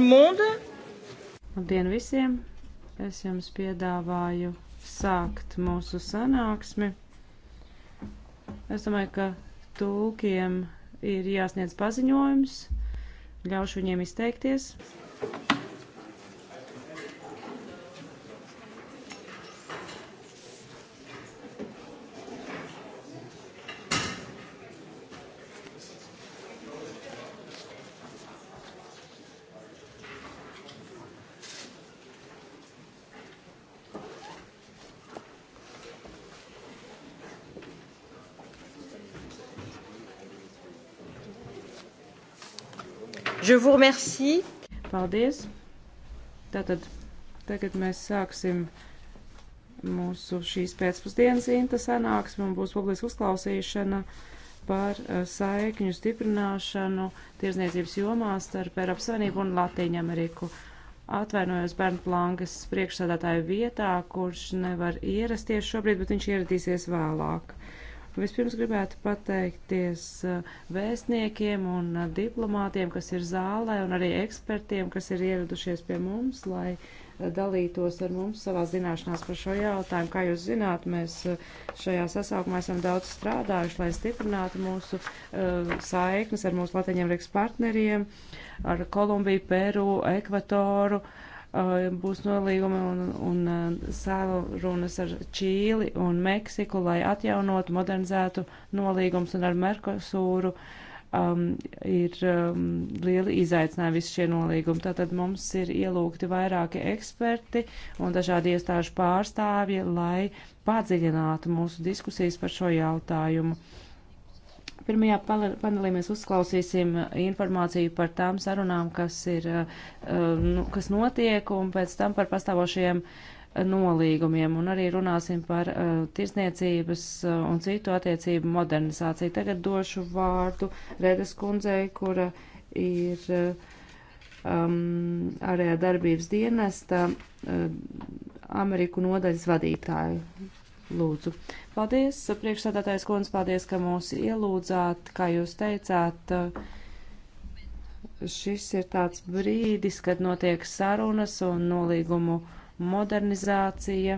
Labdien visiem! Es jums piedāvāju sākt mūsu sanāksmi. Es domāju, ka tulkiem ir jāsniedz paziņojums. Ļaušu viņiem izteikties. Thank you. Je vous remercie. Paldies. Tātad tagad mēs sāksim mūsu šīs pēcpusdienas inta sanāksme un būs publiska uzklausīšana par eh, saikņu stiprināšanu tirzniecības jomā starp Eiropas Savienību un Latīņu Ameriku. Atvainojos Bernt Plankas priekšsādātāju vietā, kurš nevar ierasties šobrīd, bet viņš ieradīsies vēlāk. Uh, Vispirms gribētu pateikties eh, vēstniekiem un eh, diplomātiem, kas ir zālē, un arī ekspertiem, kas ir ieradušies pie mums, lai eh, dalītos ar mums savā zināšanās par šo jautājumu. Kā jūs zināt, mēs šajā sasaukumā esam daudz strādājuši, lai stiprinātu mūsu uh, saiknes ar mūsu Latvijas partneriem, ar Kolumbiju, Peru, Ekvatoru. Uh, Uh, būs nolīgumi un, un uh, sārunas ar Čīli un Meksiku, lai atjaunotu, modernizētu nolīgums un ar Merkosūru. Um, ir um, lieli izaicinājumi visi šie nolīgumi. Tātad mums ir ielūgti vairāki eksperti un dažādi iestāžu pārstāvji, lai padziļinātu mūsu diskusijas par šo jautājumu. Uh, Pirmajā panelī mēs uzklausīsim uh, informāciju par tām sarunām, kas, ir, uh, uh, nu, kas notiek, un pēc tam par pastāvošiem nolīgumiem, un arī runāsim par uh, tirsniecības uh, un citu attiecību modernizāciju. Tagad došu vārdu Redes kundzei, kura ir um, ārējā darbības dienesta uh, Ameriku nodaļas vadītāja. Lūdzu. Paldies, priekšsādātājs kundze, paldies, ka mūs ielūdzāt. Kā jūs teicāt, šis ir tāds brīdis, kad notiek sarunas un nolīgumu modernizācija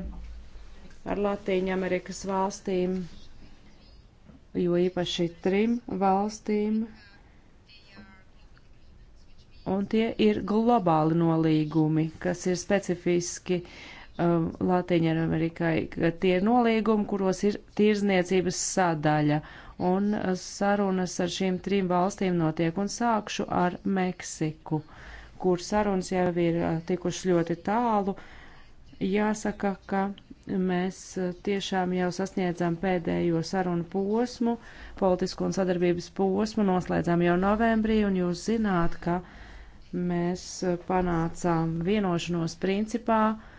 ar Latīņu Amerikas valstīm, jo īpaši trim valstīm. Un tie ir globāli nolīgumi, kas ir specifiski uh, um, Latīņa Amerikai, ka tie ir nolīgumi, kuros ir tirzniecības sadaļa, un uh, sarunas ar šīm trim valstīm notiek, un sākšu ar Meksiku, kur sarunas jau ir uh, tikuši ļoti tālu. Jāsaka, ka mēs uh, tiešām jau sasniedzām pēdējo sarunu posmu, politisko un sadarbības posmu, noslēdzām jau novembrī, un jūs zināt, ka mēs panācām vienošanos principā, uh,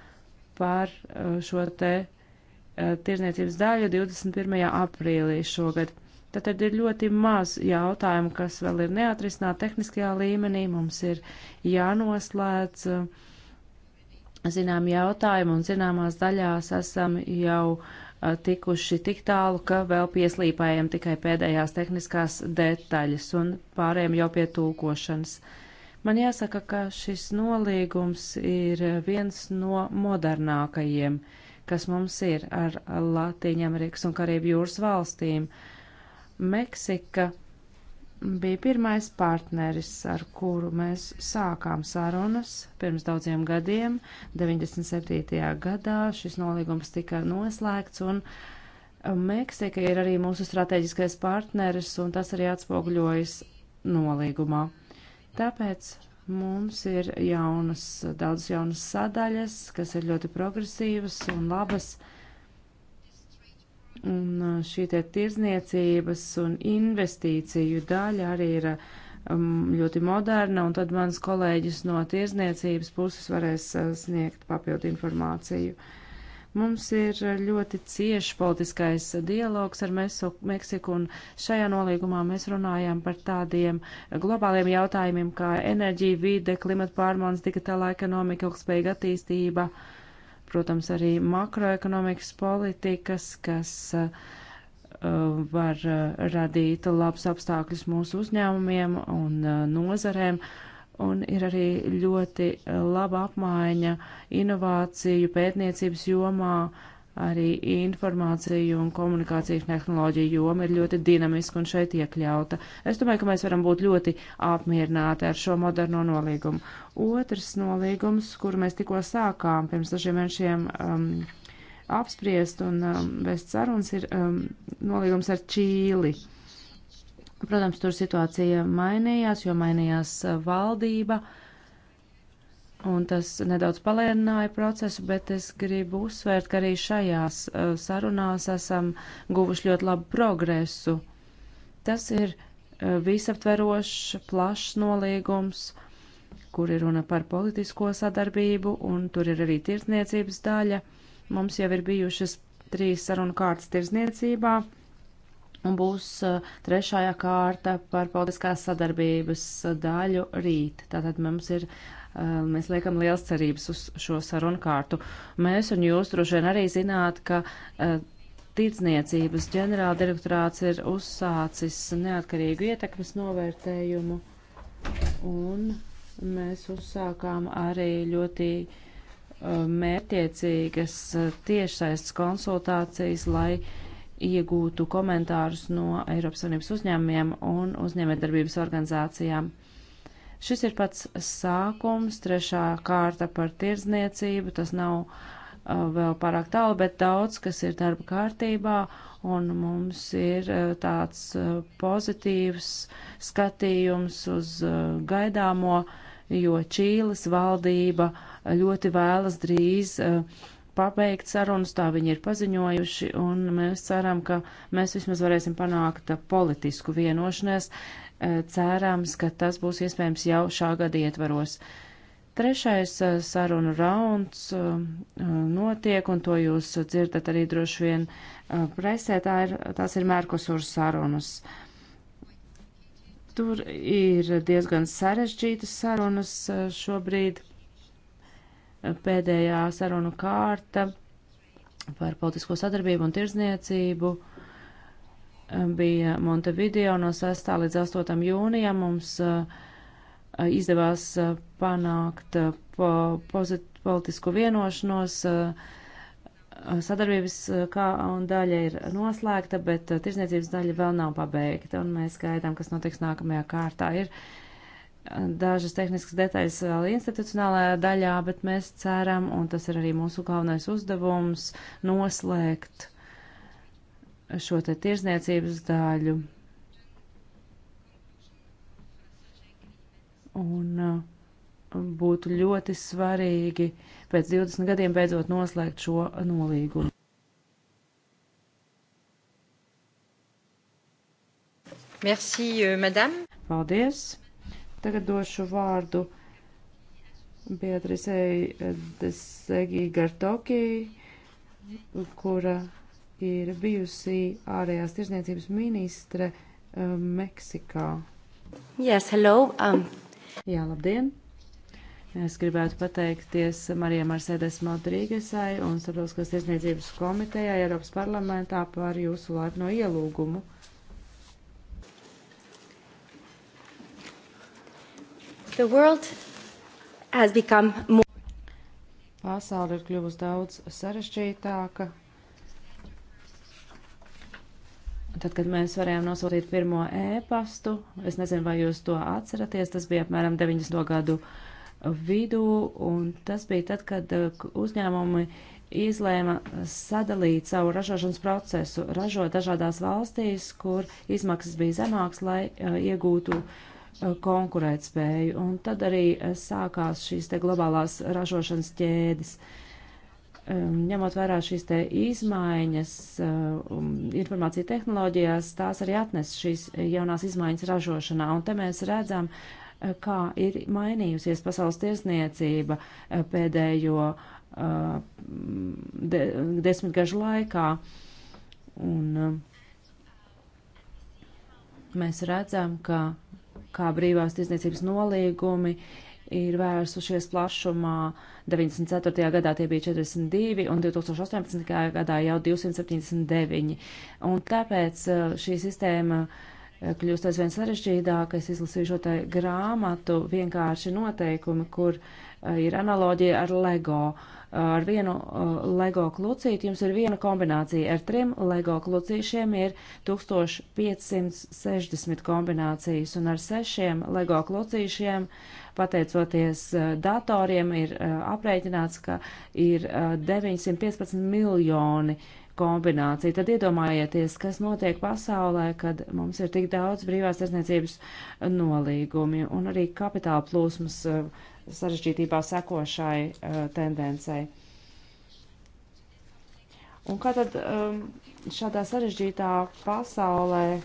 par eh, šo te eh, tirzniecības daļu 21. aprīlī šogad. Tātad ir ļoti maz jautājumu, kas vēl ir neatrisināt tehniskajā līmenī. Mums ir jānoslēdz eh, zinām jautājumu un zināmās daļās esam jau tikuši tik tālu, ka vēl pieslīpējam tikai pēdējās tehniskās detaļas un pārējiem jau pie tūkošanas. Uh, Man jāsaka, ka šis nolīgums ir viens no modernākajiem, kas mums ir ar Latīņu Amerikas un Karību jūras valstīm. Meksika bija pirmais partneris, ar kuru mēs sākām sarunas pirms daudziem gadiem. 97. gadā šis nolīgums tika noslēgts un Meksika ir arī mūsu strateģiskais partneris, un tas arī atspoguļojas nolīgumā. Tāpēc mums ir jaunas, daudz jaunas sadaļas, kas ir ļoti progresīvas un labas. Un uh, šī te tirzniecības un investīciju daļa arī ir um, ļoti moderna, un tad mans kolēģis no tirzniecības puses varēs uh, sniegt papildu informāciju. Uh, Mums ir ļoti cieši politiskais dialogs ar Mesu, Meksiku, un šajā nolīgumā mēs runājam par tādiem globāliem jautājumiem kā enerģija, vide, klimata pārmaiņas, digitālā ekonomika, ilgspējīga attīstība, protams, arī makroekonomikas politikas, kas uh, var uh, radīt labs apstākļus mūsu uzņēmumiem un uh, nozarēm. Uh, un ir arī ļoti eh, laba apmaiņa inovāciju pētniecības jomā, arī informāciju un komunikāciju tehnoloģiju joma ir ļoti dinamiska un šeit iekļauta. Es domāju, ka mēs varam būt ļoti apmierināti ar šo moderno nolīgumu. Otrs nolīgums, kuru mēs tikko sākām pirms dažiem mēnešiem um, apspriest un um, vēst sarunas, ir um, nolīgums ar Čīli. Uh, Protams, tur situācija mainījās, jo mainījās eh, valdība, un tas nedaudz palēnināja procesu, bet es gribu uzsvērt, ka arī šajās eh, sarunās esam guvuši ļoti labu progresu. Tas ir eh, visaptverošs, plašs nolīgums, kur ir runa par politisko sadarbību, un tur ir arī tirsniecības daļa. Mums jau ir bijušas trīs sarunu kārtas tirsniecībā un būs uh, trešajā kārta par politiskās sadarbības uh, daļu rīt. Tātad mums ir, uh, mēs liekam liels cerības uz šo sarunu kārtu. Mēs un jūs droši vien arī zināt, ka tirdzniecības ģenerāldirektorāts ir uzsācis neatkarīgu ietekmes novērtējumu, un mēs uzsākām arī ļoti mērķiecīgas tiešsaistes konsultācijas, lai uh, iegūtu komentārus no Eiropas Savienības uzņēmumiem un uzņēmējdarbības organizācijām. Šis ir pats sākums, trešā kārta par tirdzniecību, tas nav uh, vēl pārāk tālu, bet daudz, kas ir darba kārtībā, un mums ir uh, tāds uh, pozitīvs skatījums uz uh, gaidāmo, jo Čīles valdība ļoti vēlas drīz uh, pabeigt sarunas, tā viņi ir paziņojuši, un mēs ceram, ka mēs vismaz varēsim panākt politisku vienošanos. E, cerams, ka tas būs iespējams jau šā gada ietvaros. Trešais e, sarunu rauns e, notiek, un to jūs dzirdat arī droši vien presē, tā ir, tās ir Mērkosur sarunas. Tur ir diezgan sarežģītas sarunas šobrīd pēdējā sarunu kārta par politisko sadarbību un tirzniecību eh, bija Montevideo no 6. līdz 8. jūnijam. Mums eh, izdevās eh, panākt po politisku vienošanos. Sadarbības kā un daļa ir noslēgta, bet tirzniecības daļa vēl nav pabeigta, un mēs gaidām, kas notiks nākamajā kārtā. Ir dažas tehniskas detaļas vēl institucionālajā daļā, bet mēs ceram, un tas ir arī mūsu galvenais uzdevums, noslēgt šo te tirzniecības daļu. Un uh, būtu ļoti svarīgi pēc 20 gadiem beidzot noslēgt šo nolīgumu. Merci, euh, madame. Paldies. Tagad došu vārdu Beatrisei Desegī Gartoki, kura ir bijusi ārējās tirzniecības ministre eh, Meksikā. Yes, hello. Um... Jā, labdien! Es gribētu pateikties Marijai Marsēdes Modrīgesai un Starptautiskās tiesniecības komitejai Eiropas parlamentā par jūsu laipno ielūgumu. Uh, The world has become more. Pasaule ir kļuvusi daudz sarežģītāka. Tad, kad mēs varējām nosūtīt pirmo ēpastu, e es nezinu, vai jūs to atceraties, tas bija apmēram 90. gadu vidū, un tas bija tad, kad eh, uzņēmumi izlēma sadalīt savu ražošanas procesu, ražot dažādās valstīs, kur izmaksas bija zemākas, lai uh, iegūtu uh, konkurētspēju. Un tad arī eh, sākās šīs te globālās ražošanas ķēdes. Ehm, ņemot vērā šīs te izmaiņas eh, informācija tehnoloģijās, tās arī atnes šīs jaunās izmaiņas ražošanā. Un te mēs redzam, eh, kā ir mainījusies pasaules tiesniecība pēdējo de, desmitgažu laikā. Un mēs redzam, ka kā brīvās tiesniecības nolīgumi ir vērsušies plašumā. 94. gadā tie bija 42 un 2018. gadā jau 279. Un tāpēc uh, šī sistēma uh, kļūst aizvien sarežģītāka. Es izlasīju šo te grāmatu vienkārši noteikumi, kur uh, ir analoģija ar LEGO. Uh, ar vienu uh, LEGO klucīti jums ir viena kombinācija. Ar trim LEGO klucīšiem ir 1560 kombinācijas, un ar sešiem LEGO klucīšiem, pateicoties uh, datoriem, ir uh, aprēķināts, ka ir 915 miljoni kombinācija. Tad iedomājieties, kas notiek pasaulē, kad mums ir tik daudz brīvās tirsniecības nolīgumi un arī kapitāla plūsmas uh, sarežģītībā seko šai uh, eh, tendencei. Un kā tad um, šādā sarežģītā pasaulē uh,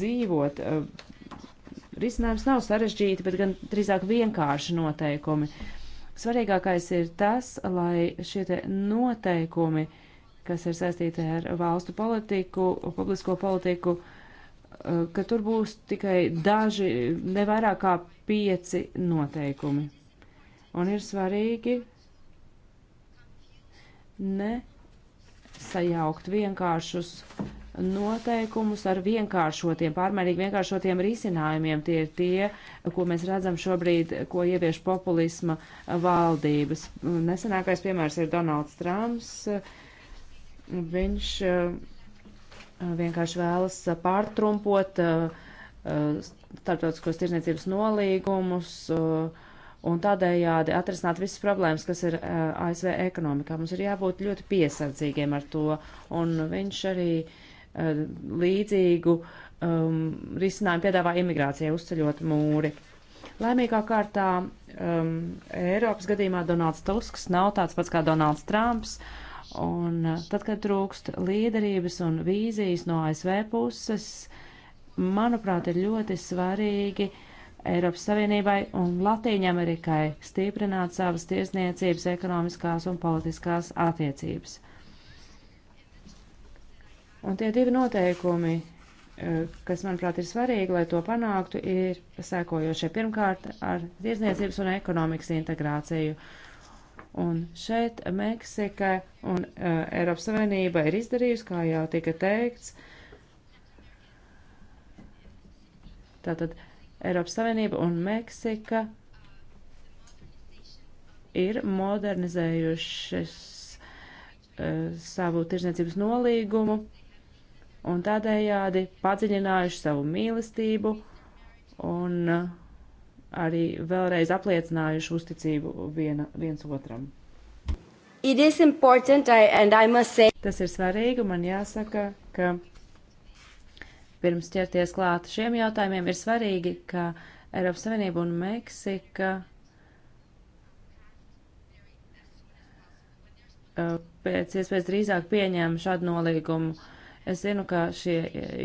dzīvot? Uh, risinājums nav sarežģīti, bet gan drīzāk vienkārši noteikumi. Svarīgākais ir tas, lai šie noteikumi, kas ir saistīti ar valstu politiku, publisko politiku, uh, Eh, ka tur būs tikai daži, ne vairāk kā pieci noteikumi. Un ir svarīgi ne sajaukt vienkāršus noteikumus ar vienkāršotiem, pārmērīgi vienkāršotiem risinājumiem. Tie ir tie, ko mēs redzam šobrīd, ko ievieš populisma valdības. Nesenākais piemērs ir Donalds Trumps. Viņš uh, Eh, vienkārši vēlas eh, pārtrumpot eh, starptautiskos tirzniecības nolīgumus un tādējādi atrisināt visas problēmas, kas ir ASV ekonomikā. Mums ir jābūt ļoti piesardzīgiem ar to, un viņš arī līdzīgu um, risinājumu piedāvā imigrācijai uzceļot mūri. Laimīgā kārtā um, Eiropas gadījumā Donalds Tusks nav tāds pats kā Donalds Trumps. Uh, Un eh, tad, kad trūkst līderības un vīzijas no ASV puses, manuprāt, ir ļoti svarīgi Eiropas Savienībai un Latīņamerikai stiprināt savas tiesniecības, ekonomiskās un politiskās attiecības. Un tie divi noteikumi, eh, kas, manuprāt, ir svarīgi, lai to panāktu, ir sekojošie. Pirmkārt, ar tiesniecības un ekonomikas integrāciju. Uh, Un šeit Meksika un uh, Eiropas Savienība ir izdarījusi, kā jau tika teikts. Tātad Eiropas Savienība un Meksika ir modernizējušas uh, savu tirzniecības nolīgumu un tādējādi padziļinājuši savu mīlestību un uh, arī vēlreiz apliecinājuši uzticību viena, viens otram. I, I say... Tas ir svarīgi, man jāsaka, ka pirms ķerties klāt šiem jautājumiem ir svarīgi, ka Eiropas Savienība un Meksika pēc iespējas drīzāk pieņēma šādu nolīgumu. Es zinu, ka šie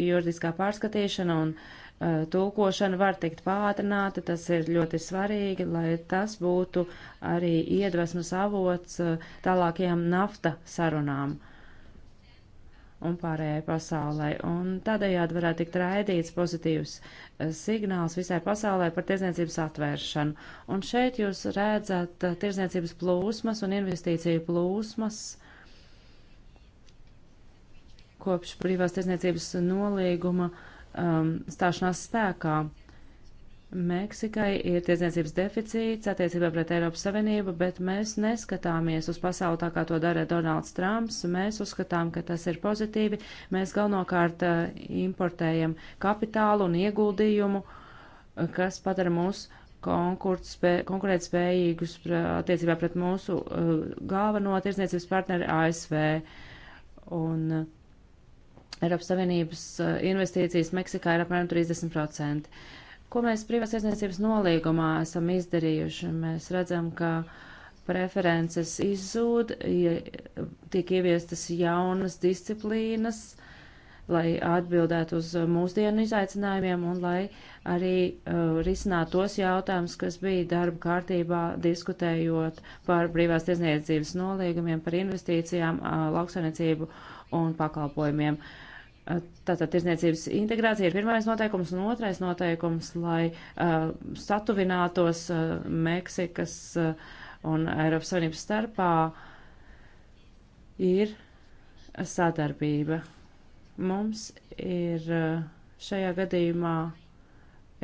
juridiskā pārskatīšana un uh, Eh, tulkošana var tikt pātrināta, tas ir ļoti svarīgi, lai tas būtu arī iedvesmas avots eh, tālākajām nafta sarunām un pārējai pasaulē. Un tādējādi varētu tikt raidīts pozitīvs eh, signāls visai pasaulē par tirzniecības atvēršanu. Un šeit jūs redzat tirzniecības plūsmas un investīciju plūsmas kopš privās tirzniecības nolīguma uh, um, stāšanās spēkā. Meksikai ir tirdzniecības deficīts attiecībā pret Eiropas Savienību, bet mēs neskatāmies uz pasauli tā, kā to dara Donalds Trumps. Mēs uzskatām, ka tas ir pozitīvi. Mēs galvenokārt uh, importējam kapitālu un ieguldījumu, uh, kas padara mūs spē, konkurētspējīgus attiecībā pret mūsu uh, galveno tirdzniecības partneri ASV. Un, uh, Eiropas Savienības eh, investīcijas Meksikā ir apmēram 30%. Ko mēs privās iesniedzības nolīgumā esam izdarījuši? Mēs redzam, ka preferences izzūd, ja tiek ieviestas jaunas disciplīnas, lai atbildētu uz eh, mūsdienu izaicinājumiem un lai arī uh, risinātu tos jautājumus, kas bija darba kārtībā diskutējot par privās tiesniecības nolīgumiem, par investīcijām, uh, lauksainiecību un pakalpojumiem. Uh, Tātad tirzniecības integrācija ir pirmais noteikums un otrais noteikums, lai uh, satuvinātos uh, Meksikas uh, un Eiropas Savienības starpā ir sadarbība. Mums ir uh, šajā gadījumā,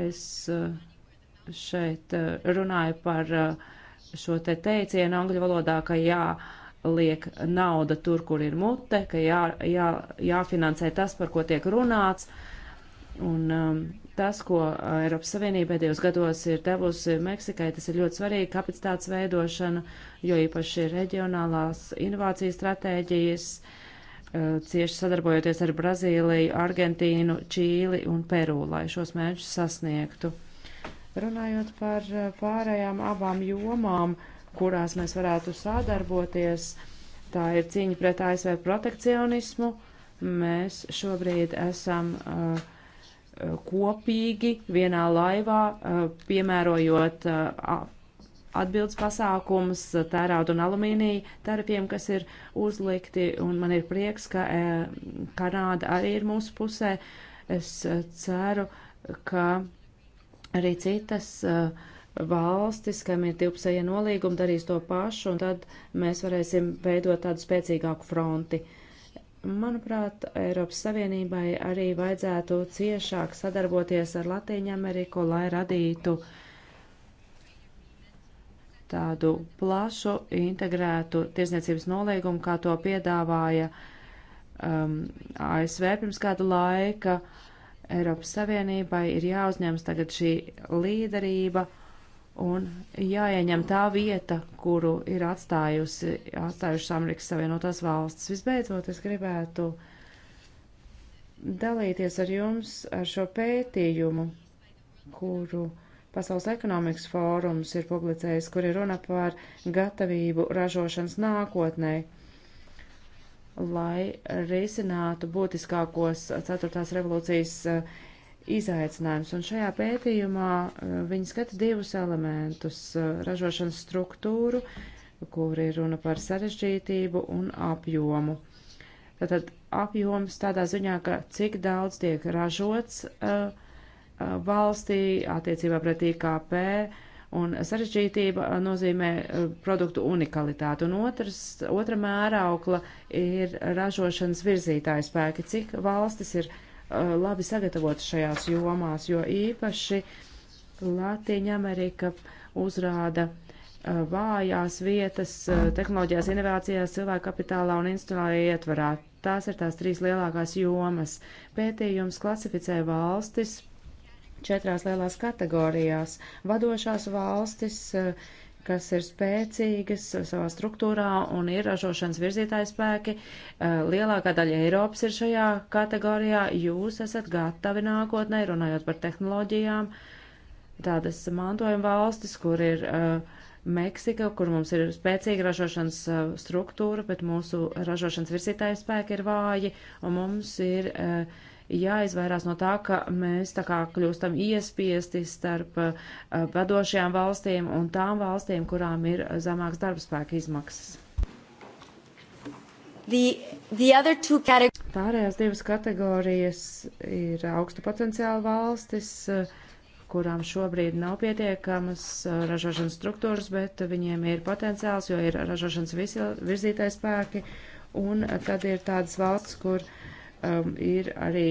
es uh, šeit uh, runāju par uh, šo te teicienu angļu valodā, ka jā, uh, jāliek nauda tur, kur ir mute, ka jā, jā, jāfinansē tas, par ko tiek runāts. Un um, tas, ko uh, Eiropas Savienība pēdējos gados ir devusi Meksikai, tas ir ļoti svarīgi kapacitātes veidošana, jo īpaši reģionālās inovācijas stratēģijas, uh, cieši sadarbojoties ar Brazīliju, Argentīnu, Čīli un Peru, lai šos mērķus sasniegtu. Runājot par uh, pārējām abām jomām, uh, kurās mēs varētu sadarboties. Tā ir cīņa pret ASV protekcionismu. Mēs šobrīd esam uh, uh, kopīgi vienā laivā, uh, piemērojot uh, atbildes pasākumus tērauda un alumīnija tarifiem, kas ir uzlikti, un man ir prieks, ka uh, Kanāda arī ir mūsu pusē. Es uh, ceru, ka arī citas uh, valstis, kam ir divpusējie nolīgumi, darīs to pašu, un tad mēs varēsim veidot tādu spēcīgāku fronti. Manuprāt, Eiropas Savienībai arī vajadzētu ciešāk sadarboties ar Latīņu Ameriku, lai radītu tādu plašu integrētu tiesniecības nolīgumu, kā to piedāvāja um, ASV pirms kādu laika. Eiropas Savienībai ir jāuzņems tagad šī līderība un jāieņem tā vieta, kuru ir atstājusi, atstājušas Amerikas Savienotās valstis. Visbeidzot, es gribētu dalīties ar jums ar šo pētījumu, kuru Pasaules ekonomikas fórums ir publicējis, kur ir runa par gatavību ražošanas nākotnē, lai risinātu būtiskākos ceturtās revolūcijas uh, izaicinājums. Un šajā pētījumā eh, viņi skata divus elementus - eh, ražošanas struktūru, kur ir runa par sarežģītību un apjomu. Tātad apjoms tādā ziņā, ka cik daudz tiek ražots uh, valstī attiecībā pret IKP, un sarežģītība nozīmē produktu unikalitāti. Un otrs, otra mēraukla ir ražošanas virzītāja spēki, cik valstis ir ražotas Uh, labi sagatavotas šajās jomās, jo īpaši Latīņa Amerika uzrāda uh, vājās vietas uh, tehnoloģijās, inovācijās, cilvēku kapitālā un institucionālajā ietvarā. Tās ir tās trīs lielākās jomas. Pētījums klasificē valstis četrās lielās kategorijās. Vadošās valstis, kas ir spēcīgas savā struktūrā un ir ražošanas virzītāji spēki. Eh, lielākā daļa Eiropas ir šajā kategorijā. Jūs esat gatavi nākotnē, runājot par tehnoloģijām, tādas mantojuma valstis, kur ir eh, Meksika, kur mums ir spēcīga ražošanas eh, struktūra, bet mūsu ražošanas virzītāji spēki ir vāji, un mums ir uh, jāizvairās no tā, ka mēs tā kā kļūstam iespiesti starp uh, vadošajām valstīm un tām valstīm, kurām ir zemāks darbspēka izmaksas. The, the other two categories. Pārējās divas kategorijas ir augstu potenciālu valstis, uh, kurām šobrīd nav pietiekamas uh, ražošanas struktūras, bet viņiem ir potenciāls, jo ir ražošanas virzītais spēki. Un tad ir tādas valsts, kur uh, um, ir arī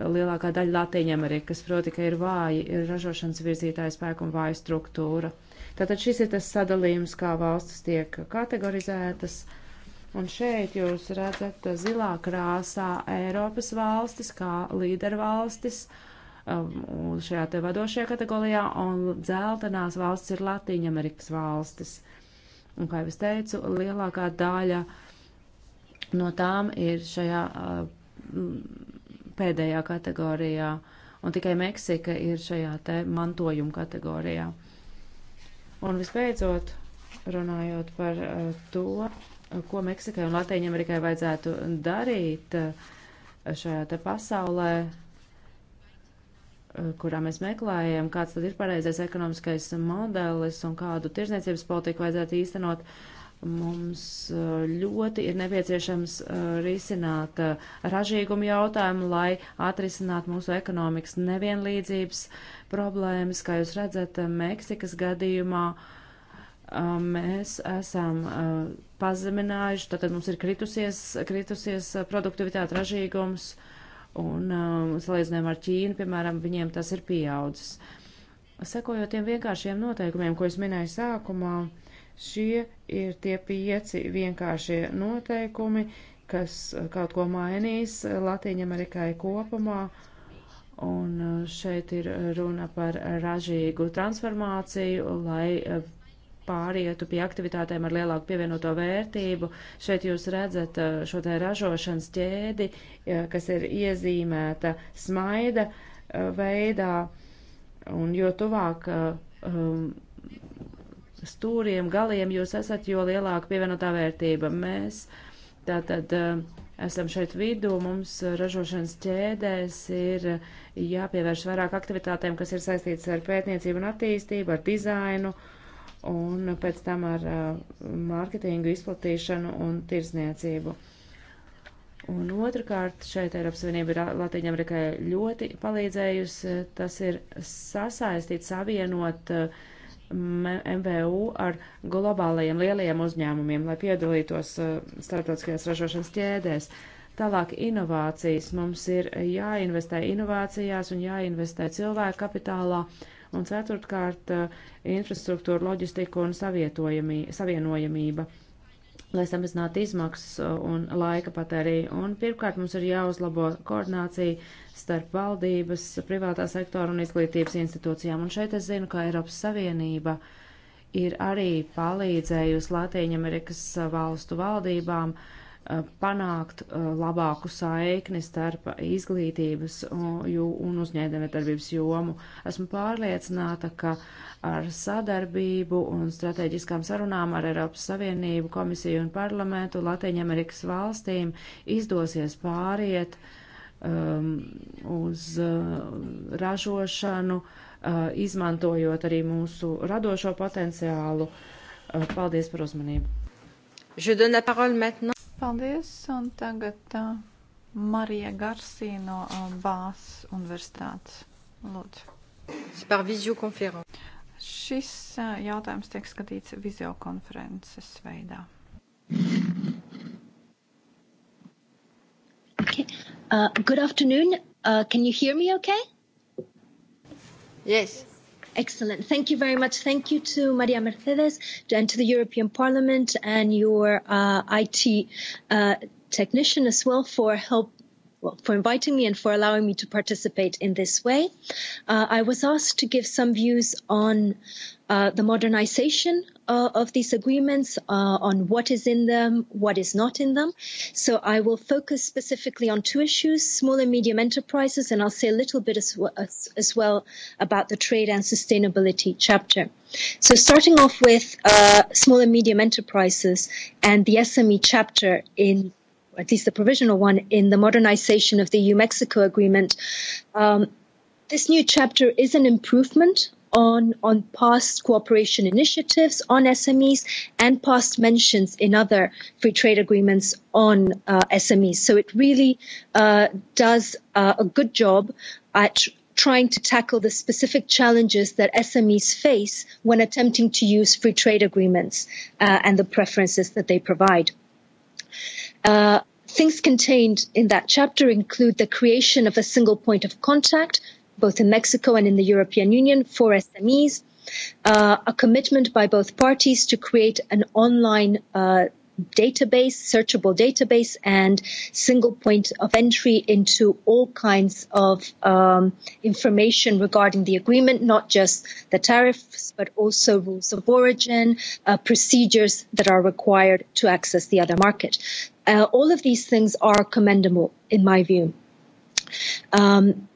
lielākā daļa Latīņamerikas, proti, ka ir vāji ir ražošanas virzītāja spēka un vāja struktūra. Tātad šis ir tas sadalījums, kā valstis tiek kategorizētas. Un šeit jūs redzat zilā krāsā Eiropas valstis kā līdervalstis um, šajā te vadošajā kategorijā, un dzeltenās valstis ir Latīņamerikas valstis. Un, kā jau es teicu, lielākā daļa no tām ir šajā uh, pēdējā kategorijā, un tikai Meksika ir šajā te mantojuma kategorijā. Un visbeidzot, runājot par eh, to, ko Meksikai un Latvijai vajadzētu darīt eh, šajā te pasaulē, eh, kurā mēs meklējam, kāds tad ir pareizais ekonomiskais modelis un kādu tirzniecības politiku vajadzētu īstenot. Uh, Mums eh, ļoti ir nepieciešams eh, risināt eh, ražīgumu jautājumu, lai atrisinātu mūsu ekonomikas nevienlīdzības problēmas. Kā jūs redzat, Meksikas gadījumā mēs esam pazeminājuši, tātad mums ir kritusies, kritusies produktivitāte ražīgums, un salīdzinājumā ar Ķīnu, piemēram, viņiem tas ir pieaudzis. Sekojot tiem vienkāršiem noteikumiem, ko es minēju sākumā, uh, Šie ir tie pieci vienkāršie noteikumi, kas eh, kaut ko mainīs Latīņamerikai kopumā. Un eh, šeit ir runa par ražīgu transformāciju, lai eh, pārietu pie aktivitātēm ar lielāku pievienoto vērtību. Šeit jūs redzat šo te ražošanas ķēdi, kas ir iezīmēta smaida veidā. Un jo tuvāk um, stūriem, galiem jūs esat, jo lielāka pievienotā vērtība. Mēs tātad eh, esam šeit vidū, mums eh, ražošanas ķēdēs ir eh, jāpievērš vairāk aktivitātēm, kas ir saistītas ar pētniecību un attīstību, ar dizainu un pēc tam ar mārketingu, izplatīšanu un tirzniecību. Un otrkārt, šeit Eiropas Savienība ir Latvijam tikai ļoti palīdzējusi, tas ir sasaistīt, savienot uh, MVU ar globālajiem lielajiem uzņēmumiem, lai piedalītos uh, starptautiskajās ražošanas ķēdēs. Tālāk inovācijas. Mums ir jāinvestē inovācijās un jāinvestē cilvēku kapitālā. Un ceturtkārt, uh, infrastruktūra, loģistika un savienojamība lai samazinātu izmaksas uh, un laika patēriju. Un pirmkārt mums ir jāuzlabo koordinācija starp valdības, privātā sektora un izglītības institūcijām. Un šeit es zinu, ka Eiropas Savienība ir arī palīdzējusi Latīņamerikas valstu valdībām uh, Eh, panākt eh, labāku saikni starp izglītības un uzņēmējdarbības jomu. Esmu pārliecināta, ka ar sadarbību un strateģiskām sarunām ar Eiropas Savienību, komisiju un parlamentu Latviju-Amerikas valstīm izdosies pāriet um, uz uh, ražošanu, uh, izmantojot arī mūsu radošo potenciālu. Uh, paldies par uzmanību! Je donne la parole maintenant. Paldies, un tagad uh, Marija Garsī no uh, Bās universitātes. Lūdzu. Par viziokonferenci. Šis uh, jautājums tiek skatīts viziokonferences veidā. Okay. Uh, good afternoon. Uh, can you hear me okay? Yes. Excellent. Thank you very much. Thank you to Maria Mercedes and to the European Parliament and your uh, IT uh, technician as well for help well, for inviting me and for allowing me to participate in this way. Uh, I was asked to give some views on uh, the modernization uh, of these agreements, uh, on what is in them, what is not in them. So I will focus specifically on two issues, small and medium enterprises, and I'll say a little bit as, well, as, as well about the trade and sustainability chapter. So starting off with uh, small and medium enterprises and the SME chapter in at least the provisional one in the modernization of the EU Mexico agreement. Um, this new chapter is an improvement on, on past cooperation initiatives on SMEs and past mentions in other free trade agreements on uh, SMEs. So it really uh, does uh, a good job at trying to tackle the specific challenges that SMEs face when attempting to use free trade agreements uh, and the preferences that they provide. Uh, things contained in that chapter include the creation of a single point of contact both in Mexico and in the European Union for SMEs, uh, a commitment by both parties to create an online uh, database, searchable database, and single point of entry into all kinds of um, information regarding the agreement, not just the tariffs, but also rules of origin, uh, procedures that are required to access the other market. Uh, all of these things are commendable, in my view. Um,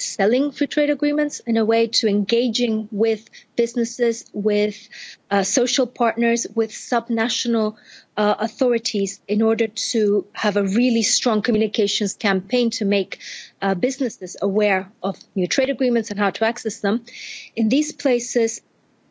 selling free trade agreements in a way to engaging with businesses, with uh, social partners, with subnational uh, authorities in order to have a really strong communications campaign to make uh, businesses aware of new trade agreements and how to access them. In these places,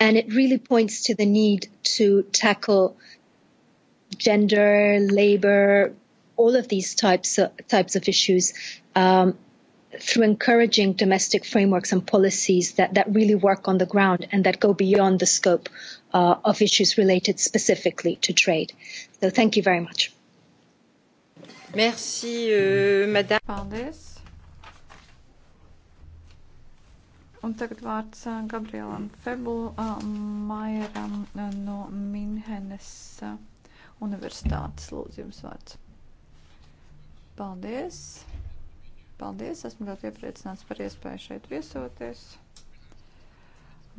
And it really points to the need to tackle gender, labor, all of these types of, types of issues um, through encouraging domestic frameworks and policies that, that really work on the ground and that go beyond the scope uh, of issues related specifically to trade. So thank you very much. Merci, euh, Madame. Paldies. Un tagad vārds Gabrielam Febulmaieram no Minhenes universitātes. Lūdzu, jums vārds. Paldies! Paldies! Esmu ļoti iepriecināts par iespēju šeit viesoties.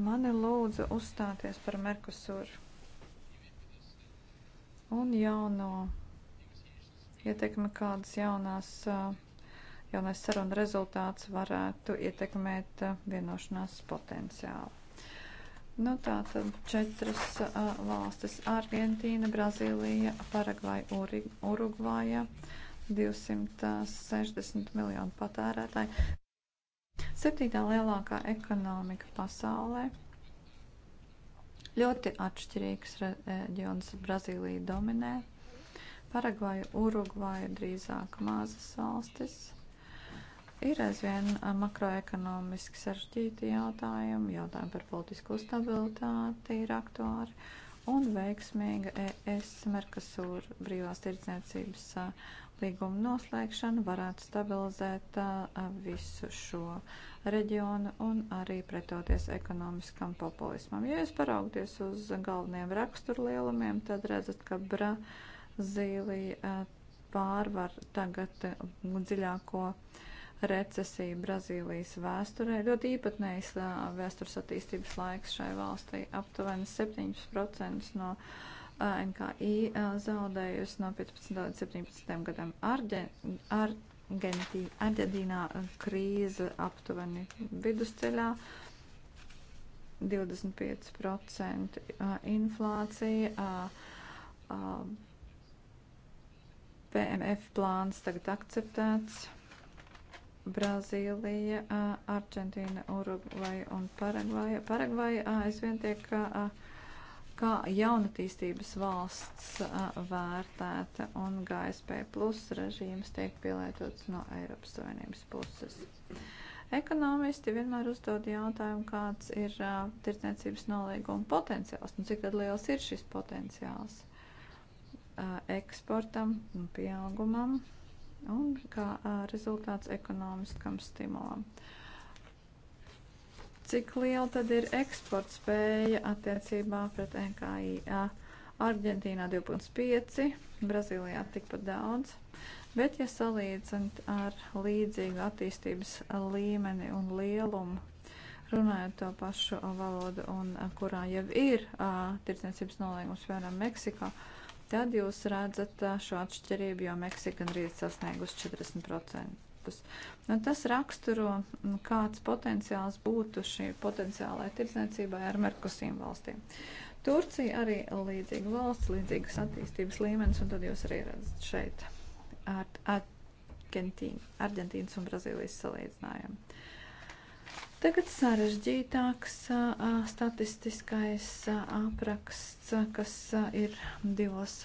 Mani lūdza uzstāties par Merkusuru un jauno ietekmi, kādas jaunās uh, jaunais saruna rezultāts varētu ietekmēt eh, vienošanās potenciālu. Nu, tā tad četras uh, valstis - Argentīna, Brazīlija, Paragvai, Urugvāja - 260 miljonu patērētāji. Septītā lielākā ekonomika pasaulē. Ļoti atšķirīgs reģions Brazīlija dominē. Paragvaja, Urugvaja drīzāk mazas valstis. Ir aizvien makroekonomiski sarežģīti jautājumi, jautājumi par politisko stabilitāti ir aktuāri un veiksmīga ES Merkasūra brīvās tirdzniecības līguma noslēgšana varētu stabilizēt visu šo reģionu un arī pretoties ekonomiskam populismam. Ja jūs paraugties uz galveniem raksturlielumiem, tad redzat, ka Brazīlija pārvar tagad dziļāko uh, recesija Brazīlijas vēsturē. Ļoti īpatnējs vēstures attīstības laiks šai valstī - aptuveni 7% no NKI zaudējusi no 15 līdz 17 gadam. Argentī, Argentīnā krīze aptuveni vidusceļā. 25% inflācija, PMF plāns tagad akceptēts, Brazīlija, Argentīna, Urugvaja un Paragvaja. Paragvaja aizvien tiek kā, kā jaunatīstības valsts vērtēta un GSP plus režīms tiek pielietots no Eiropas Savienības puses. Ekonomisti vienmēr uzdod jautājumu, kāds ir uh, tirdzniecības nolīguma potenciāls, nu cik tad liels ir šis potenciāls uh, eksportam un pieaugumam, un kā rezultāts ekonomiskam stimulam. Cik liela tad ir eksporta spēja attiecībā pret NKI? Argentīnā 2,5, Brazīlijā tikpat daudz, bet ja salīdzināt ar līdzīgu attīstības līmeni un lielumu, runājot to pašu valodu, un kurā jau ir tirdzniecības nolīgums, piemēram, Meksikā, uh, tad jūs redzat šo atšķirību, jo Meksika gandrīz sasniegus 40%. Nu, tas raksturo, kāds potenciāls būtu šī potenciālai tirdzniecībai ar Merkusīm valstīm. Turcija arī līdzīga valsts, līdzīgas attīstības līmenis, un tad jūs arī redzat šeit ar Argentīnu, Argentīnas un Brazīlijas salīdzinājumu. Tagad sarežģītāks statistiskais apraksts, kas ir divos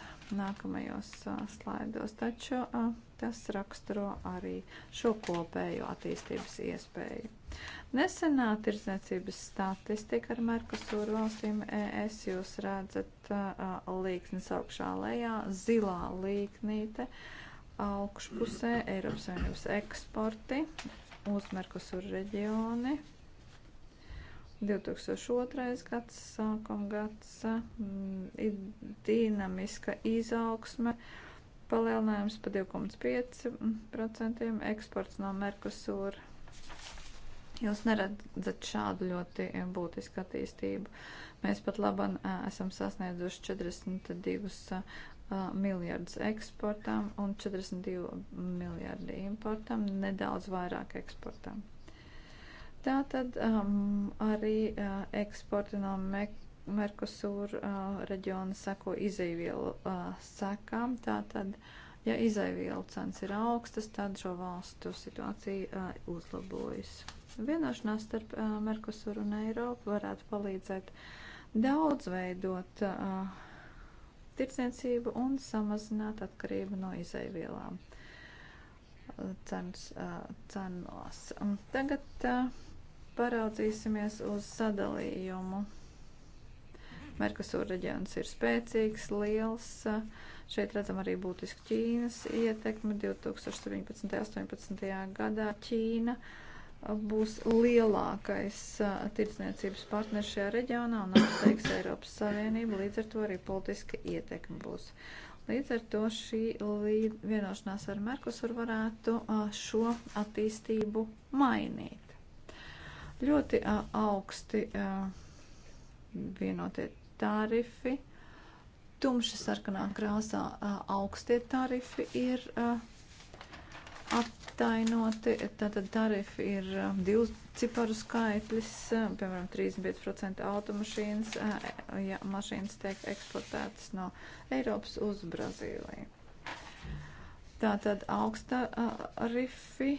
nākamajos slaidos, taču tas raksturo arī šo kopējo attīstības iespēju. Nesenā tirdzniecības statistika ar Merkusūru valstīm ES jūs redzat līknes augšā lejā, zilā līknīte augšpusē Eiropas Savienības eksporti, uz Merkusur reģioni. 2002. gads, sākuma gads, mm, ir dinamiska izaugsme, palielinājums pa 2,5%, eksports no Merkusur. Jūs neredzat šādu ļoti e, būtisku attīstību. Mēs pat labam e, esam sasnieguši 42 miljardus eksportam un 42 miljardi importam, nedaudz vairāk eksportam. Tātad um, arī uh, eksporta no Mek Merkosūra uh, reģiona seko izaivielu uh, sekām. Tātad, ja izaivielu cenas ir augstas, tad šo valstu situācija uh, uzlabojas. Vienošanās starp uh, Merkosūru un Eiropu varētu palīdzēt daudz veidot. Uh, tirdzniecību un samazināt atkarību no izaivielām cenas, cenās. Tagad paraudzīsimies uz sadalījumu. Merkusūra reģions ir spēcīgs, liels. Šeit redzam arī būtisku Ķīnas ietekmi 2017. un 2018. gadā. Ķīna uh, būs lielākais tirdzniecības partners šajā reģionā un apsteigs Eiropas Savienību, līdz ar to arī politiska ietekme būs. Līdz ar to šī vienošanās ar Merkusur varētu šo attīstību mainīt. Ļoti augsti vienotie tarifi, tumši sarkanā krāsā augstie tarifi ir. A, attainoti. Tātad tarifi ir um, divu ciparu skaitlis, um, piemēram, 35% automašīnas, uh, ja mašīnas tiek eksportētas no Eiropas uz Brazīliju. Tātad augsta uh, tarifi,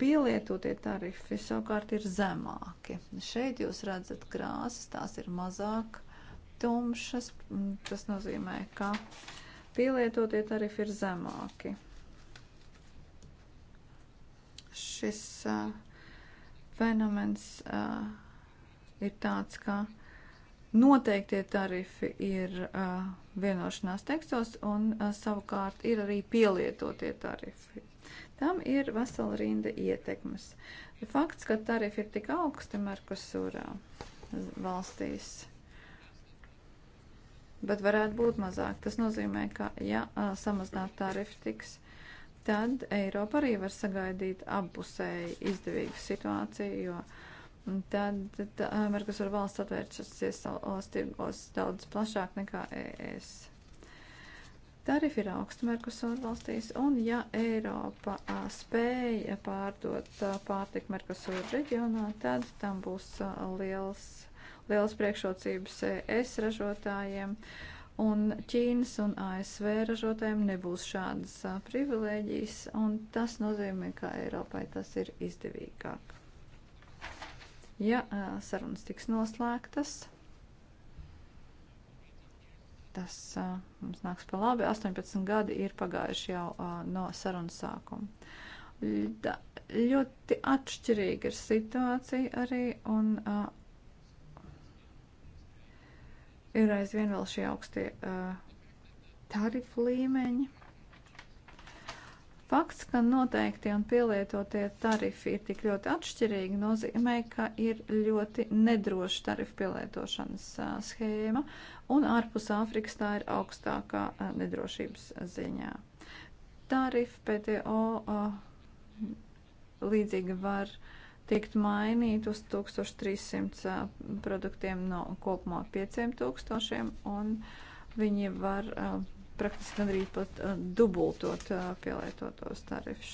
pielietotie tarifi savukārt ir zemāki. Šeit jūs redzat krāsas, tās ir mazāk tumšas, tas nozīmē, ka pielietotie tarifi ir zemāki šis uh, fenomens uh, ir tāds, ka noteiktie tarifi ir uh, vienošanās tekstos un uh, savukārt ir arī pielietotie tarifi. Tam ir vesela rinda ietekmes. Fakts, ka tarifi ir tik augsti Merkusurā uh, valstīs, bet varētu būt mazāk, tas nozīmē, ka ja uh, samazināt tarifi tiks tad Eiropa arī var sagaidīt abpusēji izdevīgu situāciju, jo tad, tad Merkusur valsts atvēršas savos tirgos daudz plašāk nekā ES. Tarifi ir augsti Merkusur valstīs, un ja Eiropa a, spēja pārdot pārtiku Merkusur reģionā, tad tam būs a, liels, liels priekšrocības ES ražotājiem. A, Un Ķīnas un ASV ražotājiem nebūs šādas privilēģijas, un tas nozīmē, ka Eiropai tas ir izdevīgāk. Ja sarunas tiks noslēgtas, tas a, mums nāks pa labi. 18 gadi ir pagājuši jau a, no sarunas sākuma. Da, ļoti atšķirīga ir situācija arī, un a, ir aizvien vēl šie augstie uh, tarifu līmeņi. Fakts, ka noteikti un pielietotie tarifi ir tik ļoti atšķirīgi, nozīmē, ka ir ļoti nedroša tarifu pielietošanas a, uh, schēma, un ārpus Āfrikas tā ir augstākā a, uh, nedrošības ziņā. Tarifu PTO a, līdzīgi var uh, tikt mainīt uz 1300 produktiem no kopumā 5000 un viņi var praktiski gandrīz pat dubultot pielietotos tarifus.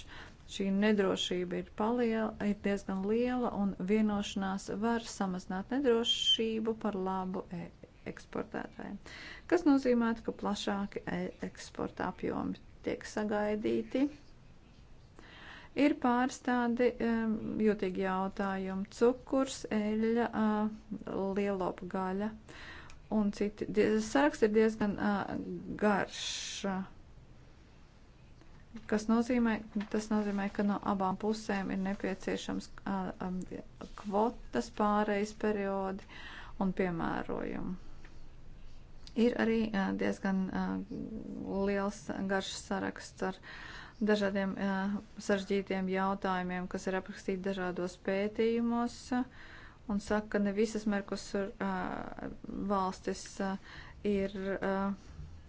Šī nedrošība ir, paliela, ir diezgan liela un vienošanās var samazināt nedrošību par labu e eksportētājiem, kas nozīmē, ka plašāki e eksporta apjomi tiek sagaidīti Ir pāris tādi um, jūtīgi jautājumi - cukurs, eļļa, uh, lielopu gaļa un citi. Saraksts ir diezgan uh, garš. Kas nozīmē, tas nozīmē, ka no abām pusēm ir nepieciešams uh, kvotas pārejas periodi un piemērojumu. Ir arī uh, diezgan uh, liels garš saraksts ar uh, dažādiem uh, sarežģītiem jautājumiem, kas ir aprakstīti dažādos pētījumos, uh, un saka, ka ne visas Merkusur uh, valstis uh, ir uh,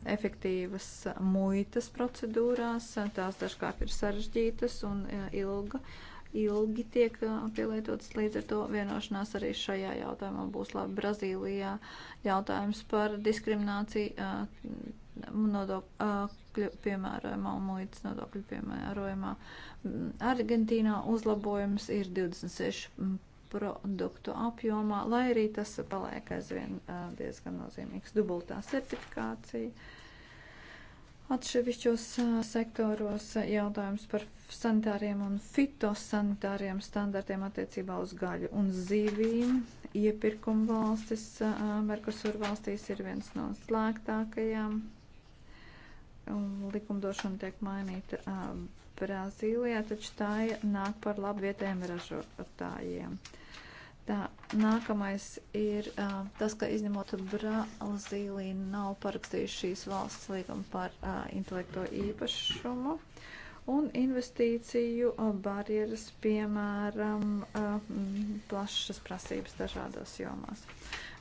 efektīvas muitas procedūrās, tās dažkārt ir sarežģītas un uh, ilga, ilgi tiek uh, pielietotas, līdz ar to vienošanās arī šajā jautājumā būs labi. Brazīlijā jautājums par diskrimināciju. Uh, nodok, uh, nodokļu piemērojumā un muitas nodokļu piemērojumā. Mm, Argentīnā uzlabojums ir 26 mm, produktu apjomā, lai arī tas paliek aizvien diezgan nozīmīgs. Dubultā certifikācija. Atsevišķos sektoros jautājums par sanitāriem un fitosanitāriem standartiem attiecībā uz gaļu un zivīm. Iepirkuma valstis Merkusur valstīs ir viens no slēgtākajām likumdošana tiek mainīta Brazīlijā, taču tā nāk par labu vietējiem ražotājiem. Tā, nākamais ir tas, ka izņemot Brazīliju nav parakstījuši šīs valsts līgumu par intelekto īpašumu un investīciju barjeras, piemēram, plašas prasības dažādos jomās.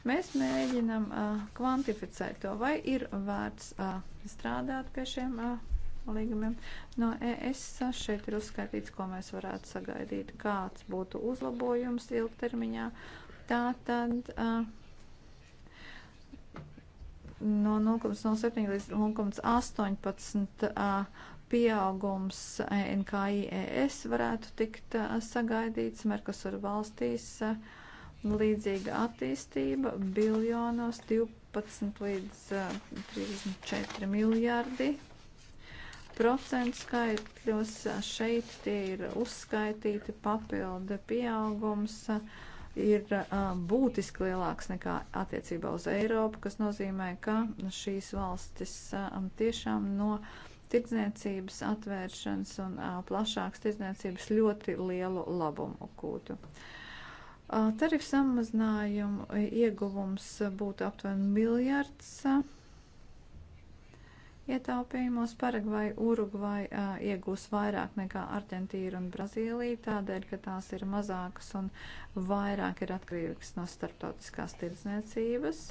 Mēs mēģinam uh, kvantificēt to, vai ir vērts uh, strādāt pie šiem uh, līgumiem. No ES šeit ir uzskaitīts, ko mēs varētu sagaidīt, kāds būtu uzlabojums ilgtermiņā. Tā tad uh, no 0,07 līdz 0,18 uh, pieaugums NKIES varētu tikt uh, sagaidīts Merkosur valstīs. Uh, Līdzīga attīstība biljonos 12 līdz uh, 34 miljārdi. Procentu skaitļos eh, šeit tie ir uzskaitīti papildu pieaugums. Uh, ir uh, būtiski lielāks nekā attiecībā uz Eiropu, kas nozīmē, ka šīs valstis uh, tiešām no tirdzniecības atvēršanas un uh, plašākas tirdzniecības ļoti lielu labumu kūtu. Uh, Tarifu samazinājumu ieguvums būtu aptuveni miljards ietaupījumos. Paragvai, Urugvai iegūs vairāk nekā Argentīra un Brazīlija, tādēļ, ka tās ir mazākas un vairāk ir atkarīgas no starptautiskās tirdzniecības.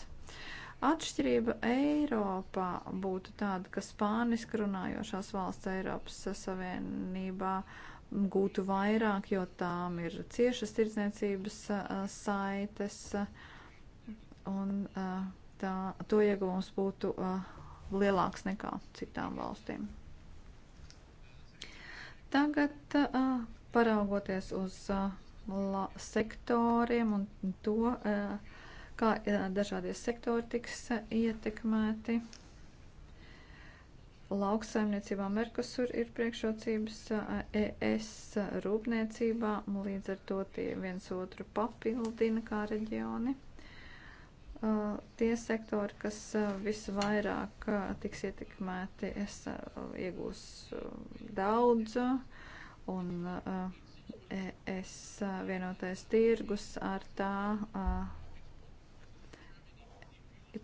Atšķirība Eiropā būtu tāda, ka spāniski runājošās valsts Eiropas Savienībā uh, gūtu vairāk, jo tām ir ciešas tirdzniecības saites, un tā, to ieguvums būtu lielāks nekā citām valstīm. Tagad paraugoties uz sektoriem un to, kā dažādie sektori tiks ietekmēti lauksaimniecībā Merkusur ir priekšrocības ES rūpniecībā, un līdz ar to tie viens otru papildina kā reģioni. Tie sektori, kas visvairāk tiks ietekmēti, es iegūs daudz, un es vienotais tirgus ar tā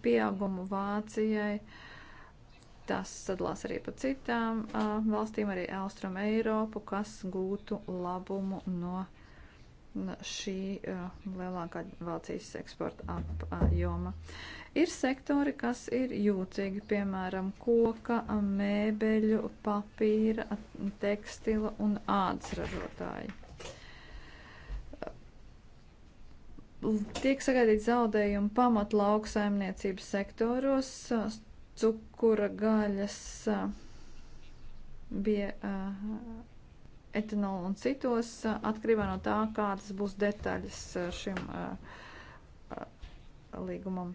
pieaugumu Vācijai Tas sadalās arī pa citām uh, valstīm, arī Austrum Eiropu, kas gūtu labumu no šī uh, lielākā Vācijas eksporta apjoma. Ir sektori, kas ir jūtīgi, piemēram, koka, mēbeļu, papīra, tekstila un ādas ražotāji. Tiek sagaidīt zaudējumi pamat lauksaimniecības sektoros, cukura gaļas, bija etanola un citos, atkarībā no tā, kādas būs detaļas šim līgumam.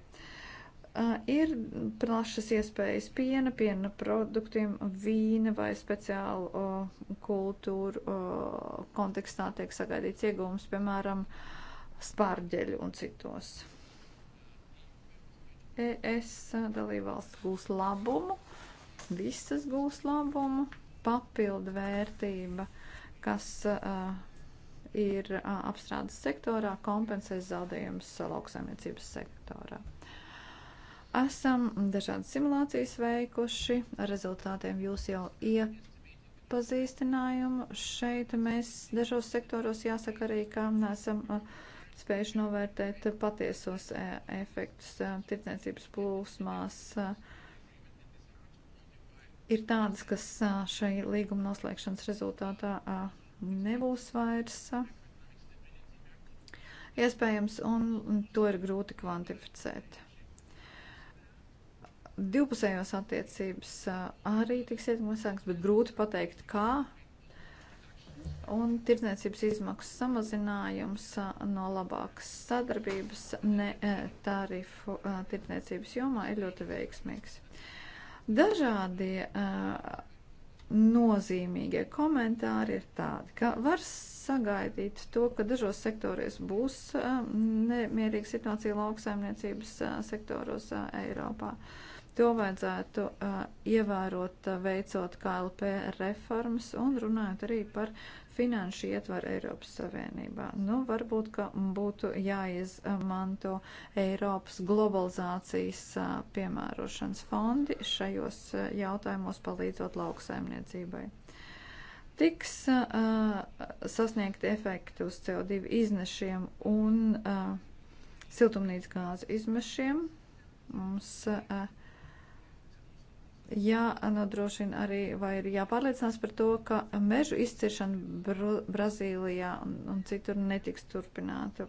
Ir plašas iespējas piena, piena produktiem, vīna vai speciālu kultūru kontekstā tiek sagaidīts iegūms, piemēram, spārģeļu un citos. ES dalībvalsts gūs labumu, visas gūs labumu, papildu vērtība, kas uh, ir uh, apstrādes sektorā, kompensēs zaudējumus uh, lauksaimniecības sektorā. Esam dažādas simulācijas veikuši, ar rezultātiem jūs jau iepazīstinājumu. Šeit mēs dažos sektoros jāsaka arī, ka nesam. Uh, spējuši novērtēt patiesos e, efektus e, tirdzniecības plūsmās. Ir tādas, kas e, šai līguma noslēgšanas rezultātā nebūs vairs iespējams, un to ir grūti kvantificēt. Divpusējos attiecības arī tiks ietekmētas, bet grūti pateikt, kā un tirdzniecības izmaksu samazinājums no labākas sadarbības ne e, tarifu tirdzniecības jomā ir ļoti veiksmīgs. Dažādie nozīmīgie komentāri ir tādi, ka var sagaidīt to, ka dažos sektoros būs nemierīga situācija lauksaimniecības sektoros Eiropā. Uh, To vajadzētu uh, ievērot, uh, veicot KLP reformas un runājot arī par finanšu ietvaru Eiropas Savienībā. Nu, varbūt, ka būtu jāizmanto Eiropas globalizācijas uh, piemērošanas fondi šajos uh, jautājumos palīdzot lauksaimniecībai. Tiks uh, sasniegt efekti uz CO2 iznešiem un uh, siltumnīcas gāzu izmešiem. Mums, uh, jānodrošina arī vai ir jāpārliecinās par to, ka mežu izciršana Bra Brazīlijā un, un citur netiks turpināta.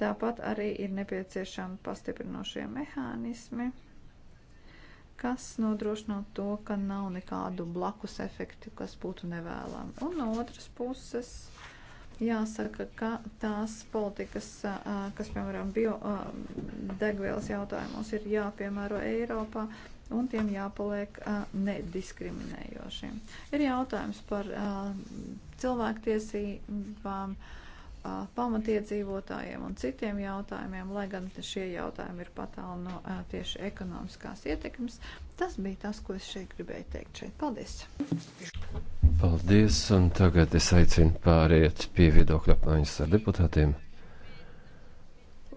Tāpat arī ir nepieciešami pastiprinošie mehānismi, kas nodrošinātu to, ka nav nekādu blakus efektu, kas būtu nevēlami. Un no otras puses jāsaka, ka tās politikas, kas, piemēram, biodegvielas jautājumos ir jāpiemēro Eiropā, un tiem jāpaliek uh, nediskriminējošiem. Ir jautājums par uh, cilvēktiesībām, uh, pamatiedzīvotājiem un citiem jautājumiem, lai gan šie jautājumi ir patāli no uh, tieši ekonomiskās ietekmes. Tas bija tas, ko es šeit gribēju teikt. Šeit. Paldies! Paldies, un tagad es aicinu pāriet pie viedokļa apmaiņas ar deputātiem.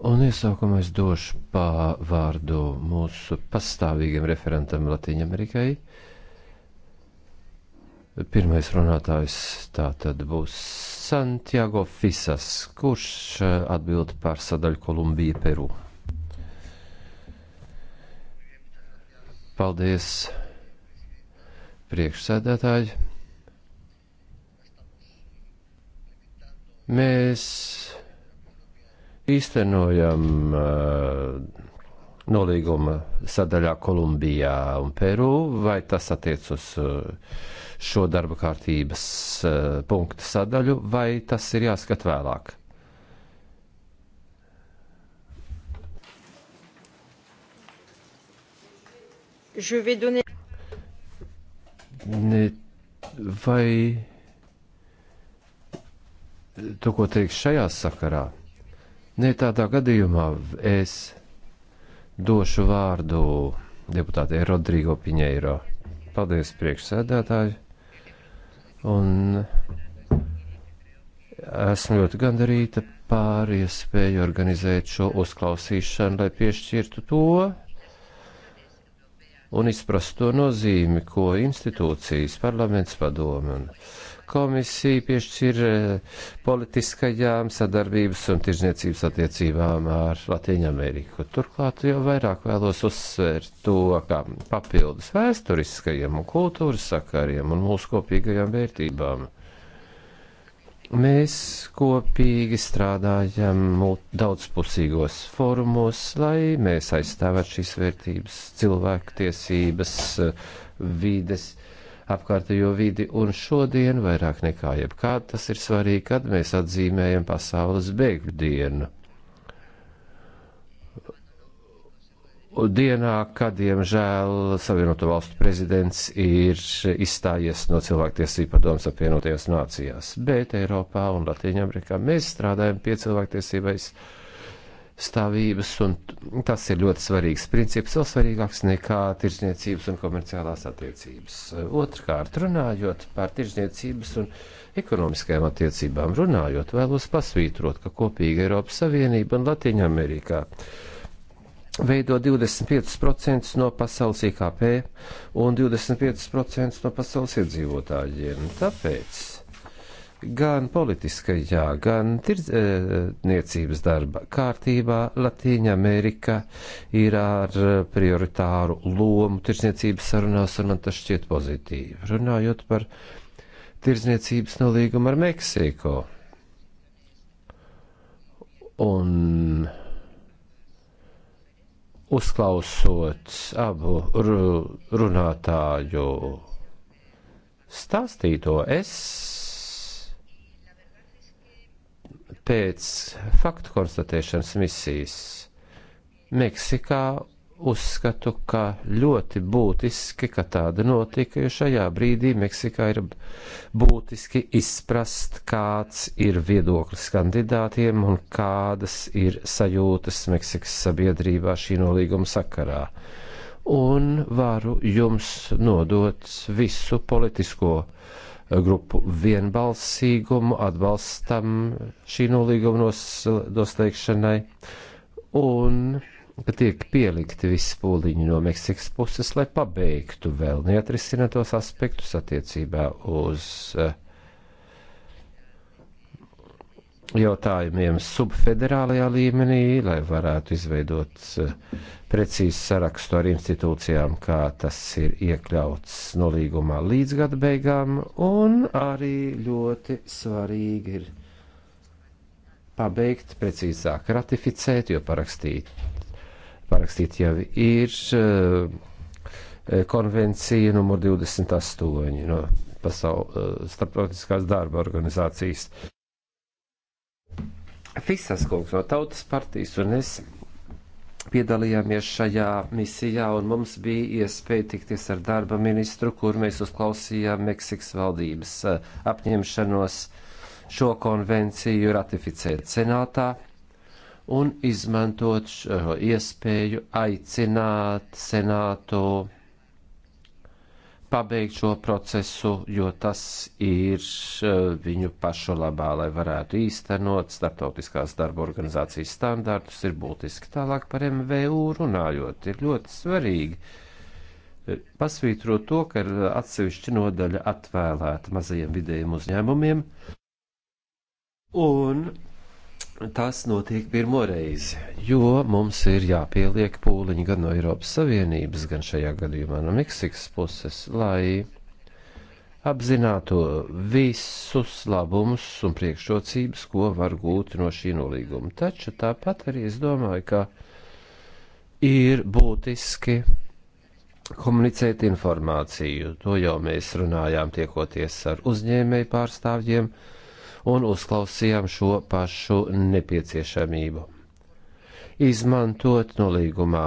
Un iesākumā es došu pārvārdu mūsu pastāvīgiem referentam Latīņamerikai. Pirmais runātājs tā tad būs Santiago Fisas, kurš eh, atbild par sadaļu Kolumbija Peru. Paldies, priekšsēdētāji. Mēs īstenojam uh, nolīguma sadaļā Kolumbijā un Peru, vai tas attiec uz eh, šo darba kārtības eh, punktu sadaļu, vai tas ir jāskat vēlāk? Ne, vai tu ko teiksi šajā sakarā? Nē, tādā gadījumā es došu vārdu deputātei Rodrigo Piņeiro. Paldies, priekšsēdētāji. Un esmu ļoti gandarīta par iespēju organizēt šo uzklausīšanu, lai piešķirtu to un izprastu to nozīmi, ko institūcijas, parlaments padome un komisija piešķir e, politiskajām sadarbības un tirzniecības attiecībām ar Latviju Ameriku. Turklāt jau vairāk vēlos uzsvērt to, kā papildus vēsturiskajiem un kultūras sakariem un mūsu kopīgajām vērtībām. Mēs kopīgi strādājam daudzpusīgos formos, lai mēs aizstāvētu šīs vērtības, cilvēktiesības, e, vides apkārtējo vidi, un šodien vairāk nekā jebkād tas ir svarīgi, kad mēs atzīmējam pasaules bēgļu dienu. Dienā, kad, diemžēl, Savienoto valstu prezidents ir izstājies no cilvēktiesību padomas apvienotajās nācijās, bet Eiropā un Latvijā mēs strādājam pie cilvēktiesībais stāvības, un tas ir ļoti svarīgs princips, vēl svarīgāks nekā tirsniecības un komerciālās attiecības. Otrkārt, runājot par tirsniecības un ekonomiskajām attiecībām, runājot, vēlos pasvītrot, ka kopīga Eiropas Savienība un Latīņa Amerikā veido 25% no pasaules IKP un 25% no pasaules iedzīvotājiem. Tāpēc gan politiskajā, gan tirdzniecības darba kārtībā Latīņa Amerika ir ar prioritāru lomu tirdzniecības sarunās, un man tas šķiet pozitīvi. Runājot par tirdzniecības nolīgumu ar Meksiko. Un uzklausot abu runātāju stāstīto, es pēc faktu konstatēšanas misijas Meksikā uzskatu, ka ļoti būtiski, ka tāda notika, jo šajā brīdī Meksikā ir būtiski izprast, kāds ir viedoklis kandidātiem un kādas ir sajūtas Meksikas sabiedrībā šī nolīguma sakarā. Un varu jums nodot visu politisko uh, grupu vienbalsīgumu atbalstam šī nolīguma nos, noslēgšanai un ka tiek pielikti visi pūliņi no Meksikas puses, lai pabeigtu vēl neatrisinātos aspektus attiecībā uz eh, jautājumiem subfederālajā līmenī, lai varētu izveidot uh, precīzu sarakstu ar institūcijām, kā tas ir iekļauts nolīgumā līdz gada beigām, un arī ļoti svarīgi ir pabeigt, precīzāk ratificēt, jo parakstīt, parakstīt jau ir eh, konvencija numur 28 no pasaul, eh, starptautiskās darba organizācijas. Fisas kungs no Tautas partijas un es piedalījāmies šajā misijā, un mums bija iespēja tikties ar darba ministru, kur mēs uzklausījām Meksikas valdības eh, apņemšanos šo konvenciju ratificēt senātā un izmantot šo iespēju aicināt senātu pabeigt šo procesu, jo tas ir eh, viņu pašu labā, lai varētu īstenot starptautiskās darba organizācijas standārtus, ir būtiski. Tālāk par MVU runājot, ir ļoti svarīgi eh, pasvītrot to, ka ir atsevišķa nodaļa atvēlēta mazajiem vidējiem uzņēmumiem. Un tas notiek pirmo reizi, jo mums ir jāpieliek pūliņi gan no Eiropas Savienības, gan šajā gadījumā no Meksikas puses, lai apzinātu visus labumus un priekšrocības, ko var gūt no šī nolīguma. Taču tāpat arī es domāju, ka ir būtiski komunicēt informāciju. To jau mēs runājām tiekoties ar uzņēmēju pārstāvjiem. Uh, un uzklausījām šo pašu nepieciešamību. Izmantot nolīgumā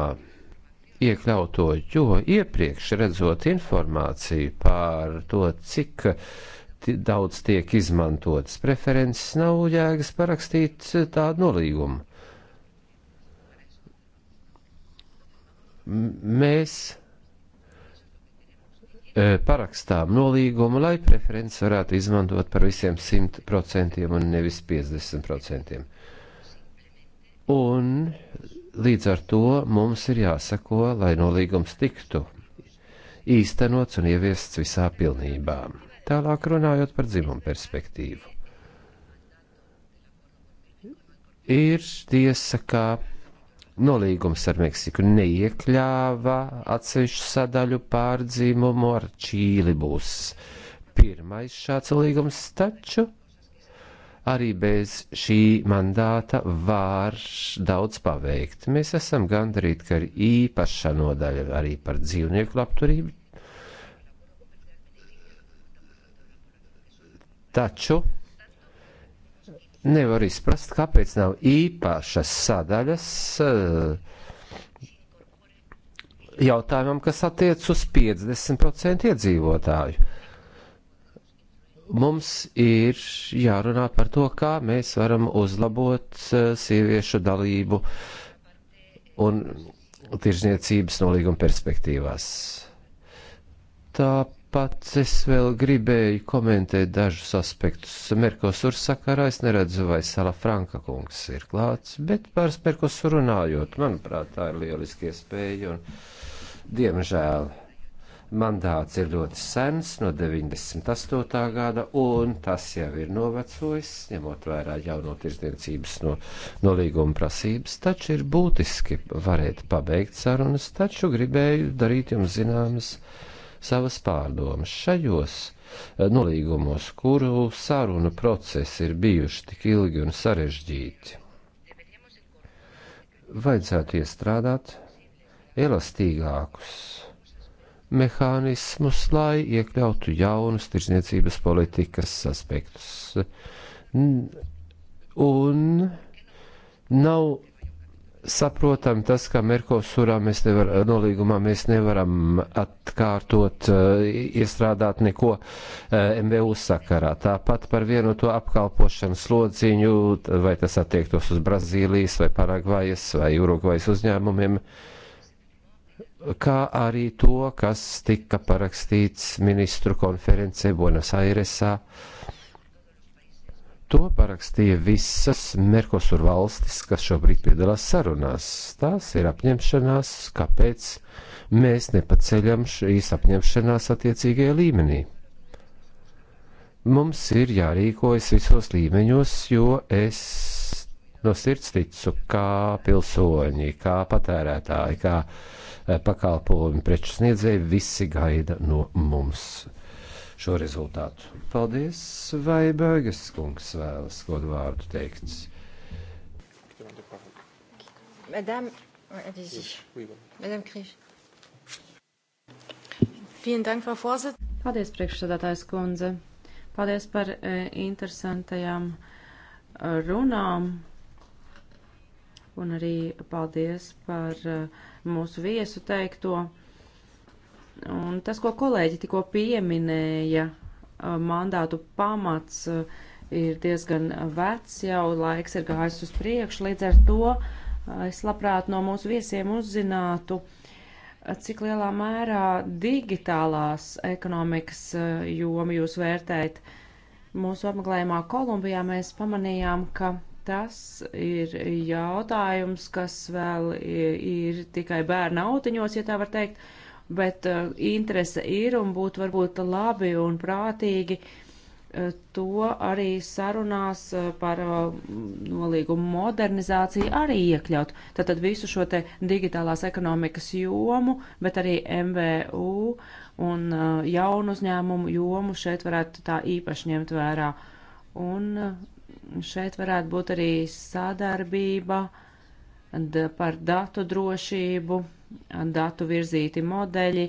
iekļauto, jo iepriekš redzot informāciju par to, cik daudz tiek izmantotas preferences, nav jēgas parakstīt tādu nolīgumu. M mēs E, parakstām nolīgumu, lai preferences varētu izmantot par visiem 100% un nevis 50%. Un līdz ar to mums ir jāsako, lai nolīgums tiktu īstenots un ieviests visā pilnībā. Tālāk runājot par dzimumu perspektīvu. Ir tiesa, ka Nolīgums ar Meksiku neiekļāva atsevišķu sadaļu pārdzīmumu ar Čīli būs pirmais šāds līgums, taču arī bez šī mandāta var daudz paveikt. Mēs esam gandrīt, ka ir īpaša nodaļa arī par dzīvnieku labturību. Taču nevar izprast, kāpēc nav īpašas sadaļas eh, jautājumam, kas attiec uz 50% iedzīvotāju. Mums ir jārunā par to, kā mēs varam uzlabot eh, sieviešu dalību un tirzniecības nolīguma perspektīvās. Tāpēc Tāpat es vēl gribēju komentēt dažus aspektus. Merkosur sakarā es neredzu, vai Sala Franka kungs ir klāts, bet par Merkosur runājot, manuprāt, tā ir lieliski iespēja un, diemžēl, mandāts ir ļoti sens, no 98. gada, un tas jau ir novecojis, ņemot vērā jauno tirsniecības no, no līguma prasības, taču ir būtiski varēt pabeigt sarunas, taču gribēju darīt jums zināmas. Uh, savas pārdomas. Šajos eh, nolīgumos, kuru sarunu procesi ir bijuši tik ilgi un sarežģīti, vajadzētu iestrādāt elastīgākus mehānismus, lai iekļautu jaunus tirzniecības politikas aspektus. Un nav saprotam tas, ka Merkosurā mēs nevar, nolīgumā mēs nevaram atkārtot, eh, iestrādāt neko eh, MVU sakarā. Tāpat par vienu to apkalpošanu slodziņu, vai tas attiektos uz Brazīlijas vai Paragvajas vai Urugvajas uzņēmumiem, kā arī to, kas tika parakstīts ministru konferencē Buenos Airesā. Uh, To parakstīja visas Merkosur valstis, kas šobrīd piedalās sarunās. Tās ir apņemšanās, kāpēc mēs nepaceļam šīs apņemšanās attiecīgajā līmenī. Mums ir jārīkojas visos līmeņos, jo es no sirds ticu, kā pilsoņi, kā patērētāji, kā eh, pakalpojumi preču sniedzēji, visi gaida no mums šo rezultātu. Paldies, vai Bēgas kungs vēlas kaut kādu vārdu teikt? Madame, Madame Kriš. Paldies, priekšsādātājs kundze. Paldies par e, interesantajām e, runām. Un arī paldies par e, mūsu viesu teikto. Un tas, ko kolēģi tikko pieminēja, mandātu pamats ir diezgan vecs, jau laiks ir gājis uz priekšu, līdz ar to es labprāt no mūsu viesiem uzzinātu, cik lielā mērā digitālās ekonomikas joma jūs vērtējat. Mūsu apmeklējumā Kolumbijā mēs pamanījām, ka tas ir jautājums, kas vēl ir tikai bērna autiņos, ja tā var teikt bet uh, interese ir un būtu varbūt labi un prātīgi uh, to arī sarunās uh, par uh, nolīgumu modernizāciju arī iekļaut. Tātad visu šo te digitālās ekonomikas jomu, bet arī MVU un uh, jaunu uzņēmumu jomu šeit varētu tā īpaši ņemt vērā. Un uh, šeit varētu būt arī sadarbība par datu drošību datu virzīti modeļi,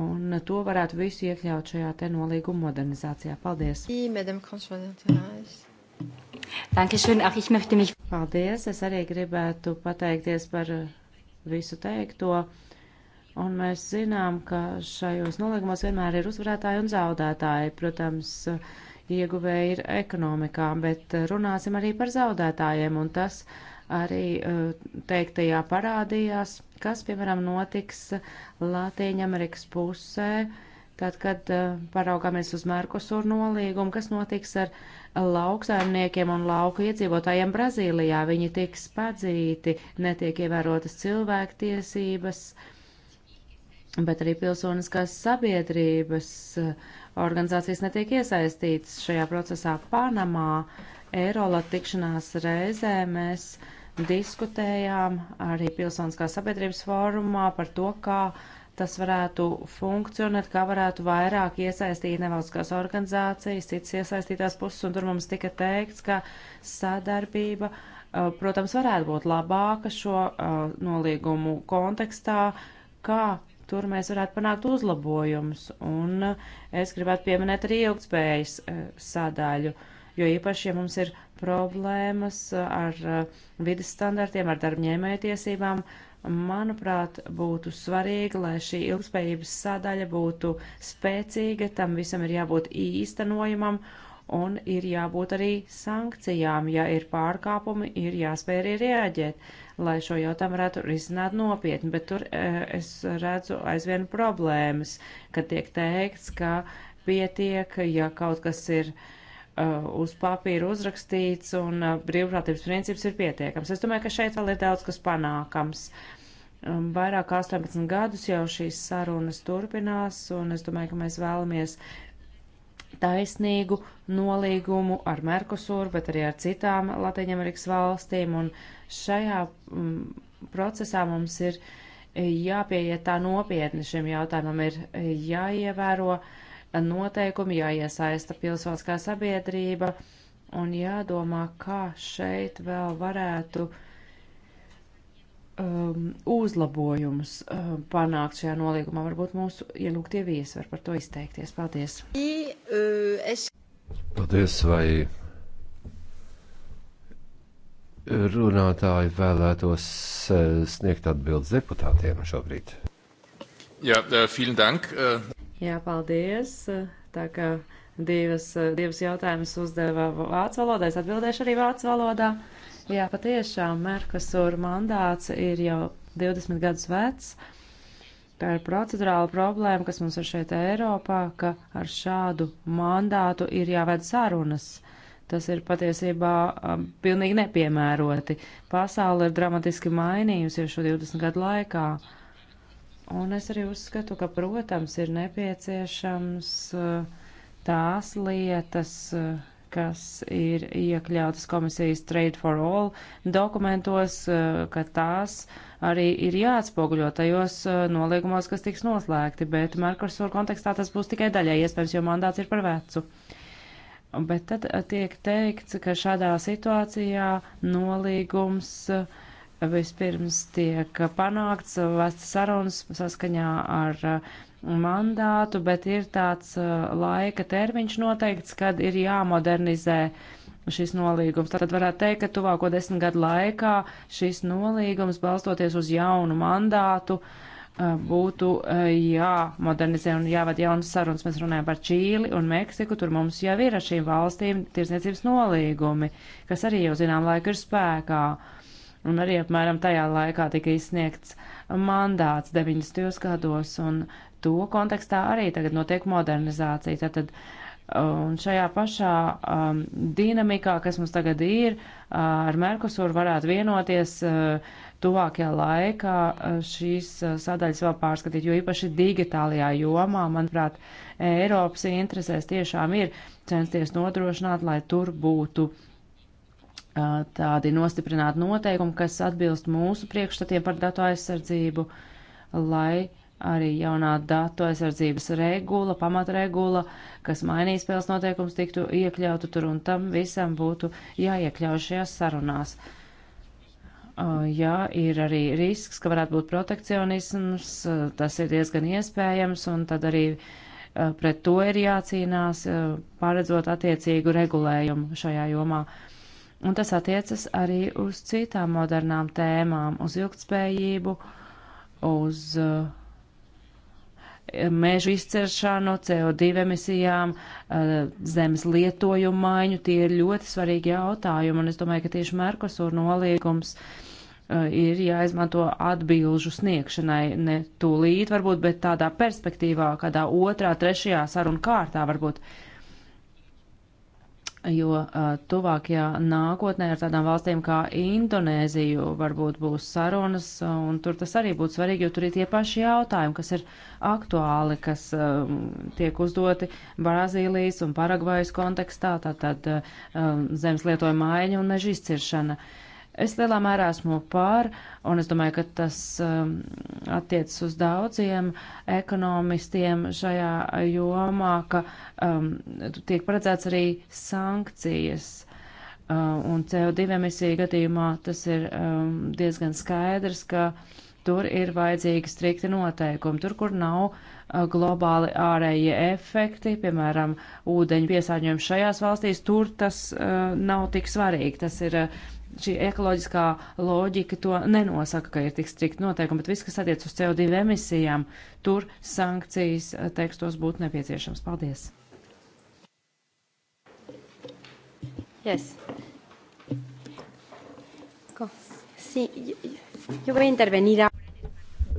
un to varētu visu iekļaut šajā te nolīguma modernizācijā. Paldies! Paldies! Es arī gribētu pateikties par visu teikto. Un mēs zinām, ka šajos nolīgumos vienmēr ir uzvarētāji un zaudētāji. Protams, ieguvēji ir ekonomikā, bet runāsim arī par zaudētājiem. Un tas, uh, arī eh, teiktajā parādījās, kas, piemēram, notiks Latīņamerikas pusē, tad, kad eh, paraugāmies uz Merkusur nolīgumu, kas notiks ar lauksaimniekiem un lauku iedzīvotājiem Brazīlijā. Viņi tiks padzīti, netiek ievērotas cilvēktiesības, bet arī pilsoniskās sabiedrības eh, organizācijas netiek iesaistītas šajā procesā Panamā. Eirola tikšanās reizē mēs uh, diskutējām arī Pilsoniskā sabiedrības fórumā par to, kā tas varētu funkcionēt, kā varētu vairāk iesaistīt nevalstiskās organizācijas, citas iesaistītās puses, un tur mums tika teikts, ka sadarbība, uh, protams, varētu būt labāka šo uh, nolīgumu kontekstā, kā tur mēs varētu panākt uzlabojumus, un uh, es gribētu pieminēt arī ilgtspējas sadaļu, jo īpaši, ja mums ir problēmas eh, ar eh, vidas standartiem, ar darbņēmējtiesībām, manuprāt, būtu svarīgi, lai šī ilgspējības sadaļa būtu spēcīga, tam visam ir jābūt īstenojumam un ir jābūt arī sankcijām. Ja ir pārkāpumi, ir jāspēj arī reaģēt, lai šo jautājumu varētu risināt nopietni. Bet tur eh, es redzu aizvien problēmas, kad tiek teikts, ka pietiek, ja kaut kas ir uh, Uh, uz papīra uzrakstīts un uh, brīvprātības princips ir pietiekams. Es domāju, ka šeit vēl ir daudz kas panākams. Um, vairāk 18 gadus jau šīs sarunas turpinās, un es domāju, ka mēs vēlamies taisnīgu nolīgumu ar Merkusuru, bet arī ar citām Latvijas valstīm. Un šajā mm, procesā mums ir jāpieiet tā nopietni šim jautājumam, ir jāievēro uh, noteikumi, jāiesaista pilsoniskā sabiedrība un jādomā, kā šeit vēl varētu um, uzlabojumus um, panākt šajā nolīgumā. Varbūt mūsu ielūgtie viesi var par to izteikties. Paldies! Uh, Paldies! Vai runātāji vēlētos uh, sniegt atbildes deputātiem šobrīd? Jā, ja, uh, vielen dank. Jā, paldies. Tā kā divas, divas jautājumas uzdevā vācu valodā, es atbildēšu arī vācu valodā. Jā, patiešām Merkusur mandāts ir jau 20 gadus vecs. Tā ir procedurāla problēma, kas mums ir šeit Eiropā, ka ar šādu mandātu ir jāved sarunas. Tas ir patiesībā um, pilnīgi nepiemēroti. Pasaule ir dramatiski mainījusies šo 20 gadu laikā. Uh, Un es arī uzskatu, ka, protams, ir nepieciešams eh, tās lietas, eh, kas ir iekļautas komisijas Trade for All dokumentos, eh, ka tās arī ir jāatspoguļo tajos noliegumos, kas tiks noslēgti, bet Merkursur kontekstā tas būs tikai daļai iespējams, jo mandāts ir par vecu. Bet tad tiek teikts, ka šādā situācijā nolīgums uh, vispirms tiek panākts vest sarunas saskaņā ar uh, mandātu, bet ir tāds uh, laika termiņš noteikts, kad ir jāmodernizē šis nolīgums. Tātad varētu teikt, ka tuvāko desmit gadu laikā šis nolīgums, balstoties uz jaunu mandātu, uh, būtu jāmodernizē un jāved jaunas sarunas. Mēs runājam par Čīli un Meksiku, tur mums jau ir ar šīm valstīm tirsniecības nolīgumi, kas arī jau zinām laiku ir spēkā. Uh, Un arī apmēram tajā laikā tika izsniegts mandāts 90. gados, un to kontekstā arī tagad notiek modernizācija. Tātad, un šajā pašā um, dinamikā, kas mums tagad ir, uh, ar Merkusuru varētu vienoties uh, tuvākajā laikā uh, šīs uh, sadaļas vēl pārskatīt, jo īpaši digitālajā jomā, manuprāt, Eiropas interesēs tiešām ir censties nodrošināt, lai tur būtu uh, tādi nostiprināti noteikumi, kas atbilst mūsu priekšstatiem par datu aizsardzību, lai arī jaunā datu aizsardzības regula, pamatregula, kas mainīs spēles noteikums, tiktu iekļauta tur un tam visam būtu jāiekļauj šajās sarunās. Jā, ir arī risks, ka varētu būt protekcionisms, tas ir diezgan iespējams, un tad arī pret to ir jācīnās, paredzot attiecīgu regulējumu šajā jomā. Uh, Un tas attiecas arī uz citām modernām tēmām, uz ilgtspējību, uz uh, mežu izceršanu, CO2 emisijām, eh, zemes lietojumu maiņu. Tie ir ļoti svarīgi jautājumi, un es domāju, ka tieši Merkosur nolīgums eh, ir jāizmanto atbilžu sniegšanai, ne tūlīt varbūt, bet tādā perspektīvā, kādā otrā, trešajā sarunu kārtā varbūt. Uh, jo uh, tuvākajā nākotnē ar tādām valstīm kā Indonēziju varbūt būs sarunas, un tur tas arī būtu svarīgi, jo tur ir tie paši jautājumi, kas ir aktuāli, kas um, tiek uzdoti Brazīlijas un Paragvajas kontekstā, tātad um, zemes lietojuma maiņa un meža izciršana. Uh, Es lielā mērā esmu pār, un es domāju, ka tas um, attiecas uz daudziem ekonomistiem šajā jomā, ka um, tiek paredzēts arī sankcijas. Um, un CO2 emisiju gadījumā tas ir um, diezgan skaidrs, ka tur ir vajadzīgi strikti noteikumi. Tur, kur nav uh, globāli ārējie efekti, piemēram, ūdeņu piesārņojums šajās valstīs, tur tas uh, nav tik svarīgi. Tas ir uh, šī ekoloģiskā loģika to nenosaka, ka ir tik strikti noteikumi, bet viss, kas attiec uz CO2 emisijām, tur sankcijas eh, tekstos būtu nepieciešams. Paldies! Yes. Ko? Sí, yo voy a intervenir.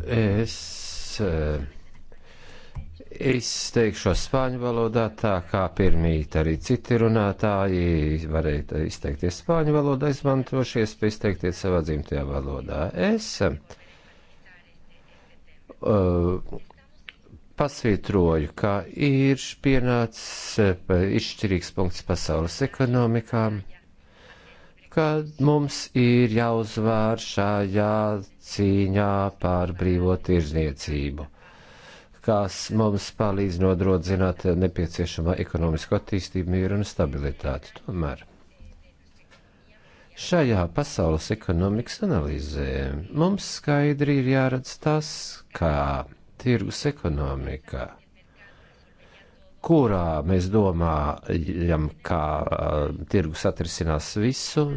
Es, eh Es teikšu spāņu valodā, tā kā pirmīt arī citi runātāji varēja izteikties spāņu valodā, izmantošies, pēc izteikties savā dzimtajā valodā. Es uh, pasvītroju, ka ir pienācis izšķirīgs punkts pasaules ekonomikām ka mums ir jāuzvar šajā cīņā par brīvo tirzniecību kas mums palīdz nodrodzināt nepieciešamā ekonomisko attīstību, mieru un stabilitāti. Tomēr šajā pasaules ekonomikas analīzē mums skaidri ir jāredz tas, kā tirgus ekonomika, kurā mēs domājam, kā uh, tirgus atrisinās visu,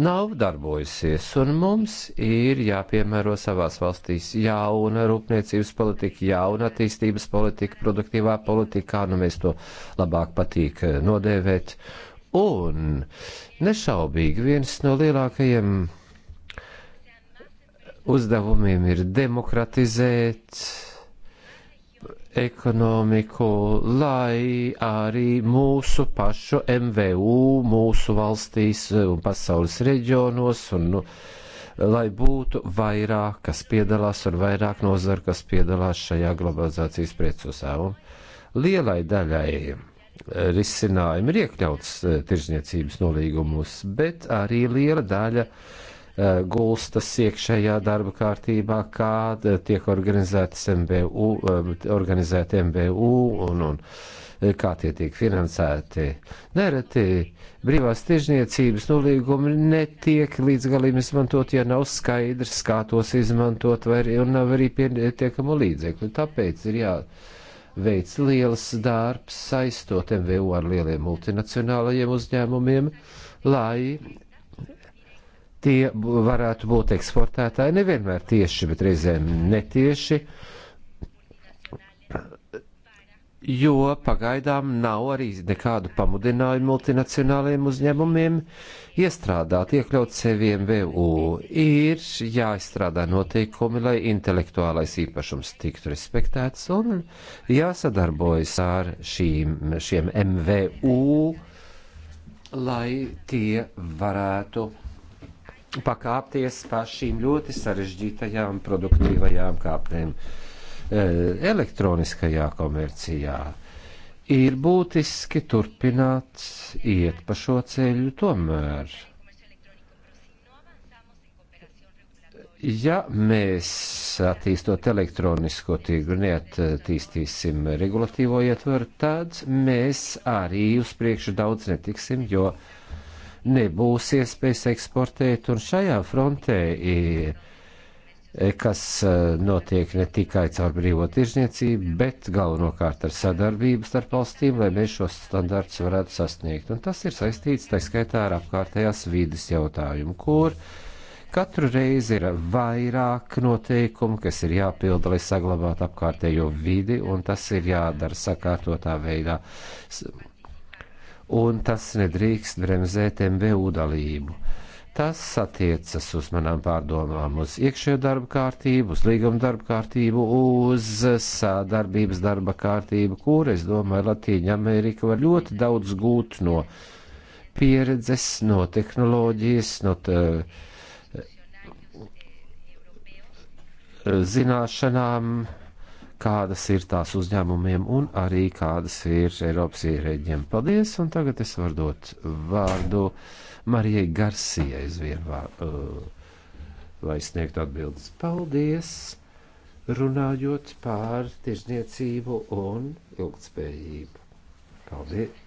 nav darbojusies, un mums ir jāpiemēro savās valstīs jauna rūpniecības politika, jauna attīstības politika, produktīvā politika, kā nu mēs to labāk patīk eh, nodēvēt. Un nešaubīgi viens no lielākajiem uzdevumiem ir demokratizēt ekonomiku, lai arī mūsu pašu MVU mūsu valstīs un pasaules reģionos un nu, lai būtu vairāk, kas piedalās un vairāk nozaru, kas piedalās šajā globalizācijas priecusā. Un lielai daļai eh, risinājumi ir iekļauts eh, tirzniecības nolīgumus, bet arī liela daļa uh, Eh, gulstas iekšējā darba kārtībā, kā eh, tiek organizētas MBU, eh, organizēti MBU un, un kā tie tiek finansēti. Nereti brīvās tiešniecības nolīgumi netiek līdz galim izmantot, ja nav skaidrs, kā tos izmantot, vai arī, un nav arī pietiekamo līdzekļu. Tāpēc ir jā veic liels darbs saistot MVU ar lieliem multinacionālajiem uzņēmumiem, lai tie varētu būt eksportētāji nevienmēr tieši, bet reizēm netieši, jo pagaidām nav arī nekādu pamudinājumu multinacionālajiem uzņēmumiem iestrādāt, iekļaut seviem VU. Ir jāizstrādā noteikumi, lai intelektuālais īpašums tiktu respektēts un jāsadarbojas ar šīm, šiem MVU, lai tie varētu pakāpties pa šīm ļoti sarežģītajām produktīvajām kāpnēm e, elektroniskajā komercijā. Ir būtiski turpināt iet pa šo ceļu tomēr. Ja mēs attīstot elektronisko tīklu neattīstīsim regulatīvo ietvaru, tad mēs arī uz priekšu daudz netiksim, jo uh, nebūs iespējas eksportēt, un šajā frontē ir e, kas e, notiek ne tikai caur brīvo tirzniecību, bet galvenokārt ar sadarbību starp valstīm, lai mēs šos standartus varētu sasniegt. Un tas ir saistīts tā skaitā ar apkārtējās vidas jautājumu, kur katru reizi ir vairāk noteikumu, kas ir jāpilda, lai saglabātu apkārtējo vidi, un tas ir jādara sakārtotā veidā un tas nedrīkst bremzēt MVU dalību. Tas attiecas uz manām pārdomām, uz iekšējo darba kārtību, uz līguma darba kārtību, uz sādarbības darba kārtību, kur, es domāju, Latīņa Amerika var ļoti daudz gūt no pieredzes, no tehnoloģijas, no tā, eh, zināšanām, kādas ir tās uzņēmumiem un arī kādas ir Eiropas ierēģiem. Paldies, un tagad es varu dot vārdu Marijai Garsijai zvien, uh, lai sniegtu atbildes. Paldies, runājot pār tirzniecību un ilgtspējību. Paldies!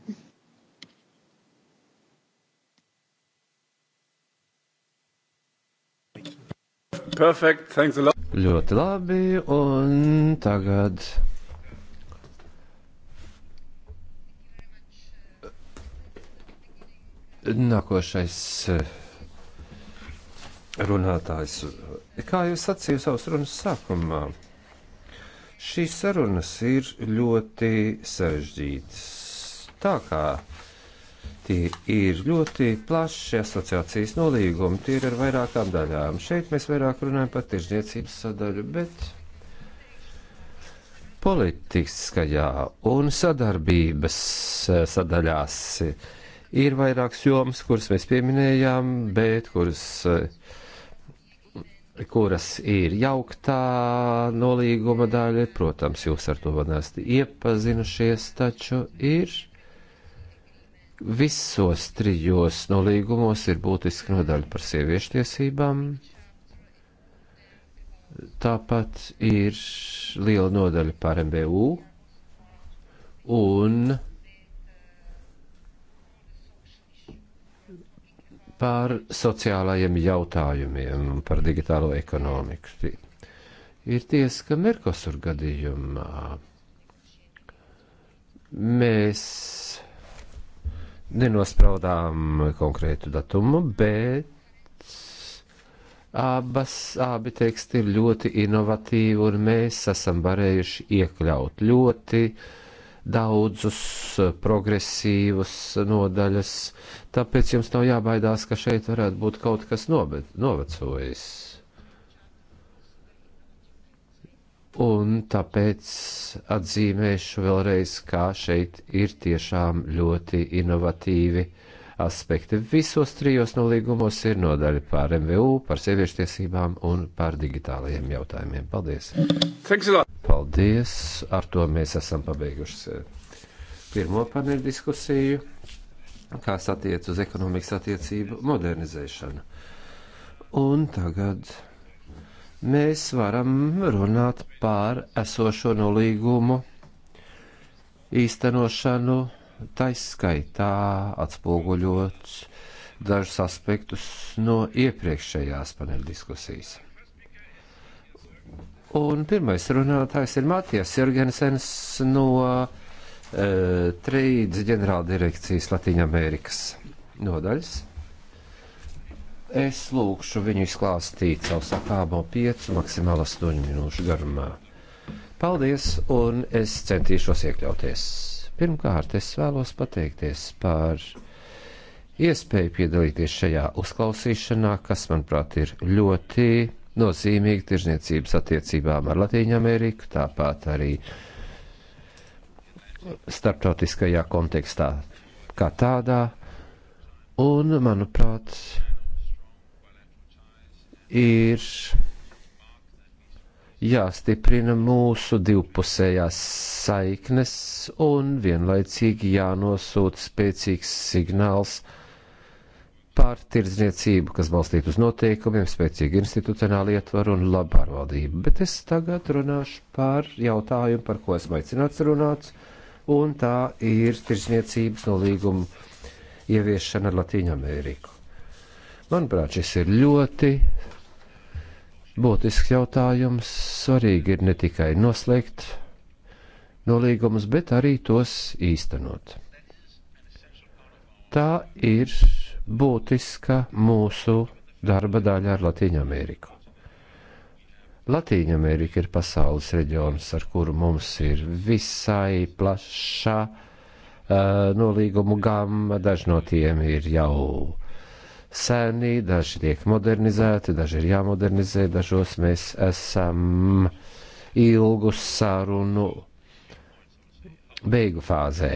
Perfect, thanks a lot. Ļoti labi, un tagad. Nākošais eh, runātājs. Kā jau sacīju savas runas sākumā, šīs sarunas ir ļoti sarežģītas. Tā kā Tie ir ļoti plaši asociācijas nolīgumi, tie ir ar vairākām daļām. Šeit mēs vairāk runājam par tirzniecības sadaļu, bet politiskajā un sadarbības eh, sadaļās ir vairākas jomas, kuras mēs pieminējām, bet kuras eh, kuras ir jauktā nolīguma daļa. Protams, jūs ar to vēl neesat iepazinušies, taču ir Visos trijos nolīgumos ir būtiska nodaļa par sieviešu tiesībām. Tāpat ir liela nodaļa par MBU un par sociālajiem jautājumiem un par digitālo ekonomiku. Ir tiesa, ka Merkosur gadījumā mēs nenospraudām konkrētu datumu, bet abas, abi teksti ir ļoti inovatīvi, un mēs esam varējuši iekļaut ļoti daudzus progresīvus nodaļas, tāpēc jums nav jābaidās, ka šeit varētu būt kaut kas novecojis. un tāpēc atzīmēšu vēlreiz, kā šeit ir tiešām ļoti inovatīvi aspekti. Visos trijos nolīgumos ir nodaļa par MVU, par sieviešu tiesībām un par digitālajiem jautājumiem. Paldies! Paldies! Ar to mēs esam pabeiguši pirmo paneļu diskusiju, kas attiec uz ekonomikas attiecību modernizēšanu. Un tagad mēs varam runāt pār esošo nolīgumu īstenošanu, taiskaitā atspoguļot dažus aspektus no iepriekšējās paneļdiskusijas. Un pirmais runātājs ir Matijas Jorgensens no uh, eh, Treids ģenerāldirekcijas Latīņamerikas nodaļas. Es lūkšu viņu izklāstīt savu sakāmo 5, maksimāli 8 minūšu garumā. Paldies, un es centīšos iekļauties. Pirmkārt, es vēlos pateikties par iespēju piedalīties šajā uzklausīšanā, kas, manuprāt, ir ļoti nozīmīga tirzniecības attiecībām ar Latviju Ameriku, tāpat arī starptautiskajā kontekstā kā tādā. Un, manuprāt, ir jāstiprina mūsu divpusējās saiknes un vienlaicīgi jānosūta spēcīgs signāls par tirdzniecību, kas balstīta uz noteikumiem, spēcīgu institucionālu ietvaru un labu pārvaldību. Bet es tagad runāšu par jautājumu, par ko esmu aicināts runāt, un tā ir tirdzniecības nolīguma ieviešana ar Latīņu Ameriku. Manuprāt, šis ir ļoti būtisks jautājums. Svarīgi ir ne tikai noslēgt nolīgumus, bet arī tos īstenot. Tā ir būtiska mūsu darba daļa ar Latīņu Ameriku. Latīņa Amerika ir pasaules reģions, ar kuru mums ir visai plaša uh, nolīgumu gama. Daži no tiem ir jau sēnī, daži tiek modernizēti, daži ir jāmodernizē, dažos mēs esam ilgu sarunu beigu fāzē.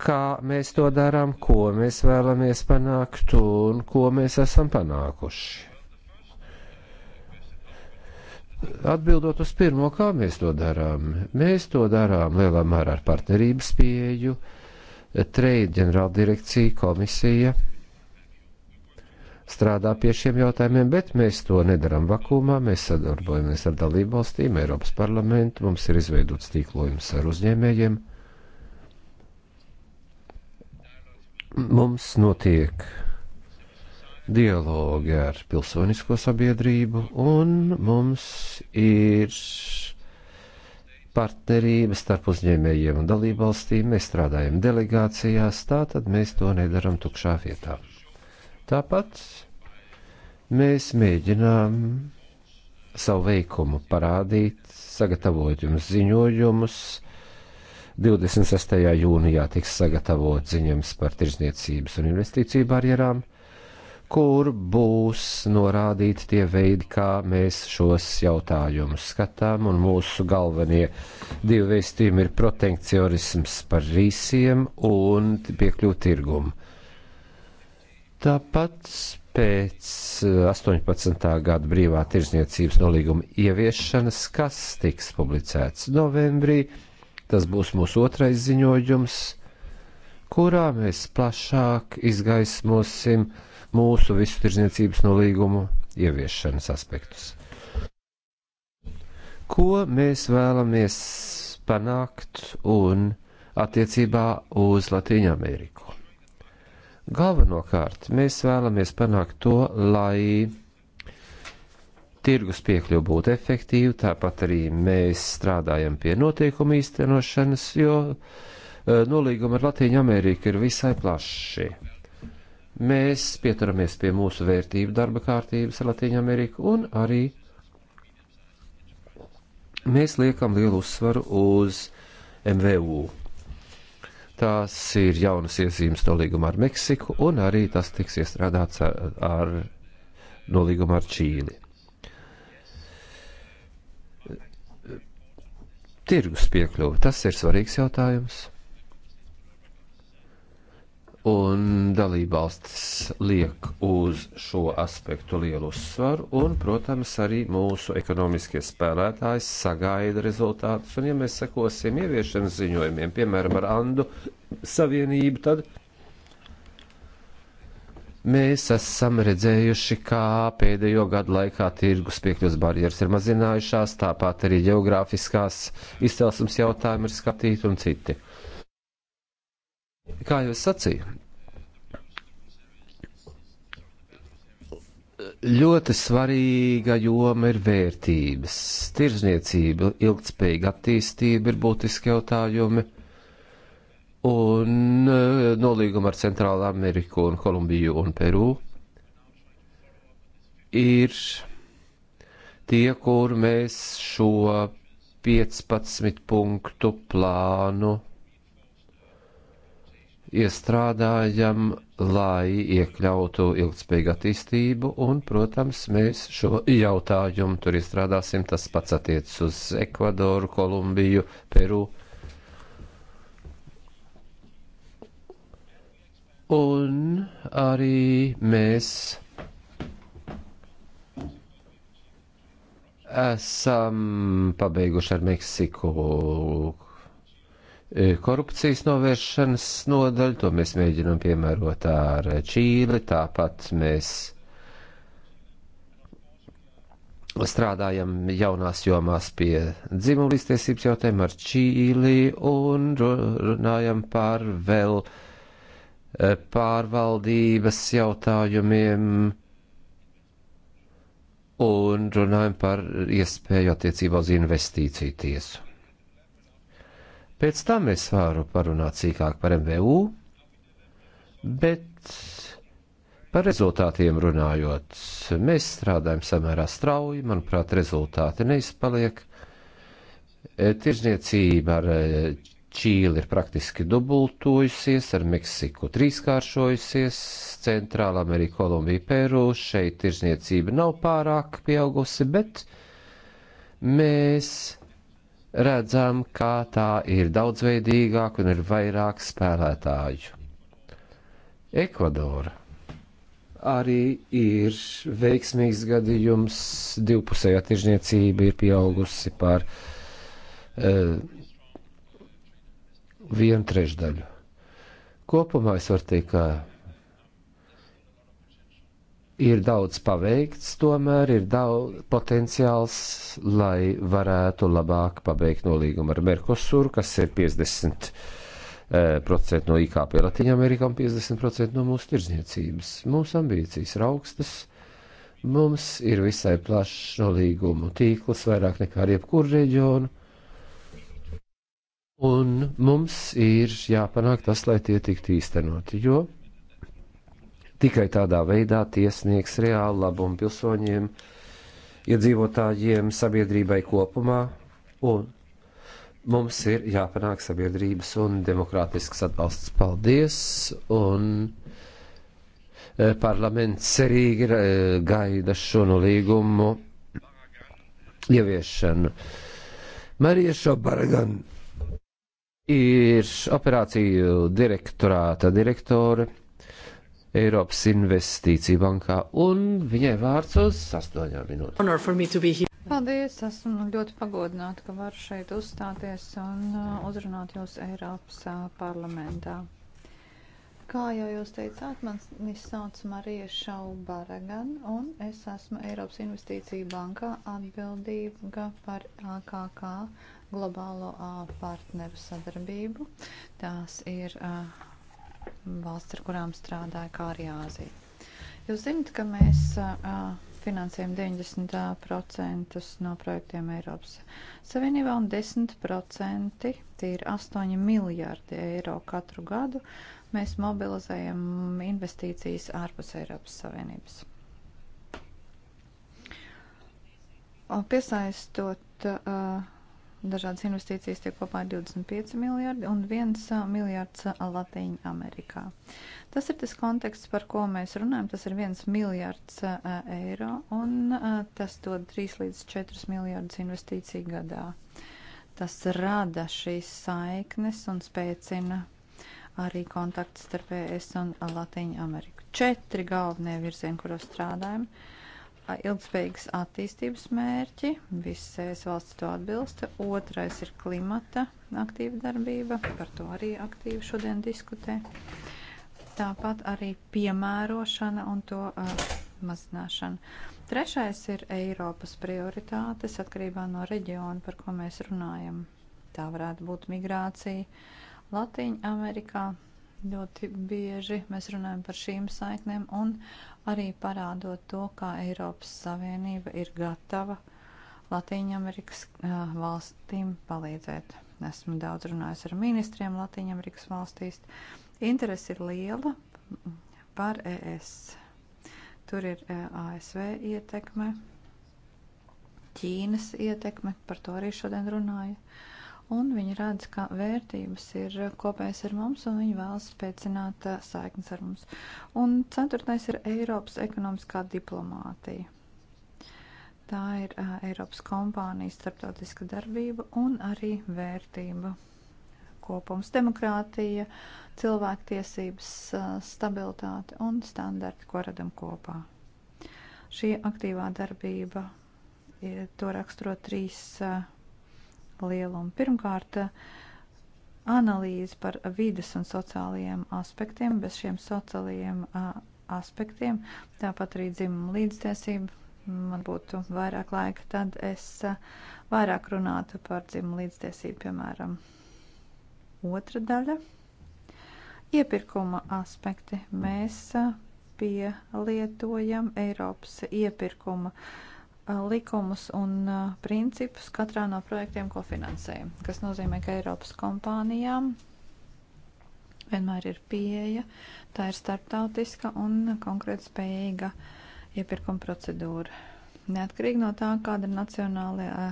Kā mēs to darām, ko mēs vēlamies panākt un ko mēs esam panākuši. Atbildot uz pirmo, kā mēs to darām, mēs to darām lielā mērā ar partnerības pieeju, trade ģenerāldirekcija, komisija strādā pie šiem jautājumiem, bet mēs to nedaram vakumā. Mēs sadarbojamies ar dalību valstīm, Eiropas parlamentu, mums ir izveidots tīklojums ar uzņēmējiem. Mums notiek dialogi ar pilsonisko sabiedrību, un mums ir partnerība starp uzņēmējiem un dalībvalstīm. Mēs strādājam delegācijās, tā tad mēs to nedaram tukšā vietā. Tāpat mēs mēģinām savu veikumu parādīt, sagatavot jums ziņojumus. 26. jūnijā tiks sagatavot ziņojums par tirzniecības un investīciju barjerām, kur būs norādīti tie veidi, kā mēs šos jautājumus skatām, un mūsu galvenie divi veistījumi ir protekcionisms par rīsiem un piekļūt tirgumu. Tāpat pēc 18. Eh, gada brīvā tirzniecības nolīguma ieviešanas, kas tiks publicēts novembrī, tas būs mūsu otrais ziņojums, kurā mēs plašāk izgaismosim mūsu visu tirzniecības nolīgumu ieviešanas aspektus. Ko mēs vēlamies panākt un attiecībā uz Latīņu Ameriku? Galvenokārt mēs vēlamies panākt to, lai tirgus piekļuva būtu efektīva, tāpat arī mēs strādājam pie noteikumu īstenošanas, jo e, nolīguma ar Latviju Ameriku ir visai plaši. Mēs pieturamies pie mūsu vērtību darba kārtības ar Latviju Ameriku un arī mēs liekam lielu uzsvaru uz MVU. Tās ir jaunas iezīmes no līguma ar Meksiku, un arī tas tiks iestrādāts ar, ar no līguma ar Čīli. Tirgus piekļuva, tas ir svarīgs jautājums un dalībvalstis liek uz šo aspektu lielu uzsvaru, un, protams, arī mūsu ekonomiskie spēlētāji sagaida rezultātus, un ja mēs sekosim ieviešanas ziņojumiem, piemēram, ar Andu Savienību, tad mēs esam redzējuši, kā pēdējo gadu laikā tirgus piekļuvas barjeras ir mazinājušās, tāpat arī geogrāfiskās izcelsmes jautājumi ir skatīti un citi. Kā jau es sacīju, ļoti svarīga joma ir vērtības. Tirzniecība, ilgspējīga attīstība ir būtiski jautājumi. Un eh, nolīguma ar Centrālā Ameriku un Kolumbiju un Peru ir tie, kur mēs šo 15 punktu plānu iestrādājam, lai iekļautu ilgspējīgu attīstību, un, protams, mēs šo jautājumu tur iestrādāsim. Tas pats attiecas uz Ekvadoru, Kolumbiju, Peru. Un arī mēs esam pabeiguši ar Meksiku E, korupcijas novēršanas nodaļu, to mēs mēģinām piemērot ar Čīli, tāpat mēs strādājam jaunās jomās pie dzimumlīstiesības jautājumu ar Čīli un runājam par vēl e, pārvaldības jautājumiem un runājam par iespēju attiecībā uz investīciju tiesu. Pēc tam es varu parunāt sīkāk par MVU, bet par rezultātiem runājot, mēs strādājam samērā strauji, manuprāt, rezultāti neizpaliek. E, tirzniecība ar e, Čīli ir praktiski dubultojusies, ar Meksiku trīskāršojusies, Centrāla Amerika, Kolumbija, Peru. Šeit tirzniecība nav pārāk pieaugusi, bet mēs redzam, kā tā ir daudzveidīgāka un ir vairāk spēlētāju. Ekvadora arī ir veiksmīgs gadījums, divpusējā tirzniecība ir pieaugusi par uh, vienu trešdaļu. Kopumā es varu teikt, ka ir daudz paveikts, tomēr ir daudz potenciāls, lai varētu labāk pabeigt nolīgumu ar Merkosuru, kas ir 50% eh, no IKP Latvijā Amerikā un 50% no mūsu tirzniecības. Mūsu ambīcijas ir augstas. Mums ir visai plašs nolīgumu tīkls, vairāk nekā ar jebkuru reģionu. Un mums ir jāpanāk tas, lai tie tiktu īstenoti, jo Tikai tādā veidā tiesniegs reāli labumu pilsoņiem, iedzīvotājiem, sabiedrībai kopumā, un mums ir jāpanāk sabiedrības un demokrātisks atbalsts. Paldies! Un e, parlaments cerīgi e, gaida šo nolīgumu nu ieviešanu. Marija Šobargan ir operāciju direktorāta direktore. Eiropas investīciju bankā, un viņai vārds uz astoņām minūtēm. Paldies, esmu ļoti pagodināta, ka varu šeit uzstāties un uh, uzrunāt jūs Eiropas uh, parlamentā. Kā jau jūs teicāt, mani sauc Marija Šaubaragan, un es esmu Eiropas investīcija bankā atbildīga par AKK globālo uh, partneru sadarbību. Tās ir uh, valsts, ar kurām strādāja, kā arī Āzija. Jūs zinat, ka mēs finansējam 90% no projektiem Eiropas Savienībā un 10% tie ir 8 miljārdi eiro katru gadu. Mēs mobilizējam investīcijas ārpus Eiropas Savienības. Piesaistot uh, Dažādas investīcijas tiek kopā 25 miljardi un 1 miljards Latīņa Amerikā. Tas ir tas konteksts, par ko mēs runājam. Tas ir 1 miljards eiro un tas dod 3 līdz 4 miljardus investīciju gadā. Tas rada šīs saiknes un spēcina arī kontakts starp ES un Latīņu Ameriku. Četri galvenie virzieni, kuros strādājam. Uh, ilgspējīgas attīstības mērķi, visas ES valsts to atbilsta. Otrais ir klimata aktīva darbība, par to arī aktīvi šodien diskutē. Tāpat arī piemērošana un to uh, mazināšana. Trešais ir Eiropas prioritātes atkarībā no reģiona, par ko mēs runājam. Tā varētu būt migrācija Latīņa Amerikā, Ļoti bieži mēs runājam par šīm saiknēm un arī parādot to, kā Eiropas Savienība ir gatava Latīņamerikas valstīm palīdzēt. Esmu daudz runājis ar ministriem Latīņamerikas valstīs. Interesi ir liela par ES. Tur ir ASV ietekme, Ķīnas ietekme, par to arī šodien runāju. Uh, un viņi redz, ka vērtības ir kopējas ar mums, un viņi vēlas spēcināt saiknes ar mums. Un ceturtais ir Eiropas ekonomiskā diplomātija. Tā ir uh, Eiropas kompānijas starptautiska darbība un arī vērtība kopums - demokrātija, cilvēktiesības, uh, stabilitāte un standarti, ko radam kopā. Šī aktīvā darbība, ir, to raksturo trīs uh, lielumu. Pirmkārt, analīze par vides un sociālajiem aspektiem, bez šiem sociālajiem aspektiem, tāpat arī dzimuma līdztiesība. Man būtu vairāk laika, tad es vairāk runātu par dzimumu līdztiesību, piemēram. Otra daļa - iepirkuma aspekti. Mēs pielietojam Eiropas iepirkuma uh, likumus un principus katrā no projektiem, ko finansējam. Tas nozīmē, ka Eiropas kompānijām vienmēr ir pieeja, tā ir starptautiska un konkrēti spējīga iepirkuma procedūra. Neatkarīgi no tā, kāda ir nacionālajā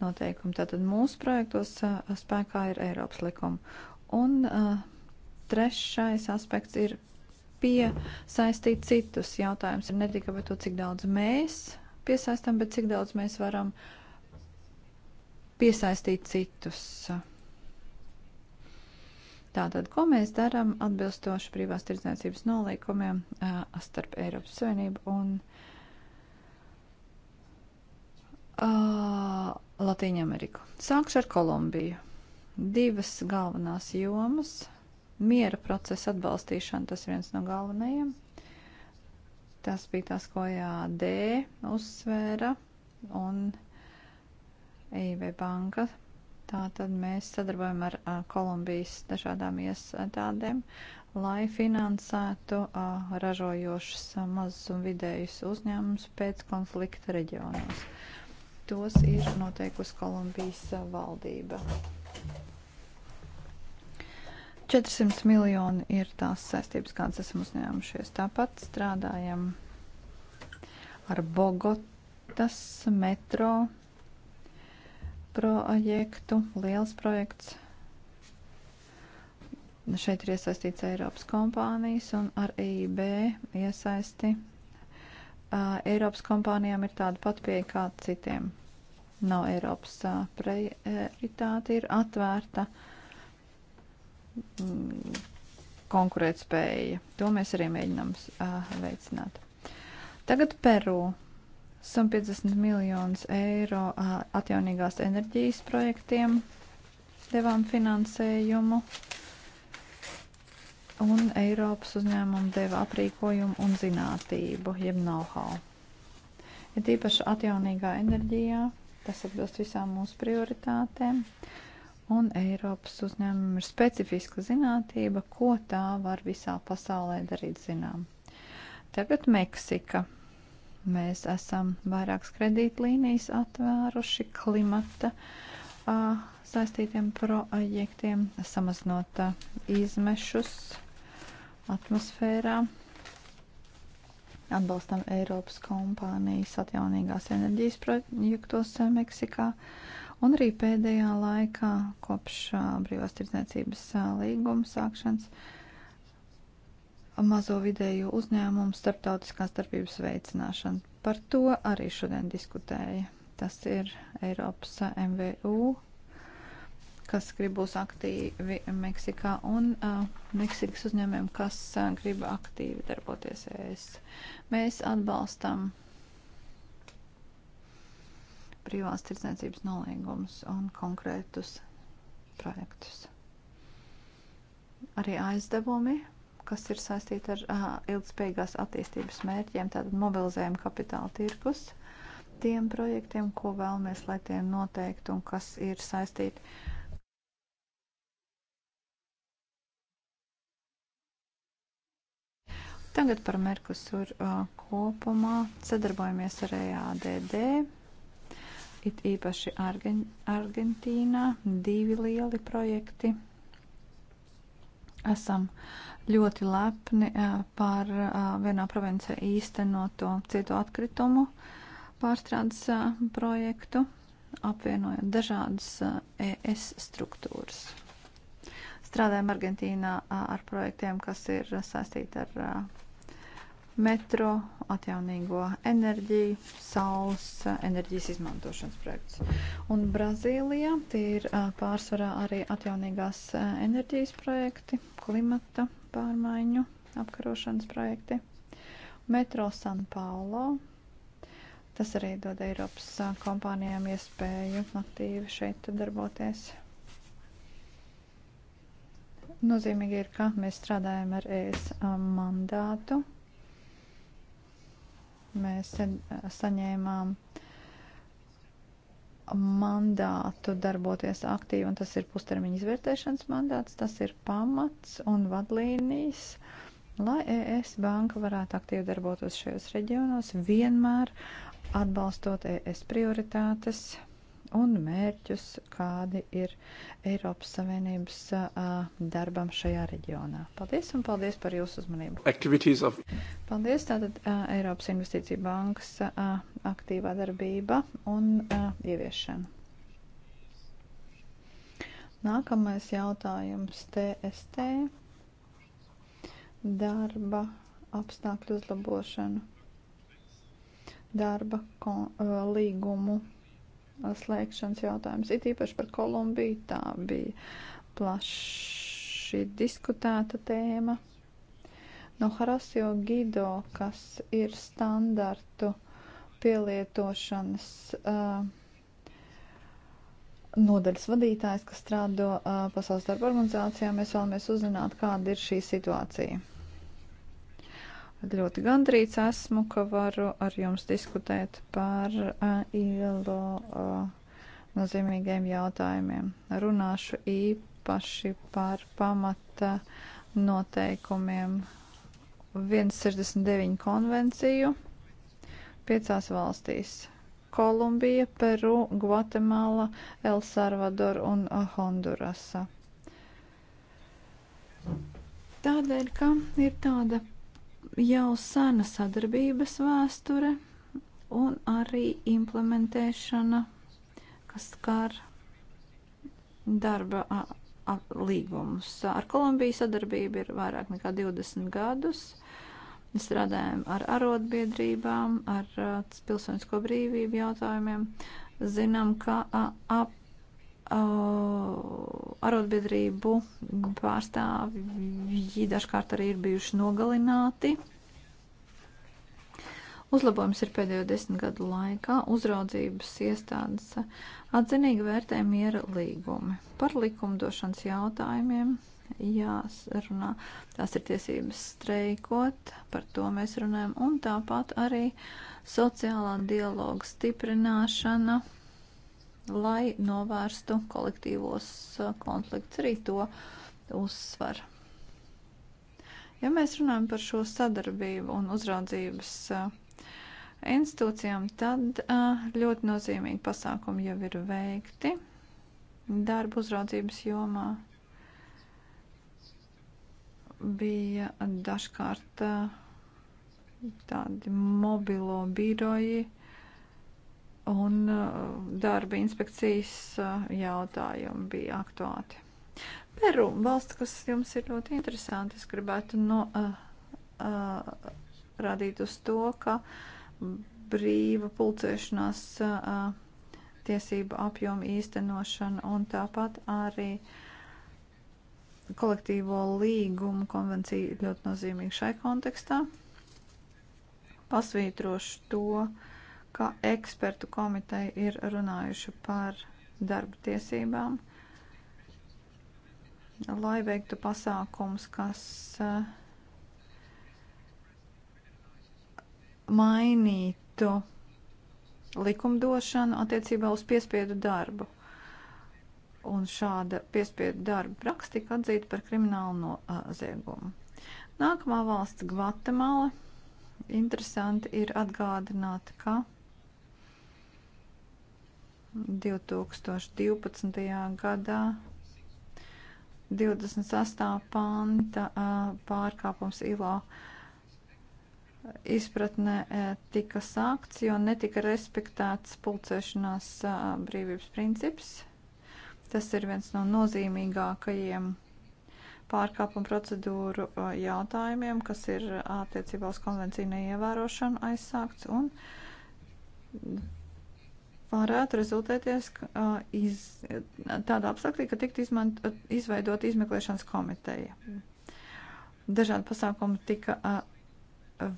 noteikumi. Tātad mūsu projektos spēkā ir Eiropas likuma. Un uh, trešais aspekts ir piesaistīt citus. Jautājums ir ne tikai par to, cik daudz mēs piesaistam, bet cik daudz mēs varam piesaistīt citus. Tātad, ko mēs darām atbilstoši privās tirdzniecības nolīkumiem starp Eiropas Savienību un uh, Latīņu Ameriku? Sākšu ar Kolumbiju. Divas galvenās jomas - miera procesa atbalstīšana, tas viens no galvenajiem. Uh, Tas bija tas, ko JAD e uzsvēra un EIB banka. Tā tad mēs sadarbojam ar a, Kolumbijas dažādām iestādēm, lai finansētu a, ražojošus a, mazus un vidējus uzņēmumus pēc konflikta reģionos. Tos ir noteikusi Kolumbijas a, valdība. 400 miljoni ir tās saistības, kādas esam uzņēmušies. Tāpat strādājam ar Bogotas metro projektu, liels projekts. Šeit ir iesaistīts Eiropas kompānijas un ar EIB iesaisti. Uh, Eiropas kompānijām ir tāda pat pieeja kā citiem. Nav Eiropas uh, prioritāte, ir atvērta uh, Mm, konkurētspēja. To mēs arī mēģinām uh, veicināt. Tagad Peru. 150 miljonus eiro uh, atjaunīgās enerģijas projektiem devām finansējumu. Un Eiropas uzņēmumu deva aprīkojumu un zinātību, jeb know-how. Ir ja tīpaši atjaunīgā enerģijā, tas atbilst visām mūsu prioritātēm. Uh, Un Eiropas uzņēmumiem ir specifiska zinātība, ko tā var visā pasaulē darīt zinām. Tagad Meksika. Mēs esam vairākas kredītlīnijas atvēruši klimata uh, saistītiem projektiem, samazinot uh, izmešus atmosfērā. Atbalstam Eiropas kompānijas atjaunīgās enerģijas projektos Meksikā. Uh, Un arī pēdējā laikā, kopš brīvās tirdzniecības līguma sākšanas, mazo vidējo uzņēmumu starptautiskās darbības veicināšana. Par to arī šodien diskutēja. Tas ir Eiropas MVU, kas grib būs aktīvi Meksikā un uh, Meksikas uzņēmiem, kas uh, grib aktīvi darboties ES. Mēs atbalstam privās tirdzniecības nolīgumus un konkrētus projektus. Arī aizdevumi, kas ir saistīti ar uh, ilgspējīgās attīstības mērķiem, tātad mobilizējam kapitāla tirkus tiem projektiem, ko vēlamies, lai tie noteikti un kas ir saistīti. Tagad par Merkusur uh, kopumā sadarbojamies ar EADD it īpaši Argen Argentīnā, divi lieli projekti. Esam ļoti lepni par vienā provincē īstenoto cietu atkritumu pārstrādes projektu, apvienojot dažādas ES struktūras. Strādājam Argentīnā ar projektiem, kas ir saistīti ar metro, atjaunīgo enerģiju, saules enerģijas izmantošanas projekts. Un Brazīlijā tie ir pārsvarā arī atjaunīgās enerģijas projekti, klimata pārmaiņu apkarošanas projekti. Metro San Paulo. Tas arī dod Eiropas kompānijām iespēju aktīvi šeit darboties. Nozīmīgi ir, ka mēs strādājam ar ES mandātu mēs saņēmām mandātu darboties aktīvi, un tas ir pustermiņa izvērtēšanas mandāts, tas ir pamats un vadlīnijas, lai ES banka varētu aktīvi darbotos šajos reģionos, vienmēr atbalstot ES prioritātes, un mērķus, kādi ir Eiropas Savienības darbam šajā reģionā. Paldies un paldies par jūsu uzmanību. Of... Paldies, tātad Eiropas Investīcija bankas aktīvā darbība un ieviešana. Nākamais jautājums TST darba apstākļu uzlabošanu, darba ko, līgumu slēgšanas jautājums. It īpaši par Kolumbiju tā bija plaši diskutēta tēma. No Harasio Gido, kas ir standartu pielietošanas uh, nodaļas vadītājs, kas strādā uh, Pasaules darba organizācijā, mēs vēlamies uzzināt, kāda ir šī situācija. Ļoti gandrīz esmu, ka varu ar jums diskutēt par uh, ILO uh, nozīmīgiem jautājumiem. Runāšu īpaši par pamata noteikumiem 169 konvenciju piecās valstīs - Kolumbija, Peru, Gvatemala, El Salvador un eh, Hondurasa. Tādēļ, ka ir tāda jau sena sadarbības vēsture un arī implementēšana, kas skar darba līgumus. Ar Kolumbiju sadarbība ir vairāk nekā 20 gadus. Strādājam ar arotbiedrībām, ar pilsonisko brīvību jautājumiem. Zinām, ka ap Uh, arotbiedrību pārstāvji dažkārt arī ir bijuši nogalināti. Uzlabojums ir pēdējo desmit gadu laikā. Uzraudzības iestādes atzinīgi vērtē miera līgumi. Par likumdošanas jautājumiem jāsarunā. Tās ir tiesības streikot, par to mēs runājam. Un tāpat arī sociālā dialoga stiprināšana lai novērstu kolektīvos uh, konflikts. Arī to uzsver. Ja mēs runājam par šo sadarbību un uzraudzības uh, institūcijām, tad uh, ļoti nozīmīgi pasākumi jau ir veikti darba uzraudzības jomā. Bija dažkārt tādi mobilo biroji, un uh, darba inspekcijas uh, jautājumi bija aktuāti. Peru valsts, kas jums ir ļoti interesanti, es gribētu no, uh, uh, radīt uz to, ka brīva pulcēšanās uh, tiesību apjomu īstenošana un tāpat arī kolektīvo līgumu konvencija ļoti nozīmīga šai kontekstā. Pasvītrošu to, uh, ka ekspertu komiteja ir runājuši par darba tiesībām, lai veiktu pasākums, kas eh, mainītu likumdošanu attiecībā uz piespiedu darbu. Un šāda piespiedu darba praksa tika atzīta par kriminālu noziegumu. Nākamā valsts - Gvatemala. Interesanti ir atgādināt, ka 2012. gadā 28. panta pārkāpums ILO izpratnē tika sākts, jo netika respektēts pulcēšanās brīvības princips. Tas ir viens no nozīmīgākajiem pārkāpuma procedūru jautājumiem, kas ir attiecībā uz konvenciju neievērošanu aizsākts. Un varētu rezultēties uh, iz, tādā apstākļā, ka tiktu izmant, izveidot izmeklēšanas komiteja. Dažādi pasākumi tika uh,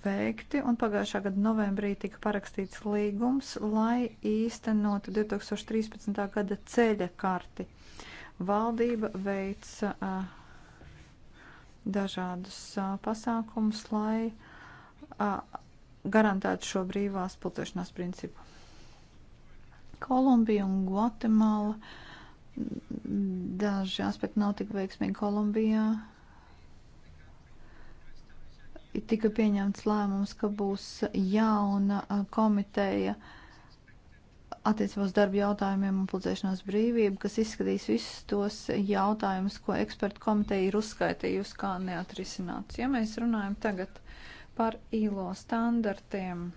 veikti, un pagājušā gada novembrī tika parakstīts līgums, lai īstenotu 2013. gada ceļa karti. Valdība veica uh, dažādus uh, pasākumus, lai uh, garantētu šo brīvās pulcēšanās principu Kolumbija un Gvatemala. Daži aspekti nav tik veiksmīgi Kolumbijā. Ir tika pieņemts lēmums, ka būs jauna komiteja attiecībā uz darba jautājumiem un pulcēšanās brīvību, kas izskatīs visus tos jautājumus, ko ekspertu komiteja ir uzskaitījusi kā neatrisināts. Ja mēs runājam tagad par īlo standartiem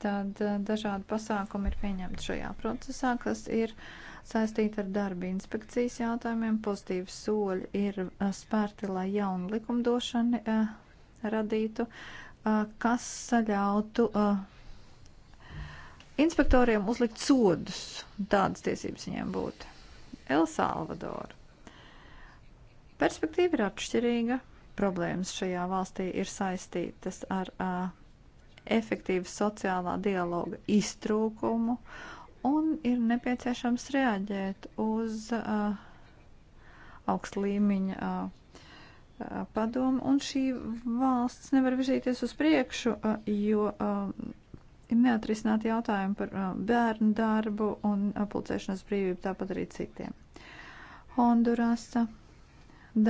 tad eh, dažādi pasākumi ir pieņemti šajā procesā, kas ir saistīti ar darba inspekcijas jautājumiem. Pozitīvi soļi ir eh, spērti, lai jaunu likumdošanu eh, radītu, kas saļautu inspektoriem uzlikt sodus. Tādas tiesības viņiem būtu. El Salvador. Perspektīva ir atšķirīga. Problēmas šajā valstī ir saistītas ar uh, efektīva sociālā dialoga iztrūkumu un ir nepieciešams reaģēt uz uh, augstu līmeņa uh, uh, padomu, un šī valsts nevar virzīties uz priekšu, uh, jo uh, ir neatrisināti jautājumi par uh, bērnu darbu un uh, pulcēšanās brīvību, tāpat arī citiem. Hondurasa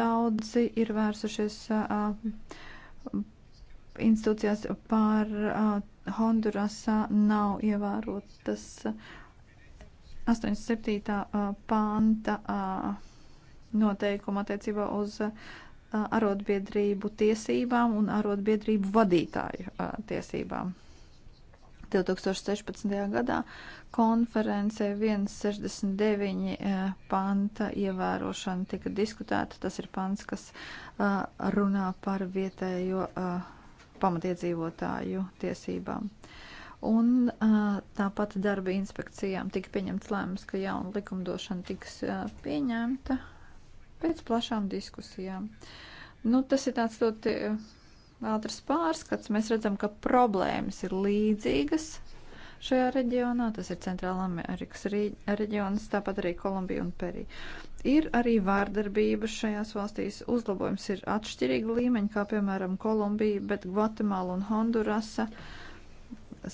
daudzi ir vērsušies. Uh, institūcijās par uh, Hondurasā nav ievērotas 87. Uh, panta uh, noteikuma attiecībā uz uh, arotbiedrību tiesībām un arotbiedrību vadītāju uh, tiesībām. 2016. gadā konferencē 169 panta ievērošana tika diskutēta. Tas ir pants, kas runā par vietējo uh, pamatiedzīvotāju tiesībām. Un tāpat darba inspekcijām tika pieņemts lēmums, ka jauna likumdošana tiks pieņemta pēc plašām diskusijām. Nu, tas ir tāds ļoti ātrs pārskats. Mēs redzam, ka problēmas ir līdzīgas šajā reģionā. Tas ir Centrāla Amerikas reģions, tāpat arī Kolumbija un Perija. Ir arī vārdarbība šajās valstīs. Uzlabojums ir atšķirīga līmeņa, kā piemēram Kolumbija, bet Gvatemala un Hondurasa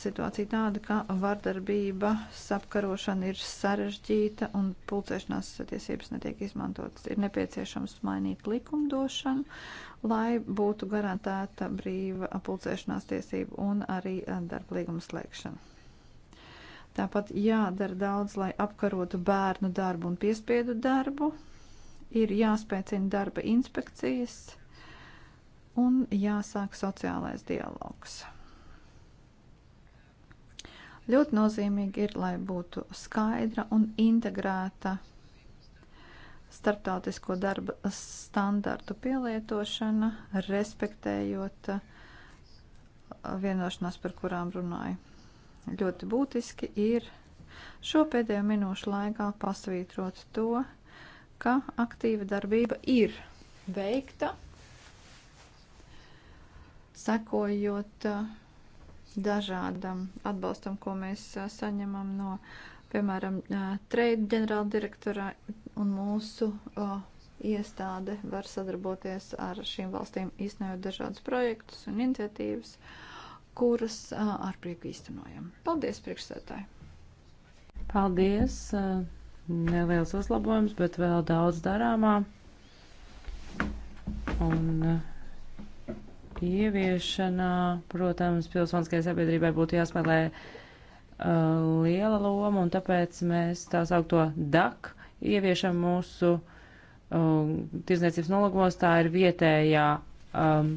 situācija tāda, ka vārdarbība, sapkarošana ir sarežģīta un pulcēšanās tiesības netiek izmantotas. Ir nepieciešams mainīt likumdošanu, lai būtu garantēta brīva pulcēšanās tiesība un arī darba līguma slēgšana. Tāpat jādara daudz, lai apkarotu bērnu darbu un piespiedu darbu. Ir jāspēcina darba inspekcijas un jāsāk sociālais dialogs. Ļoti nozīmīgi ir, lai būtu skaidra un integrēta starptautisko darba standartu pielietošana, respektējot vienošanās, par kurām runāju ļoti būtiski ir šo pēdējo minūšu laikā pasvītrot to, ka aktīva darbība ir veikta, sekojot eh, dažādam atbalstam, ko mēs eh, saņemam no, piemēram, eh, trade ģenerāla direktora un mūsu uh, iestāde var sadarboties ar šīm valstīm, iznējot dažādus projektus un iniciatīvas. Uh, kuras ar prieku īstenojam. Paldies, priekšsētāji! Paldies! Neliels uzlabojums, bet vēl daudz darāmā. Un ieviešanā, protams, pilsoniskajai sabiedrībai būtu jāspēlē uh, liela loma, un tāpēc mēs tā saukto DAK ieviešam mūsu uh, tirzniecības nolagos. Tā ir vietējā um,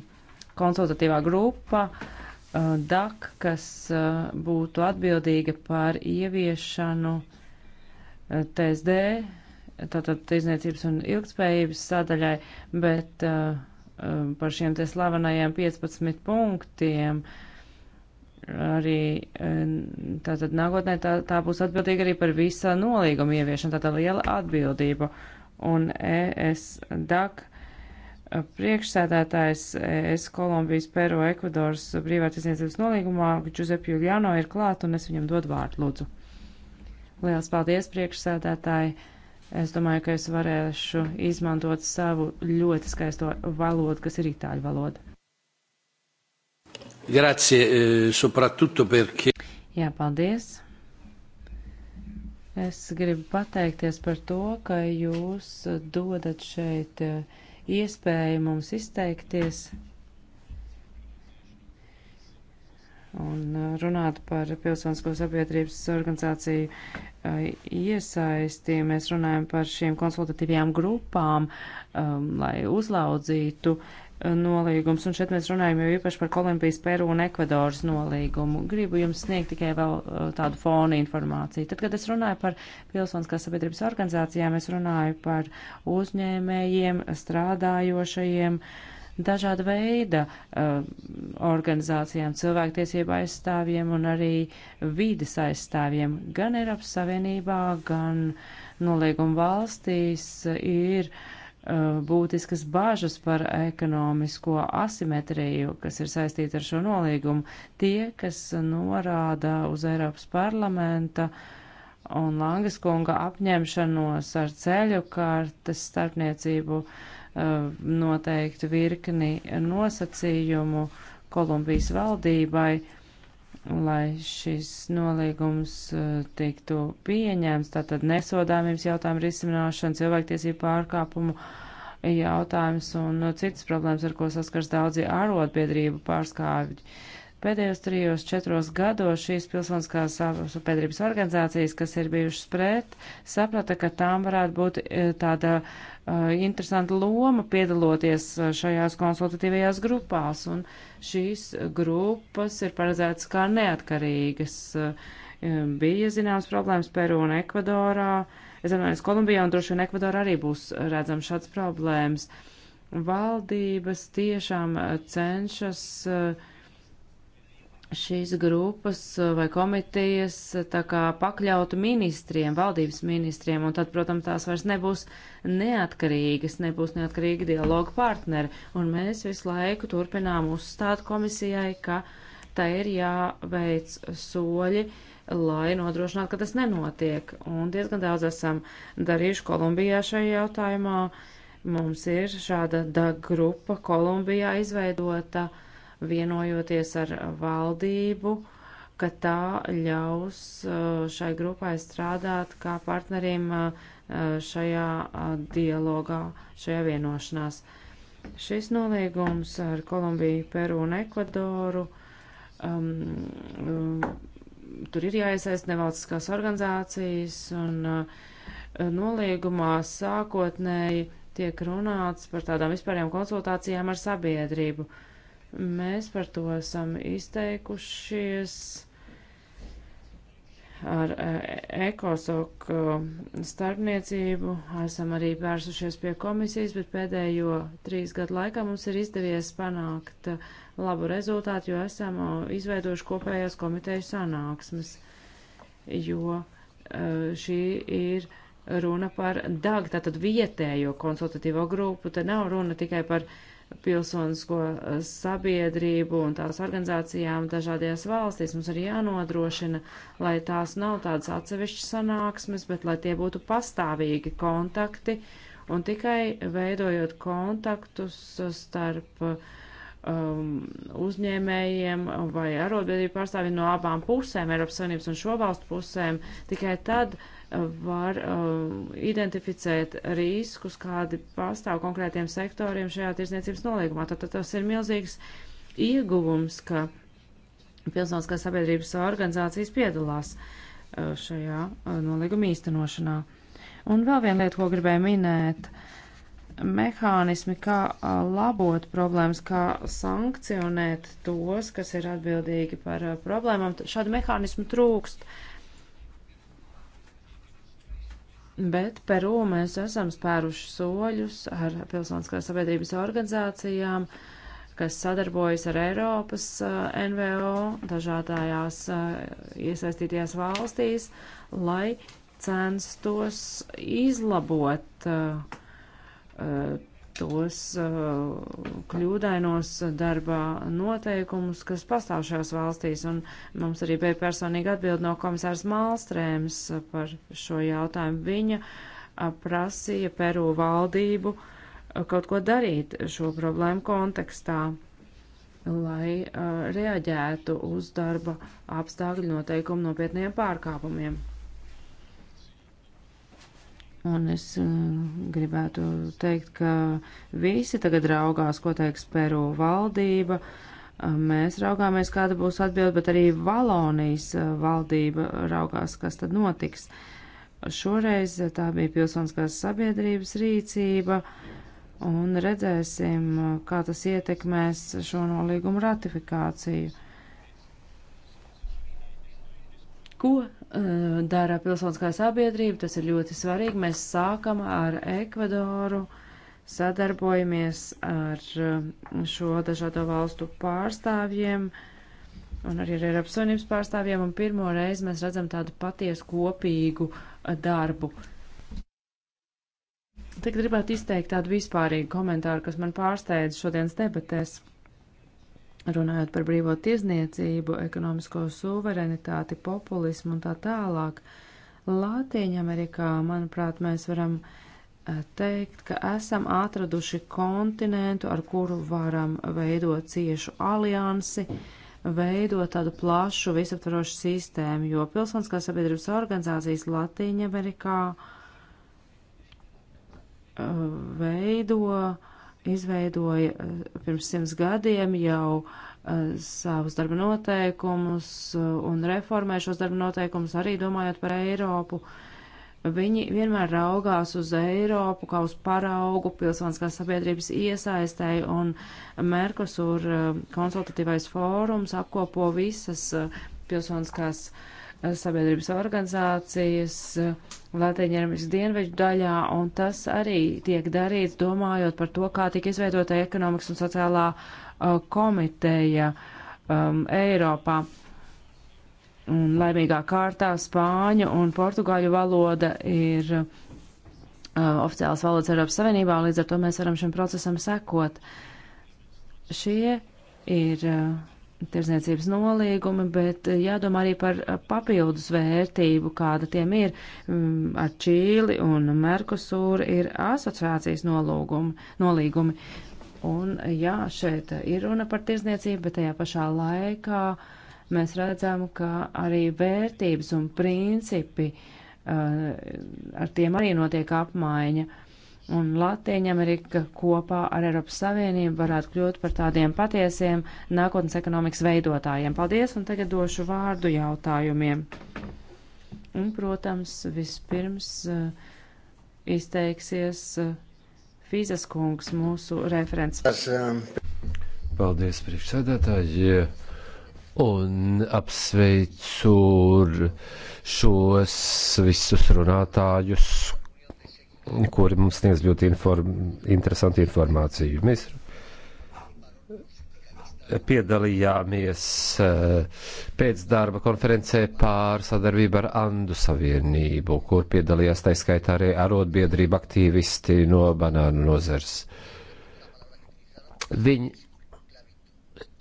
konsultatīvā grupa. Uh, Uh, DAK, kas uh, būtu atbildīga par ieviešanu uh, TSD, tātad izniecības un ilgspējības sadaļai, bet um, par šiem te slavenajiem 15 punktiem arī um, tātad nākotnē tā, tā būs atbildīga arī par visa nolīguma ieviešanu, tātad liela atbildība. Un ES DAK priekšsēdētājs es Kolumbijas, Peru, Ekvadoras brīvārtiesniecības nolīgumā, Giuseppe Juliano ir klāt un es viņam dodu vārdu, lūdzu. Liels paldies, priekšsēdētāji. Es domāju, ka es varēšu izmantot savu ļoti skaisto valodu, kas ir itāļu valoda. Grazie, eh, soprattutto perché. Jā, paldies. Es gribu pateikties par to, ka jūs dodat šeit uh, iespēju mums izteikties un runāt par pilsonisko sabiedrības organizāciju uh, iesaisti. Mēs runājam par šīm konsultatīvajām grupām, um, lai uzlaudzītu uh, nolīgums, un šeit mēs runājam jau īpaši par Kolumbijas, Peru un Ekvadoras nolīgumu. Gribu jums sniegt tikai vēl uh, tādu fonu informāciju. Tad, kad es runāju par pilsoniskās sabiedrības organizācijām, es runāju par uzņēmējiem, strādājošajiem, dažāda veida uh, organizācijām, cilvēktiesību aizstāvjiem un arī vīdes aizstāvjiem. Gan Eiropas Savienībā, gan nolīguma valstīs ir uh, Eh, būtiskas bāžas par ekonomisko asimetriju, kas ir saistīta ar šo nolīgumu. Tie, kas norāda uz Eiropas parlamenta un Langas kunga apņemšanos ar ceļu kārtas starpniecību eh, noteikti virkni nosacījumu Kolumbijas valdībai, lai šis nolīgums uh, tiktu pieņemts, tātad nesodāmības jautājumu risināšana, cilvēktiesību pārkāpumu jautājums un uh, citas problēmas, ar ko saskars daudzi ārotbiedrību pārskāvji. Pēdējos trijos, četros gados šīs pilsoniskās sabiedrības organizācijas, kas ir bijušas pret, saprata, ka tām varētu būt uh, tāda Eh, interesanta loma piedaloties eh, šajās konsultatīvajās grupās, un šīs grupas ir paredzētas kā neatkarīgas. Eh, bija zināmas problēmas Peru un Ekvadorā, es domāju, Kolumbijā un droši vien Ekvadorā arī būs redzams šāds problēmas. Valdības tiešām cenšas uh, šīs grupas uh, vai komitejas uh, tā kā pakļautu ministriem, valdības ministriem, un tad, protams, tās vairs nebūs neatkarīgas, nebūs neatkarīgi dialogu partneri, un mēs visu laiku turpinām uzstāt komisijai, ka tā ir jāveic soļi, lai nodrošinātu, ka tas nenotiek, un diezgan daudz esam darījuši Kolumbijā šajā jautājumā. Mums ir šāda grupa Kolumbijā izveidota. Uh, vienojoties ar valdību, ka tā ļaus uh, šai grupai strādāt kā partnerim uh, šajā uh, dialogā, šajā vienošanās. Šis nolīgums ar Kolumbiju, Peru un Ekvadoru, um, um, tur ir jāiesaist nevalstiskās organizācijas un uh, nolīgumā sākotnēji tiek runāts par tādām vispārējām konsultācijām ar sabiedrību. Uh, Mēs par to esam izteikušies ar ECOSOC e, starpniecību, esam arī vērsušies pie komisijas, bet pēdējo trīs gadu laikā mums ir izdevies panākt labu rezultātu, jo esam e, izveidojuši kopējās komiteju sanāksmes, jo e, šī ir runa par DAG, tātad vietējo konsultatīvo grupu, te nav runa tikai par uh, pilsonisko eh, sabiedrību un tās organizācijām dažādajās valstīs. Mums arī jānodrošina, lai tās nav tādas atsevišķas sanāksmes, bet lai tie būtu pastāvīgi kontakti un tikai veidojot kontaktus starp uh, um, uzņēmējiem vai arotbiedrību pārstāvjiem no abām pusēm, Eiropas Savienības un šo valstu pusēm, tikai tad uh, var uh, identificēt riskus, kādi pastāv konkrētiem sektoriem šajā tirsniecības nolīgumā. Tātad tas ir milzīgs ieguvums, ka pilsoniskās sabiedrības organizācijas piedalās uh, šajā uh, nolīguma īstenošanā. Un vēl viena lieta, ko gribēju minēt, mehānismi, kā uh, labot problēmas, kā sankcionēt tos, kas ir atbildīgi par uh, problēmām, šādu mehānismu trūkst. Uh, bet Peru mēs esam spēruši soļus ar pilsoniskās sabiedrības organizācijām, kas sadarbojas ar Eiropas eh, NVO dažādājās eh, iesaistītajās valstīs, lai censtos izlabot uh, tos uh, kļūdainos darba noteikumus, kas pastāv šajās valstīs. Un mums arī bija personīga atbilda no komisārs Malstrēms par šo jautājumu. Viņa uh, prasīja Peru valdību uh, kaut ko darīt šo problēmu kontekstā, lai uh, reaģētu uz darba apstākļu noteikumu nopietniem pārkāpumiem. Un es eh, gribētu teikt, ka visi tagad raugās, ko teiks Peru valdība. Eh, mēs raugāmies, kāda būs atbilde, bet arī Valonijas eh, valdība raugās, kas tad notiks. Šoreiz tā bija pilsoniskās sabiedrības rīcība, un redzēsim, kā tas ietekmēs šo nolīgumu ratifikāciju. Ko Eh, dara pilsoniskā sabiedrība, tas ir ļoti svarīgi. Mēs sākam ar Ekvadoru, sadarbojamies ar eh, šo dažādo valstu pārstāvjiem un arī ar Eiropas Savienības pārstāvjiem, un pirmo reizi mēs redzam tādu patiesu kopīgu eh, darbu. Tagad gribētu izteikt tādu vispārīgu komentāru, kas man pārsteidz šodienas debatēs runājot par brīvo tirzniecību, ekonomisko suverenitāti, populismu un tā tālāk. Latīņa Amerikā, manuprāt, mēs varam eh, teikt, ka esam atraduši kontinentu, ar kuru varam veidot ciešu aliansi, veidot tādu plašu, visaptvarošu sistēmu, jo pilsoniskās sabiedrības organizācijas Latīņa Amerikā eh, veido uh, izveidoja eh, pirms simts gadiem jau eh, savus darba noteikumus eh, un reformē šos darba noteikumus arī domājot par Eiropu. Viņi vienmēr raugās uz Eiropu kā uz paraugu pilsoniskās sabiedrības iesaistēji, un Merkusur konsultatīvais fórums apkopo visas pilsoniskās uh, Eh, sabiedrības organizācijas eh, Latvijas dienveģu daļā, un tas arī tiek darīts domājot par to, kā tika izveidota ekonomikas un sociālā uh, komiteja um, Eiropā. Un laimīgā kārtā spāņu un portugāļu valoda ir uh, oficiālas valodas Eiropas Savienībā, un līdz ar to mēs varam šim procesam sekot. Šie ir uh, tirzniecības nolīgumi, bet eh, jādomā arī par eh, papildus vērtību, kāda tiem ir. Mm, ar Čīli un Merkusūru ir asociācijas nolūgumi, nolīgumi. Un jā, šeit ir runa par tirzniecību, bet tajā pašā laikā mēs redzam, ka arī vērtības un principi, eh, ar tiem arī notiek apmaiņa un Latīņamerika kopā ar Eiropas Savienību varētu kļūt par tādiem patiesiem nākotnes ekonomikas veidotājiem. Paldies, un tagad došu vārdu jautājumiem. Un, protams, vispirms eh, izteiksies eh, Fīzes kungs, mūsu referents. Um, Paldies, priekšsēdētāji, un apsveicu šos visus runātājus, kuri mums sniedz ļoti inform, interesantu informāciju. Mēs piedalījāmies eh, pēc darba konferencē pār sadarbību ar Andu Savienību, kur piedalījās taiskaitā arī arotbiedrība aktīvisti no banānu nozars. Viņi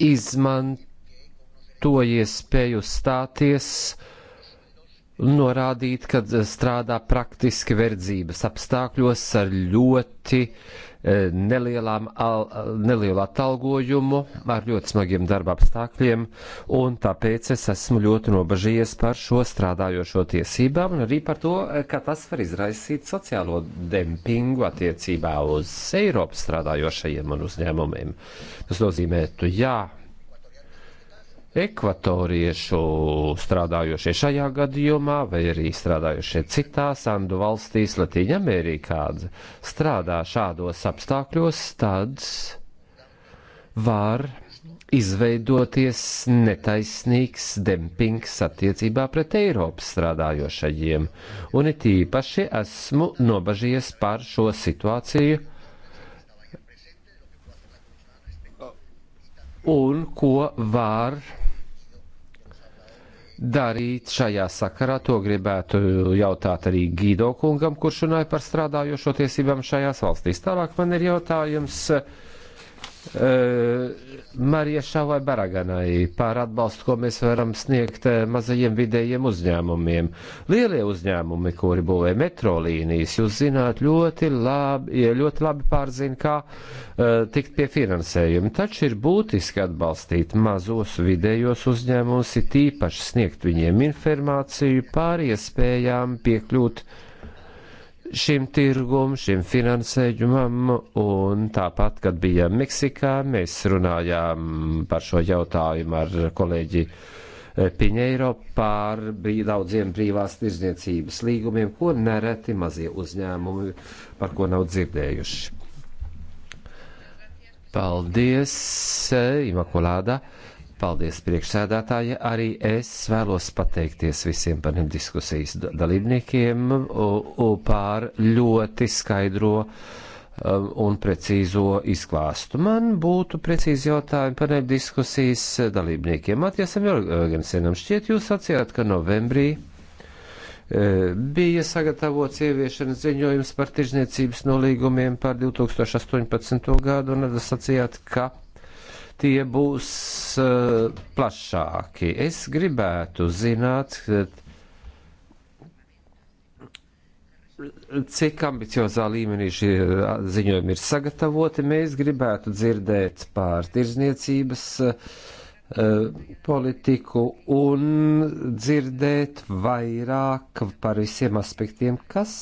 izmantoja spēju stāties uh, norādīt, ka eh, strādā praktiski verdzības apstākļos ar ļoti eh, nelielām, al, nelielu atalgojumu, ar ļoti smagiem darba apstākļiem, un tāpēc es esmu ļoti nobažījies par šo strādājošo tiesībām un arī par to, eh, ka tas var izraisīt sociālo dempingu attiecībā uz Eiropas strādājošajiem un uzņēmumiem. Tas nozīmētu, jā, ekvatoriešu strādājošie šajā gadījumā, vai arī strādājošie citās Andu valstīs, Latīņa Amerikā strādā šādos apstākļos, tad var izveidoties netaisnīgs dempings attiecībā pret Eiropas strādājošajiem, un it īpaši esmu nobažies par šo situāciju un ko var darīt šajā sakarā. To gribētu jautāt arī Gido kungam, kurš runāja par strādājošo tiesībām šajās valstīs. Tālāk man ir jautājums. Uh, Marija Šāvai Baraganai par atbalstu, ko mēs varam sniegt mazajiem vidējiem uzņēmumiem. Lielie uzņēmumi, kuri būvē metrolīnijas, jūs zināt, ļoti labi, ļoti labi pārzina, kā uh, tikt pie finansējuma. Taču ir būtiski atbalstīt mazos vidējos uzņēmumus, ir tīpaši sniegt viņiem informāciju par iespējām piekļūt uh, šim tirgum, šim finansējumam, un tāpat, kad bijām Meksikā, mēs runājām par šo jautājumu ar kolēģi eh, Piņeiro par brī, daudziem brīvās tirzniecības līgumiem, ko nereti mazie uzņēmumi par ko nav dzirdējuši. Paldies, eh, Imakulāda! Paldies, priekšsēdētāji. Arī es vēlos pateikties visiem paniem diskusijas dalībniekiem par ļoti skaidro um, un precīzo izklāstu. Man būtu precīzi jautājumi par diskusijas dalībniekiem. Matiesam Jorgensenam šķiet, jūs sacījāt, ka novembrī e, bija sagatavots ieviešanas ziņojums par tirzniecības nolīgumiem par 2018. gadu, un tad sacījāt, ka tie būs uh, plašāki. Es gribētu zināt, eh, cik ambiciozā līmenī šie eh, ziņojumi ir sagatavoti. Mēs gribētu dzirdēt pār tirzniecības politiku un dzirdēt vairāk par visiem aspektiem, kas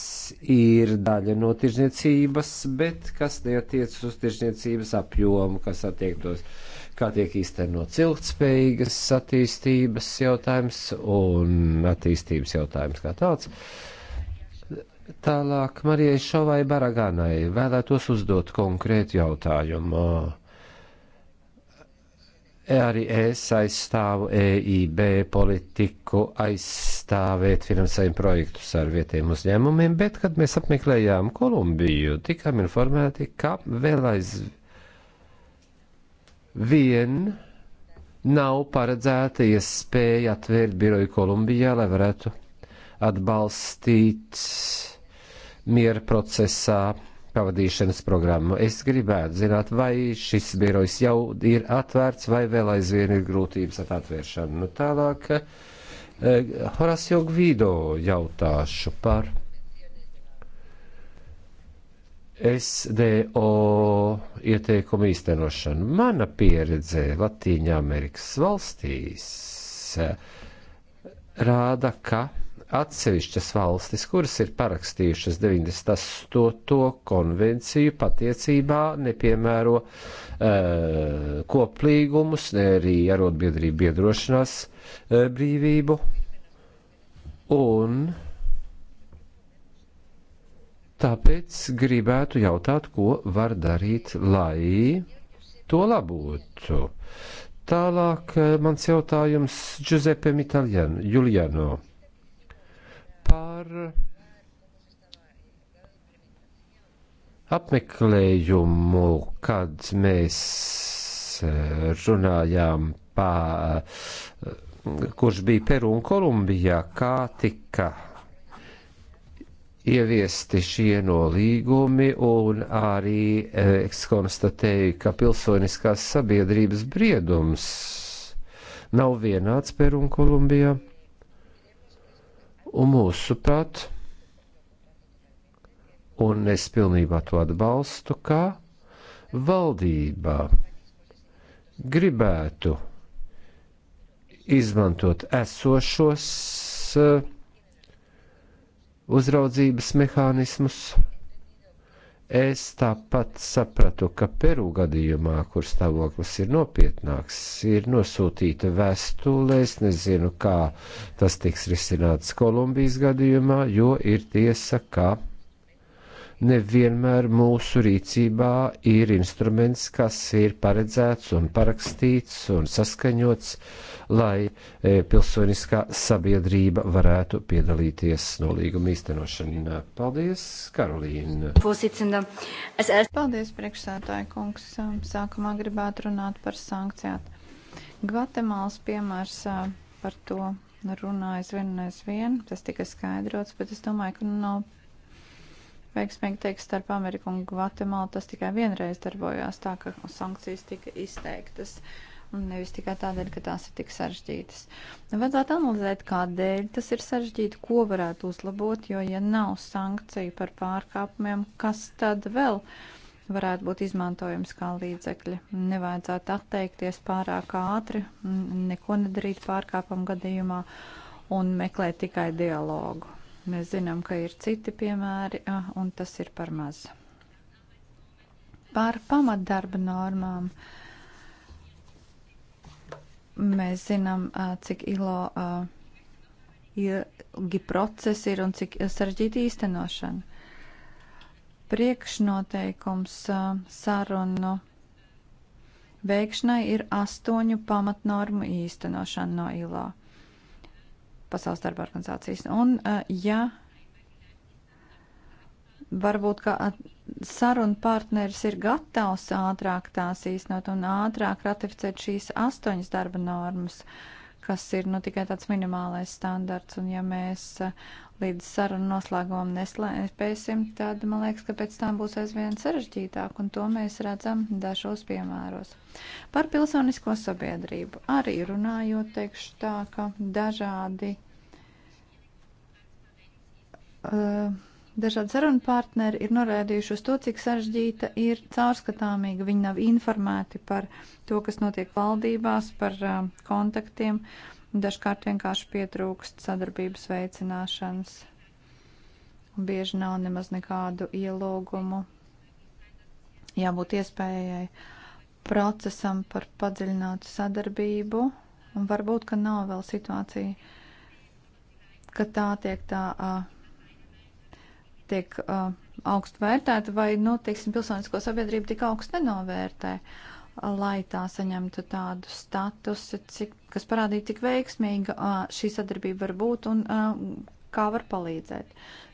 ir daļa no tirzniecības, bet kas neatiec uz tirzniecības apjomu, kas attiektos. Uh, kā tiek īstenot ciltspējīgas attīstības jautājums un attīstības jautājums kā tāds. Tālāk Marijai Šovai Baraganai vēlētos uzdot konkrētu jautājumu. Arī es aizstāvu EIB politiku aizstāvēt finansējumu projektus ar vietiem uzņēmumiem, bet, kad mēs apmeklējām Kolumbiju, tikām informēti, ka vēl aizvien vien nav paredzēta iespēja atvērt biroju Kolumbijā, lai varētu atbalstīt miera procesā pavadīšanas programmu. Es gribētu zināt, vai šis birojs jau ir atvērts, vai vēl aizvien ir grūtības ar atvēršanu. Nu, tālāk, eh, Horacio Gvido jautāšu par SDO ieteikumu īstenošanu. Mana pieredze Latīņā Amerikas valstīs eh, rāda, ka atsevišķas valstis, kuras ir parakstījušas 98. konvenciju, patiecībā nepiemēro e, koplīgumus, ne arī arotbiedrību biedrošanās e, brīvību. Un Tāpēc gribētu jautāt, ko var darīt, lai to labotu. Tālāk eh, mans jautājums Giuseppe Juliano par apmeklējumu, kad mēs eh, runājām par, eh, kurš bija Peru un Kolumbijā, kā tika ieviesti šie nolīgumi, un arī e, es konstatēju, ka pilsoniskās sabiedrības briedums nav vienāds Peru un Kolumbijā. Un mūsuprāt, un es pilnībā to atbalstu, kā valdībā gribētu izmantot esošos uh, uzraudzības mehānismus. Es tāpat sapratu, ka Peru gadījumā, kur stāvoklis ir nopietnāks, ir nosūtīta vēstule. Es nezinu, kā tas tiks risināts Kolumbijas gadījumā, jo ir tiesa, ka nevienmēr mūsu rīcībā ir instruments, kas ir paredzēts un parakstīts un saskaņots, lai e, pilsoniskā sabiedrība varētu piedalīties no līguma īstenošanā. Paldies, Karolīna! Pusicina. Es esmu paldies, priekšsētāji kungs. Sākumā gribētu runāt par sankcijām. Gvatemāls piemērs e, par to runājas vien un aizvien, tas tika skaidrots, bet es domāju, ka nav veiksmīgi tiek starp Ameriku un Gvatemalu, tas tikai vienreiz darbojās tā, ka sankcijas tika izteiktas. Un nevis tikai tādēļ, ka tās ir tik sarežģītas. Nu, vajadzētu analizēt, kādēļ tas ir sarežģīti, ko varētu uzlabot, jo, ja nav sankciju par pārkāpumiem, kas tad vēl varētu būt izmantojams kā līdzekļi? Nevajadzētu atteikties pārāk ātri, neko nedarīt pārkāpumu gadījumā un meklēt tikai dialogu. Mēs zinām, ka ir citi piemēri, un tas ir par maz. Par pamatdarba normām mēs zinām, cik ilo ilgi procesi ir un cik sarežģīta īstenošana. Priekšnoteikums sarunu veikšanai ir astoņu pamatnormu īstenošana no ilā. Pasaules darba organizācijas. Un, eh, ja varbūt kā eh, saruna partneris ir gatavs ātrāk tās īstenot un ātrāk ratificēt šīs astoņas darba normas, uh, kas ir nu, tikai tāds minimālais standarts. Un ja mēs eh, līdz sarunu noslēgumam neslēpēsim, tad man liekas, ka pēc tam būs aizvien sarežģītāk, un to mēs redzam dažos piemēros. Par pilsonisko sabiedrību arī runājot, teikšu tā, ka dažādi. Uh, Dažādi sarunu partneri ir norādījuši uz to, cik sarežģīta ir caurskatāmīga. Viņi nav informēti par to, kas notiek valdībās, par uh, kontaktiem. Dažkārt vienkārši pietrūkst sadarbības veicināšanas. Un bieži nav nemaz nekādu ielūgumu. Jābūt iespējai procesam par padziļinātu sadarbību. Un varbūt, ka nav vēl situācija, ka tā tiek tā. Uh, tiek uh, augstu vērtēta, vai, nu, teiksim, pilsonisko sabiedrību tik augstu nenovērtē, lai tā saņemtu tādu statusu, cik, kas parādītu, cik veiksmīga uh, šī sadarbība var būt un uh, kā var palīdzēt.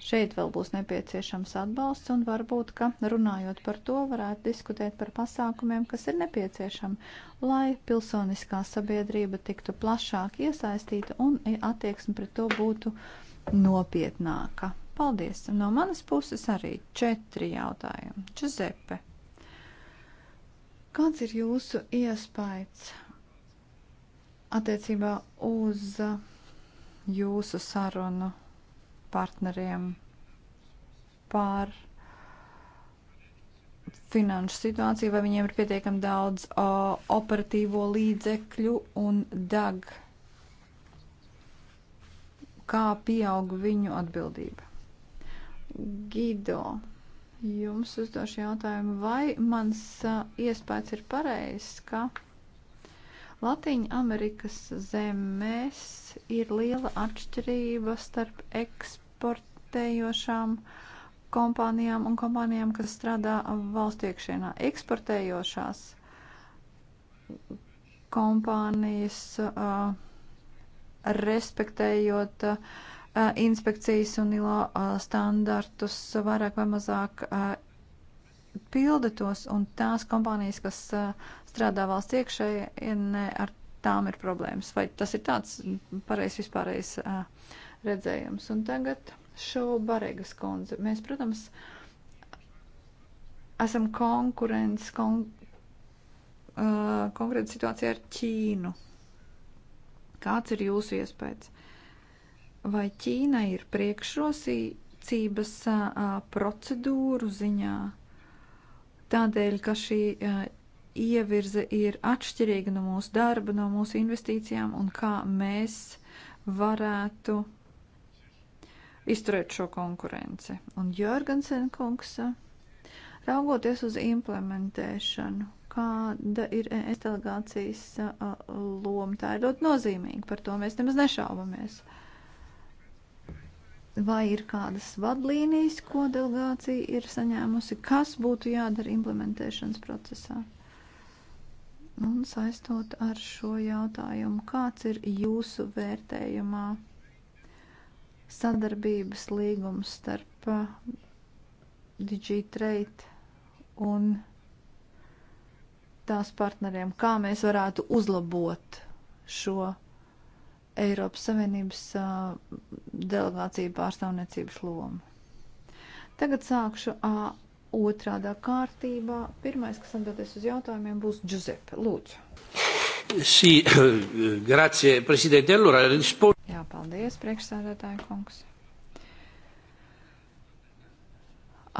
Šeit vēl būs nepieciešams atbalsts un varbūt, ka runājot par to, varētu diskutēt par pasākumiem, kas ir nepieciešami, lai pilsoniskā sabiedrība tiktu plašāk iesaistīta un attieksme pret to būtu nopietnāka. Paldies! No manas puses arī četri jautājumi. Čezepe, kāds ir jūsu iespējas attiecībā uz jūsu sarunu partneriem par finanšu situāciju, vai viņiem ir pietiekami daudz o, operatīvo līdzekļu un dag? Kā pieaug viņu atbildība? Gido, jums uzdošu jautājumu, vai mans uh, iespējas ir pareizs, ka Latīņa Amerikas zemēs ir liela atšķirība starp eksportējošām kompānijām un kompānijām, kas strādā valsts iekšienā. Eksportējošās kompānijas, uh, respektējot uh, inspekcijas un ILO standartus vairāk vai mazāk pilda tos, un tās kompānijas, kas strādā valsts iekšējienē, ar tām ir problēmas. Vai tas ir tāds pareizs vispārējais redzējums? Un tagad šo Baregas kundze. Mēs, protams, esam konkurences, kon, uh, konkurences situācijā ar Ķīnu. Kāds ir jūsu iespējas? vai Ķīna ir priekšrocības procedūru ziņā, tādēļ, ka šī ievirze ir atšķirīga no mūsu darba, no mūsu investīcijām un kā mēs varētu izturēt šo konkurenci. Un Jorgensen kungs, raugoties uz implementēšanu, kāda ir ES delegācijas loma, tā ir ļoti nozīmīga, par to mēs nemaz nešaubamies. Uh, vai ir kādas vadlīnijas, ko delegācija ir saņēmusi, kas būtu jādara implementēšanas procesā. Un saistot ar šo jautājumu, kāds ir jūsu vērtējumā sadarbības līgums starp uh, DigiTrade un tās partneriem, kā mēs varētu uzlabot šo Eiropas Savienības delegācija pārstāvniecības lomu. Tagad sākšu otrādā kārtībā. Pirmais, kas atbildēs uz jautājumiem, būs Giuseppe. Lūdzu. Sì, grazie Presidente. Allora rispondo. Jā, paldies, priekšsēdētāja kungs.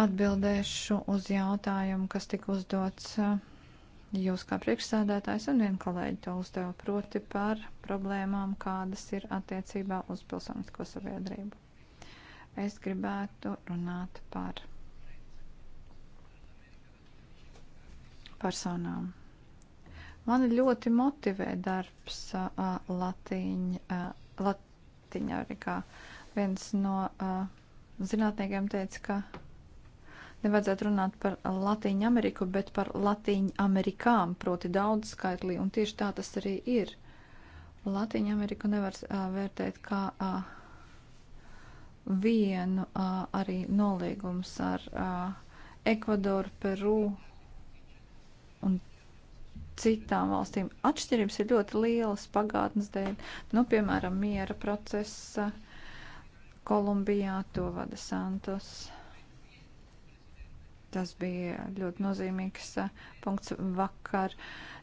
Atbildēšu uz jautājumu, kas tika uzdots. Uh, Jūs kā priekšsēdētājs un vien kolēģi to uzdeva proti par problēmām, kādas ir attiecībā uz pilsonisko sabiedrību. Es gribētu runāt par personām. Mani ļoti motivē darbs Latīņa, Latīņa arī kā viens no zinātniekiem teica, ka nevajadzētu runāt par Latīņu Ameriku, bet par Latīņu Amerikām, proti daudz skaitlī, un tieši tā tas arī ir. Latīņu Ameriku nevar uh, vērtēt kā uh, vienu uh, arī nolīgums ar uh, Ekvadoru, Peru un citām valstīm. Atšķirības ir ļoti lielas pagātnes dēļ. Nu, piemēram, miera procesa Kolumbijā to vada Santos. Uh, Tas bija ļoti nozīmīgs uh, punkts vakar.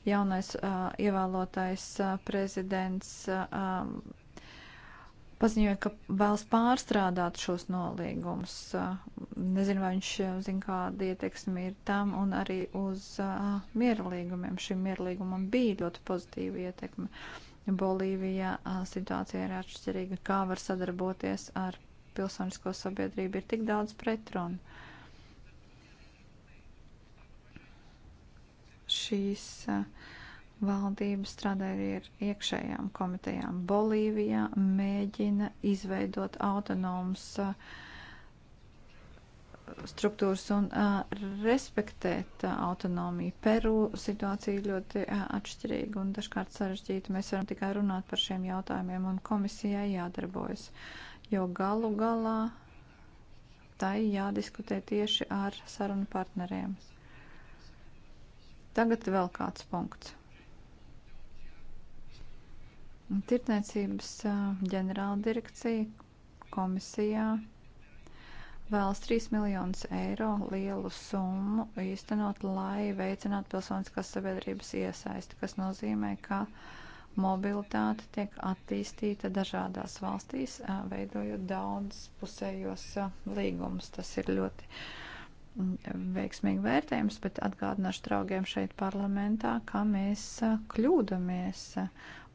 Jaunais uh, ievēlotais uh, prezidents uh, um, paziņoja, ka vēlas pārstrādāt šos nolīgumus. Uh, nezinu, vai viņš uh, zina, kāda ietekme ir tam un arī uz miera līgumiem. Šim miera līgumam bija ļoti pozitīva ietekme. Bolīvijā situācija ir atšķirīga, kā var sadarboties ar pilsonisko sabiedrību. Ir tik daudz pretrunu šīs valdības strādāja arī ar iekšējām komitejām. Bolīvijā mēģina izveidot autonomas struktūras un respektēt autonomiju. Peru situācija ļoti atšķirīga un dažkārt sarežģīta. Mēs varam tikai runāt par šiem jautājumiem un komisijai jādarbojas, jo galu galā tai jādiskutē tieši ar sarunu partneriem. Tagad vēl kāds punkts. Tirtniecības ģenerāla direkcija komisijā vēlas 3 miljonus eiro lielu summu īstenot, lai veicinātu pilsoniskās sabiedrības iesaisti, kas nozīmē, ka mobilitāte tiek attīstīta dažādās valstīs, veidojot daudz pusējos līgumus. Tas ir ļoti uh, veiksmīgi vērtējums, bet atgādināšu draugiem šeit parlamentā, kā mēs kļūdamies.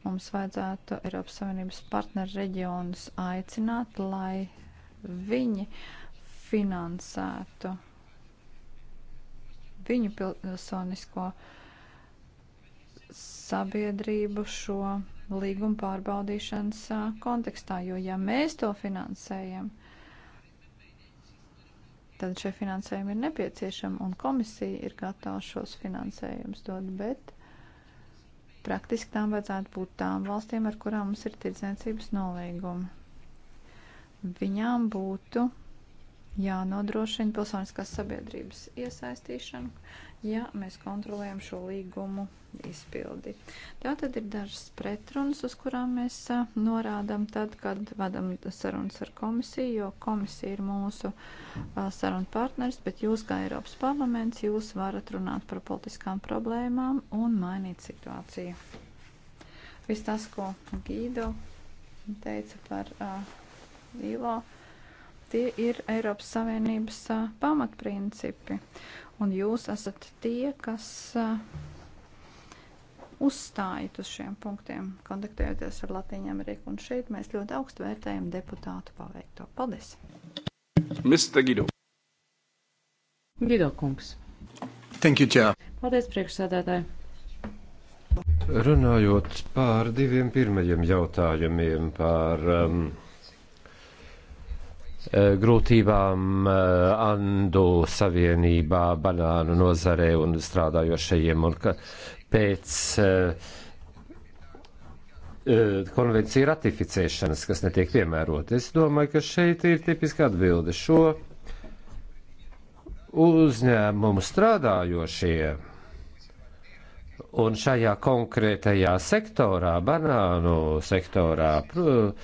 Mums vajadzētu Eiropas Savienības partneru reģionus aicināt, lai viņi finansētu viņu pilsonisko sabiedrību šo līgumu pārbaudīšanas kontekstā, jo ja mēs to finansējam, Tad šie finansējumi ir nepieciešami, un komisija ir gatava šos finansējumus dot, bet praktiski tām vajadzētu būt tām valstīm, ar kurām mums ir tirdzniecības nolīgumi. Viņām būtu jānodrošina pilsoniskās sabiedrības iesaistīšanu, ja mēs kontrolējam šo līgumu izpildi. Tā tad ir dažas pretrunas, uz kurām mēs norādām tad, kad vadam sarunas ar komisiju, jo komisija ir mūsu sarunu partners, bet jūs kā Eiropas parlaments, jūs varat runāt par politiskām problēmām un mainīt situāciju. Viss tas, ko Gīdo teica par uh, ILO, tie ir Eiropas Savienības uh, pamatprincipi un jūs esat tie, kas eh, uzstājat uz šiem punktiem, kontaktējoties ar Latviju Ameriku. Un šeit mēs ļoti augstu vērtējam deputātu paveikto. Paldies! Mr. Gido. Gido kungs. Thank you, Čā. Paldies, priekšsēdētāji. Runājot par diviem pirmajiem jautājumiem par um, Eh, grūtībām eh, Andu savienībā, banānu nozarē un strādājošajiem, un ka pēc eh, konvenciju ratificēšanas, kas netiek piemērota. Es domāju, ka šeit ir tipiska atbilde. Šo uzņēmumu strādājošie un šajā konkrētajā sektorā, banānu sektorā, pr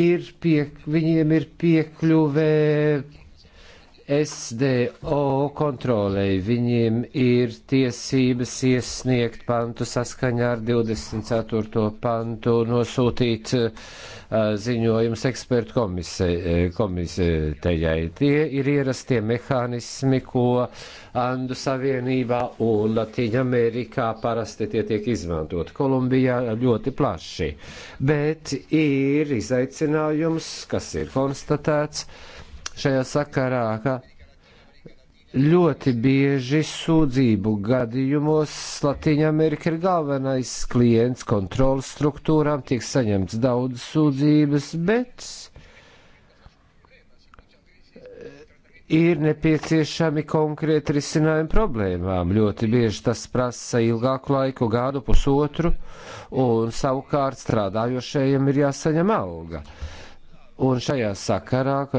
ir pie, viņiem ir piekļuve SDO kontrolei viņiem ir tiesības iesniegt pantu saskaņā ar 24. pantu, nosūtīt eh, ziņojums ekspertu komisijai. Eh, tie ir ierastie mehānismi, ko Andu Savienībā un Latīņa Amerikā parasti tie tiek izmantot. Kolumbijā ļoti plaši. Bet ir izaicinājums, kas ir konstatēts šajā sakarā, ka ļoti bieži sūdzību gadījumos Latīņa Amerika ir galvenais klients kontrolas struktūrām, tiek saņemts daudz sūdzības, bet ir nepieciešami konkrēti risinājumi problēmām. Ļoti bieži tas prasa ilgāku laiku, gadu pusotru, un savukārt strādājošajiem ir jāsaņem alga. Uh, Un šajā sakarā e,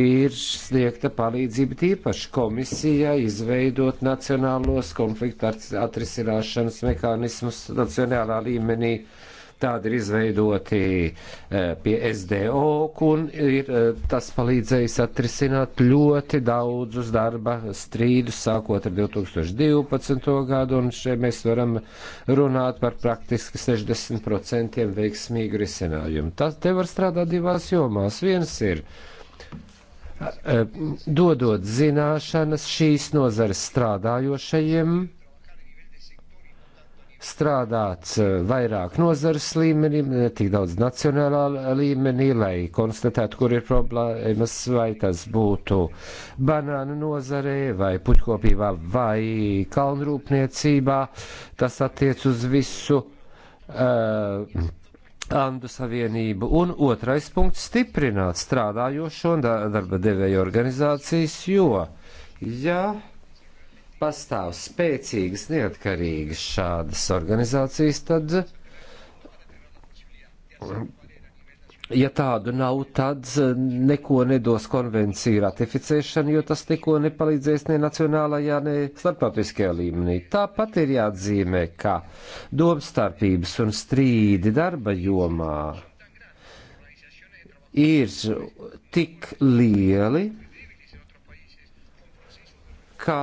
ir sniegta palīdzība tīpaši komisijai izveidot nacionālos konfliktu atrisināšanas mehānismus nacionālā līmenī. Uh, Tādi ir izveidoti eh, pie SDO, un ir, eh, tas palīdzējis atrisināt ļoti daudzus darba strīdus, sākot ar 2012. gadu, un šeit mēs varam runāt par praktiski 60% veiksmīgu risinājumu. Tas te var strādāt divās jomās. Viens ir eh, dodot zināšanas šīs nozares strādājošajiem strādāt eh, vairāk nozares līmenī, ne eh, tik daudz nacionālā līmenī, lai konstatētu, kur ir problēmas, vai tas būtu banānu nozarē, vai puķkopībā, vai kalnrūpniecībā. Tas attiec uz visu. Uh, Andu Savienību, un otrais punkts - stiprināt strādājošo un darba devēju organizācijas, jo, ja pastāv spēcīgas, neatkarīgas šādas organizācijas, tad, ja tādu nav, tad neko nedos konvenciju ratificēšana, jo tas neko nepalīdzēs ne nacionālajā, ne starptautiskajā līmenī. Tāpat ir jāatzīmē, ka domstarpības un strīdi darba jomā ir tik lieli, kā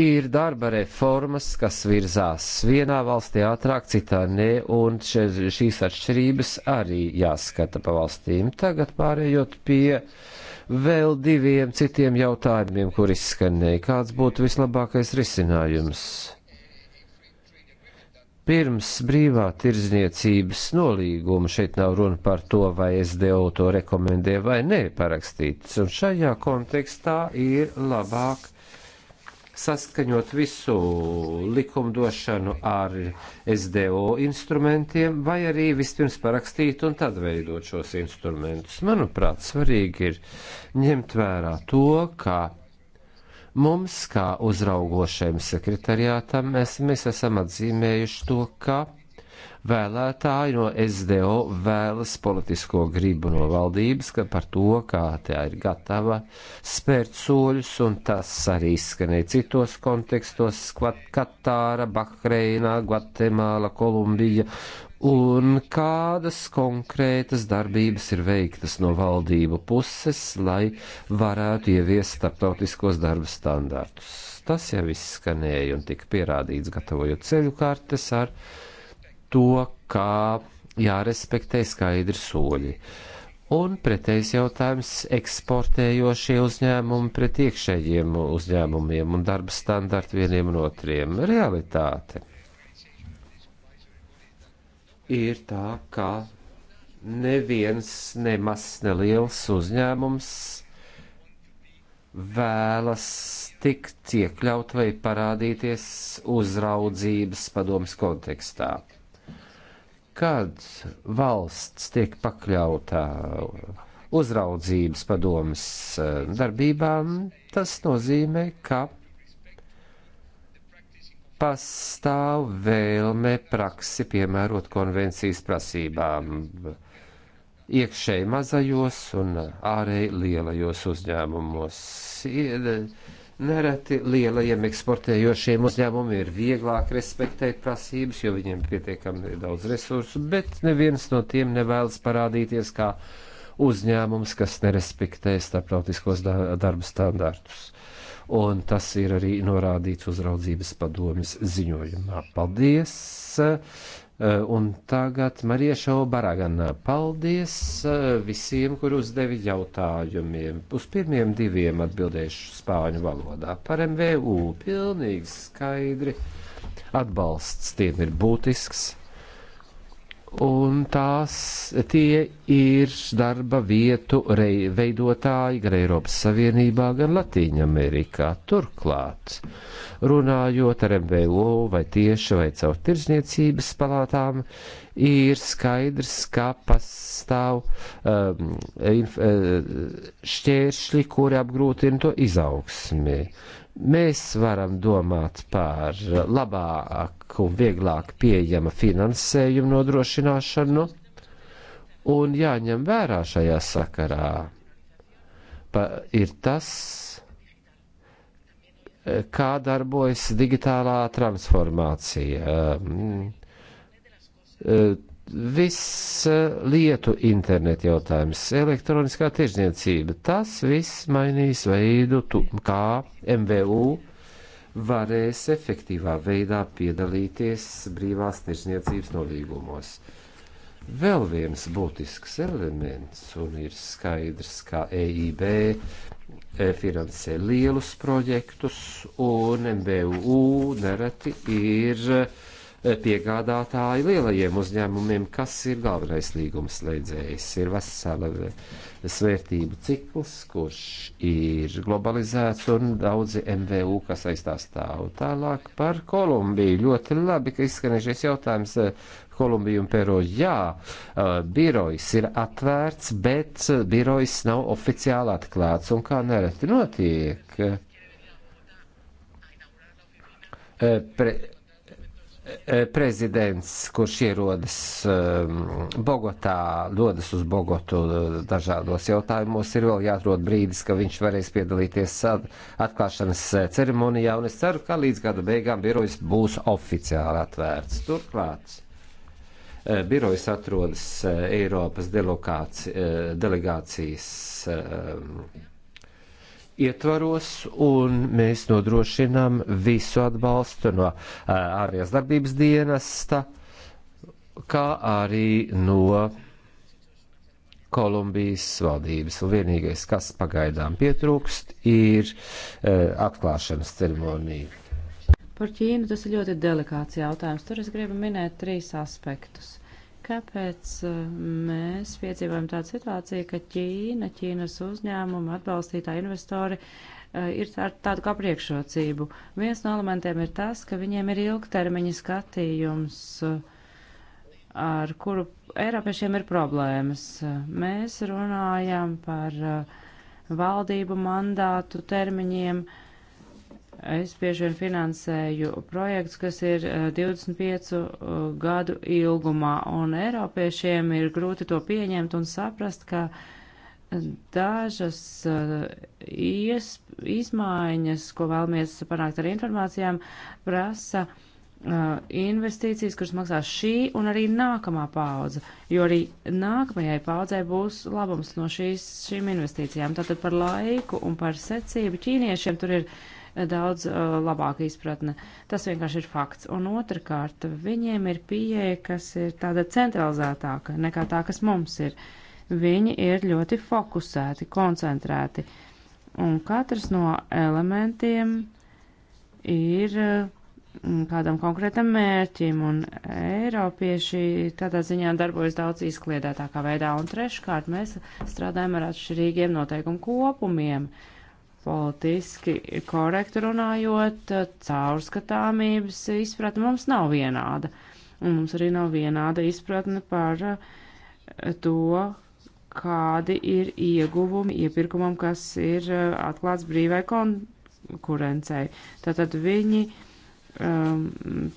ir darba reformas, kas virzās vienā valstī ātrāk, citā nē, un še, šīs atšķirības arī jāskata pa valstīm. Tagad pārējot pie vēl diviem citiem jautājumiem, kur izskanēja, kāds būtu vislabākais risinājums. Pirms brīvā tirdzniecības nolīguma šeit nav runa par to, vai SDO to rekomendē vai nē parakstīt, un šajā kontekstā ir labāk saskaņot visu likumdošanu ar SDO instrumentiem, vai arī vispirms parakstīt un tad veidot šos instrumentus. Manuprāt, svarīgi ir ņemt vērā to, ka mums, kā uzraugošajam sekretariātam, mēs, mēs esam atzīmējuši to, ka vēlētāji no SDO vēlas politisko gribu no valdības, ka par to, kā tā ir gatava spērt soļus, un tas arī izskanēja citos kontekstos - Katāra, Bahreinā, Gvatemāla, Kolumbija un kādas konkrētas darbības ir veiktas no valdību puses, lai varētu ieviest starptautiskos darba standārtus. Tas jau izskanēja un tika pierādīts, gatavojot ceļu kartes ar to, kā jārespektē skaidri soļi. Un pretējs jautājums - eksportējošie uzņēmumi pret iekšējiem uzņēmumiem un darba standartu vieniem un otriem - realitāte. Ir tā, ka neviens nemaz neliels uzņēmums vēlas tikt iekļaut vai parādīties uzraudzības padomas kontekstā kad valsts tiek pakļautā uzraudzības padomas eh, darbībām, tas nozīmē, ka pastāv vēlme praksi piemērot konvencijas prasībām iekšēji mazajos un ārēji lielajos uzņēmumos. Nereti lielajiem eksportējošiem uzņēmumiem ir vieglāk respektēt prasības, jo viņiem pietiekami ir daudz resursu, bet neviens no tiem nevēlas parādīties kā uzņēmums, kas nerespektē starptautiskos darba standārtus. Un tas ir arī norādīts uzraudzības padomjas ziņojumā. Paldies! Eh, un tagad Marieša Obaragana. Paldies eh, visiem, kur uzdevi jautājumiem. Uz pirmiem diviem atbildēšu spāņu valodā. Par MVU pilnīgi skaidri atbalsts tiem ir būtisks un tās tie ir darba vietu rei, veidotāji gan Eiropas Savienībā, gan Latīņa Amerikā. Turklāt, runājot ar MBO vai tieši vai caur tirzniecības palātām, ir skaidrs, ka pastāv um, inf, uh, šķēršļi, kuri apgrūtina to izaugsmi. Mēs varam domāt par labāk lielāku, vieglāk pieejama finansējuma nodrošināšanu un jāņem vērā šajā sakarā pa, ir tas, kā darbojas digitālā transformācija. Viss lietu internetu jautājums, elektroniskā tirzniecība, tas viss mainīs veidu, tu, kā MVU varēs efektīvā veidā piedalīties brīvās tirsniecības nolīgumos. Vēl viens būtisks elements, un ir skaidrs, ka EIB finansē lielus projektus, un MBU nereti ir uh, Eh, piegādātāji lielajiem uzņēmumiem, kas ir galvenais līgums slēdzējs. Ir vesela eh, svērtību cikls, kurš ir globalizēts un daudzi MVU, kas aizstās stāv. Tālāk par Kolumbiju. Ļoti labi, ka izskanēšies jautājums eh, Kolumbiju un Peru. Jā, uh, birojs ir atvērts, bet birojs nav oficiāli atklāts. Un kā nereti notiek? Uh, pre, Eh, prezidents, kurš ierodas ehm, Bogotā, dodas uz Bogotu eh, dažādos jautājumos, ir vēl jāatrod brīdis, ka viņš varēs piedalīties atklāšanas eh, ceremonijā, un es ceru, ka līdz gada beigām birojas būs oficiāli atvērts. Turklāt birojas atrodas Eiropas delegācijas ehm, ietvaros, un mēs nodrošinām visu atbalstu no ārējās darbības dienesta, kā arī no Kolumbijas valdības. Un vienīgais, kas pagaidām pietrūkst, ir atklāšanas ceremonija. Par Ķīnu tas ir ļoti delikāts jautājums. Tur es gribu minēt trīs aspektus. Kāpēc eh, mēs piedzīvojam tādu situāciju, ka Ķīna, Ķīnas uzņēmuma atbalstītā investori eh, ir ar tādu kā priekšrocību? Viens no elementiem ir tas, ka viņiem ir ilgtermiņa skatījums, eh, ar kuru Eiropiešiem ir problēmas. Mēs runājam par valdību mandātu termiņiem. Uh, Es bieži vien finansēju projekts, kas ir 25 eh, eh, gadu ilgumā, un Eiropiešiem ir grūti to pieņemt un saprast, ka dažas eh, ies, izmaiņas, ko vēlamies panākt ar informācijām, prasa investīcijas, kuras maksās šī un arī nākamā paudze, jo arī nākamajai paudzei būs labums no šīs, šīm investīcijām. Tātad par laiku un par secību ķīniešiem tur ir uh, daudz uh, labāka izpratne. Tas vienkārši ir fakts. Un otrkārt, viņiem ir pieeja, kas ir tāda centralizētāka nekā tā, kas mums ir. Viņi ir ļoti fokusēti, koncentrēti. Un katrs no elementiem ir uh, kādam konkrētam mērķim, un Eiropieši tādā ziņā darbojas daudz izkliedētākā veidā, un treškārt mēs strādājam ar atšķirīgiem noteikumu kopumiem. Uh, politiski korekti runājot, caurskatāmības izpratne mums nav vienāda. Un mums arī nav vienāda izpratne par eh, to, kādi ir ieguvumi iepirkumam, kas ir eh, atklāts brīvai konkurencei. Tātad viņi um,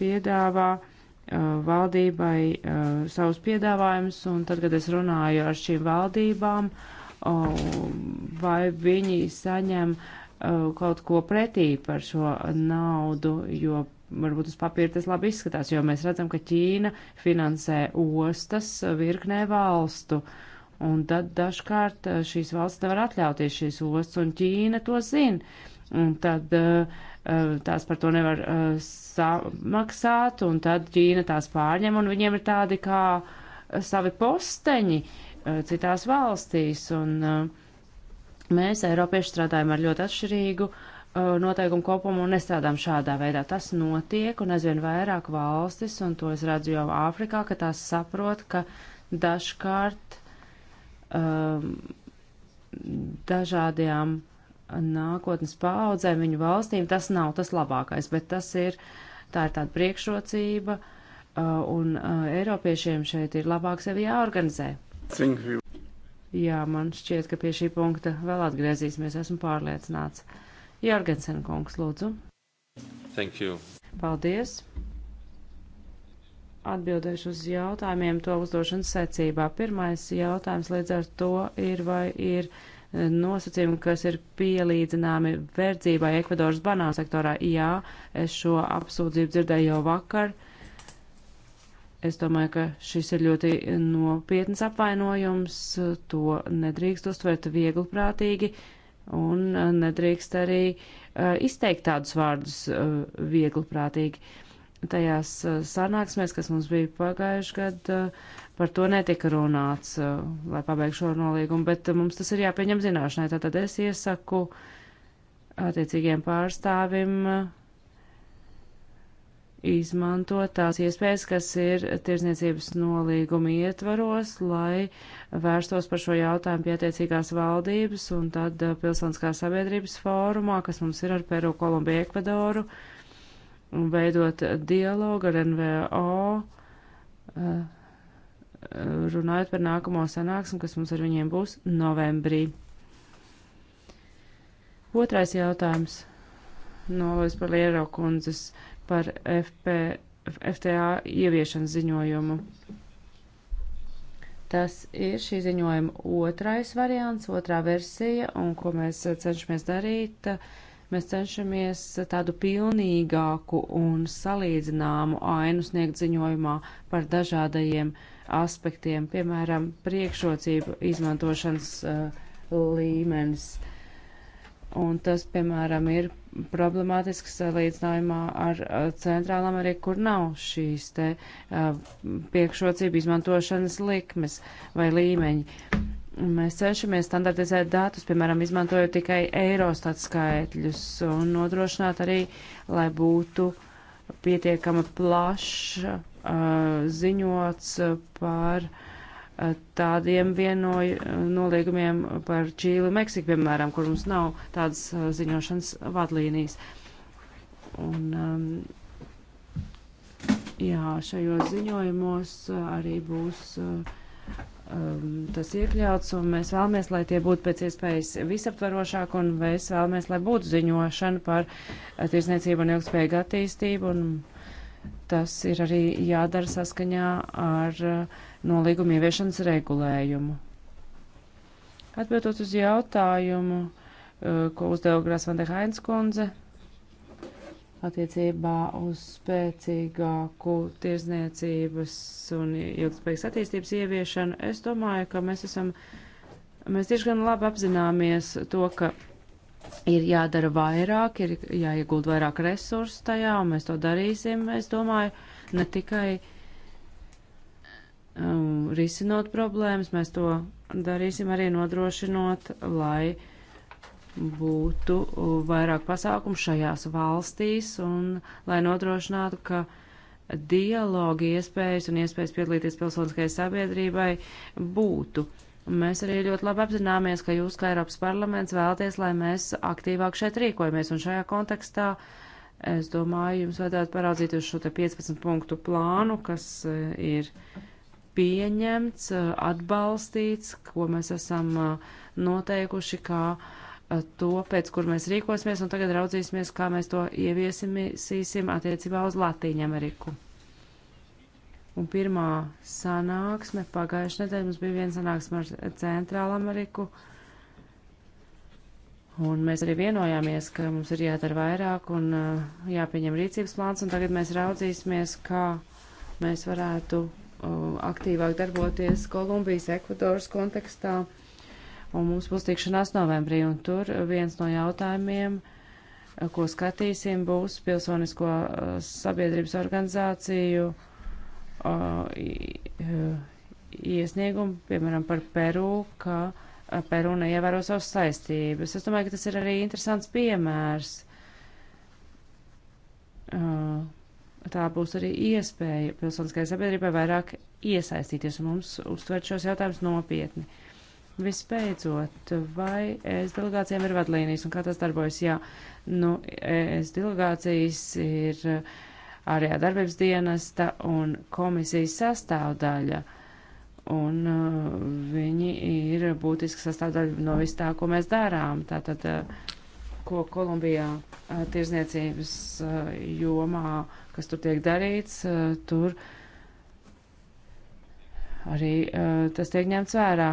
piedāvā eh, valdībai uh, savus piedāvājumus, un tad, kad es runāju ar šīm valdībām, uh, Oh, vai viņi saņem oh, kaut ko pretī par šo naudu, jo varbūt uz papīra tas labi izskatās, jo mēs redzam, ka Ķīna finansē ostas virknē valstu. Un tad dažkārt eh, šīs valsts nevar atļauties šīs ostas, un Ķīna to zina. Un tad eh, eh, tās par to nevar samaksāt, un tad Ķīna tās pārņem, un viņiem ir tādi kā savi posteņi. Uh, Eh, citās valstīs. Un, eh, mēs, Eiropieši, strādājam ar ļoti atšķirīgu eh, noteikumu kopumu un nestrādām šādā veidā. Tas notiek un aizvien vairāk valstis, un to es redzu jau Āfrikā, ka tās saprot, ka dažkārt um, dažādajām nākotnes paaudzēm viņu valstīm tas nav tas labākais, bet tas ir, tā ir tāda priekšrocība, uh, un uh, Eiropiešiem šeit ir labāk sevi jāorganizē. Jā, man šķiet, ka pie šī punkta vēl atgriezīsimies, esmu pārliecināts. Jārgensen kungs, lūdzu. Thank you. Paldies. Atbildēšu uz jautājumiem to uzdošanas secībā. Pirmais jautājums līdz ar to ir, vai ir eh, nosacījumi, kas ir pielīdzināmi verdzībai Ekvadoras banānu sektorā. Jā, es šo apsūdzību dzirdēju jau vakar. Uh, Es domāju, ka šis ir ļoti nopietns apvainojums, to nedrīkst uztvert viegli prātīgi un nedrīkst arī uh, izteikt tādus vārdus uh, e, viegli prātīgi. Tajās uh, sanāksmēs, kas mums bija pagājuši gadu, par to netika runāts, lai pabeigšu šo nolīgumu, bet mums tas ir jāpieņem zināšanai. Tātad es iesaku attiecīgiem pārstāvim izmanto tās iespējas, kas ir tirzniecības nolīguma ietvaros, lai vērstos par šo jautājumu pie attiecīgās valdības un tad uh, pilsoniskā sabiedrības fórumā, kas mums ir ar Peru, Kolumbiju, Ekvadoru, un veidot dialogu ar NVO, uh, runājot par nākamo sanāksmu, kas mums ar viņiem būs novembrī. Otrais jautājums. Nolūdz par Liero kundzes par FP, FTA ieviešanas ziņojumu. Tas ir šī ziņojuma otrais variants, otrā versija, un ko mēs cenšamies darīt, mēs cenšamies tādu pilnīgāku un salīdzināmu ainu sniegt ziņojumā par dažādajiem aspektiem, piemēram, priekšrocību izmantošanas uh, līmenis. Un tas, piemēram, ir problemātisks salīdzinājumā ar Centrālā Ameriku, kur nav šīs te priekšrocību izmantošanas likmes vai līmeņi. Mēs cenšamies standartizēt datus, piemēram, izmantojot tikai Eurostat skaitļus un nodrošināt arī, lai būtu pietiekama plaša uh, ziņots par uh, tādiem vienoja noliegumiem par Čīli, Meksiku, piemēram, kur mums nav tādas uh, ziņošanas vadlīnijas. Un, um, jā, šajos ziņojumos uh, arī būs uh, um, tas iekļauts, un mēs vēlamies, lai tie būtu pēc iespējas visaptvarošāk, un mēs vēlamies, lai būtu ziņošana par tirsniecību un ilgspējīgu attīstību, un tas ir arī jādara saskaņā ar uh, no līguma ieviešanas regulējumu. Atbildot uz jautājumu, eh, ko uzdeva Grasvande Hainskundze attiecībā uz spēcīgāku tirzniecības un ilgspējīgas attīstības ieviešanu, es domāju, ka mēs esam, mēs diezgan labi apzināmies to, ka ir jādara vairāk, ir jāiegūt vairāk resursu tajā, un mēs to darīsim, es domāju, ne tikai uh, um, risinot problēmas, mēs to darīsim arī nodrošinot, lai būtu uh, vairāk pasākumu šajās valstīs un lai nodrošinātu, ka dialogi iespējas un iespējas piedalīties pilsoniskajai sabiedrībai būtu. Mēs arī ļoti labi apzināmies, ka jūs, kā Eiropas parlaments, vēlaties, lai mēs aktīvāk šeit rīkojamies, un šajā kontekstā es domāju, jums vajadzētu paraudzīt uz šo te 15 punktu plānu, kas eh, ir uh, pieņemts, atbalstīts, ko mēs esam noteikuši, kā to, pēc kur mēs rīkosimies, un tagad raudzīsimies, kā mēs to ieviesīsim attiecībā uz Latīņu Ameriku. Un pirmā sanāksme pagājušajā nedēļā mums bija viena sanāksme ar Centrālu Ameriku. Un mēs arī vienojāmies, ka mums ir jādara vairāk un uh, jāpieņem rīcības plāns, un tagad mēs raudzīsimies, kā mēs varētu Uh, aktīvāk darboties Kolumbijas, Ekvadoras kontekstā. Un mums būs tikšanās novembrī, un tur viens no jautājumiem, uh, ko skatīsim, būs pilsonisko uh, sabiedrības organizāciju iesniegumu, piemēram, par Peru, ka Peru neievēro savas saistības. Es domāju, ka tas ir arī interesants piemērs. Uh, tā būs arī iespēja pilsoniskai sabiedrībai vairāk iesaistīties un mums uztvert šos jautājumus nopietni. Vispēcot, vai es delegācijām ir vadlīnijas un kā tas darbojas? Jā, nu, es delegācijas ir ārējā darbības dienesta un komisijas sastāvdaļa. Un uh, viņi ir būtiska sastāvdaļa no vis tā, ko mēs darām. Tātad, uh, ko Kolumbijā uh, tirzniecības uh, jomā kas tur tiek darīts, tur arī tas tiek ņemts vērā.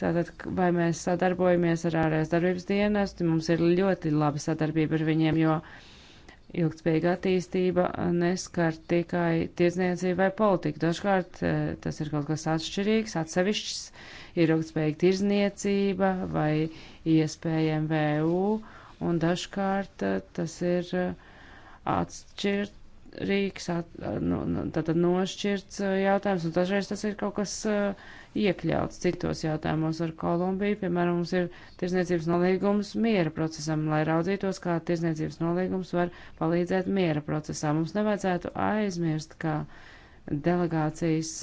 Tātad, vai mēs sadarbojamies ar ārējās darbības dienestu, mums ir ļoti laba sadarbība ar viņiem, jo ilgspējīga attīstība neskar tikai tirdzniecību vai politiku. Dažkārt tas ir kaut kas atšķirīgs, atsevišķs, ir ilgspējīga tirdzniecība vai iespējami VU, un dažkārt tas ir atšķirt rīks, nu, nu, tātad nošķirts jautājums, un dažreiz tas ir kaut kas iekļauts citos jautājumos ar Kolumbiju. Piemēram, mums ir tirzniecības nolīgums miera procesam, lai raudzītos, kā tirzniecības nolīgums var palīdzēt miera procesā. Mums nevajadzētu aizmirst, ka delegācijas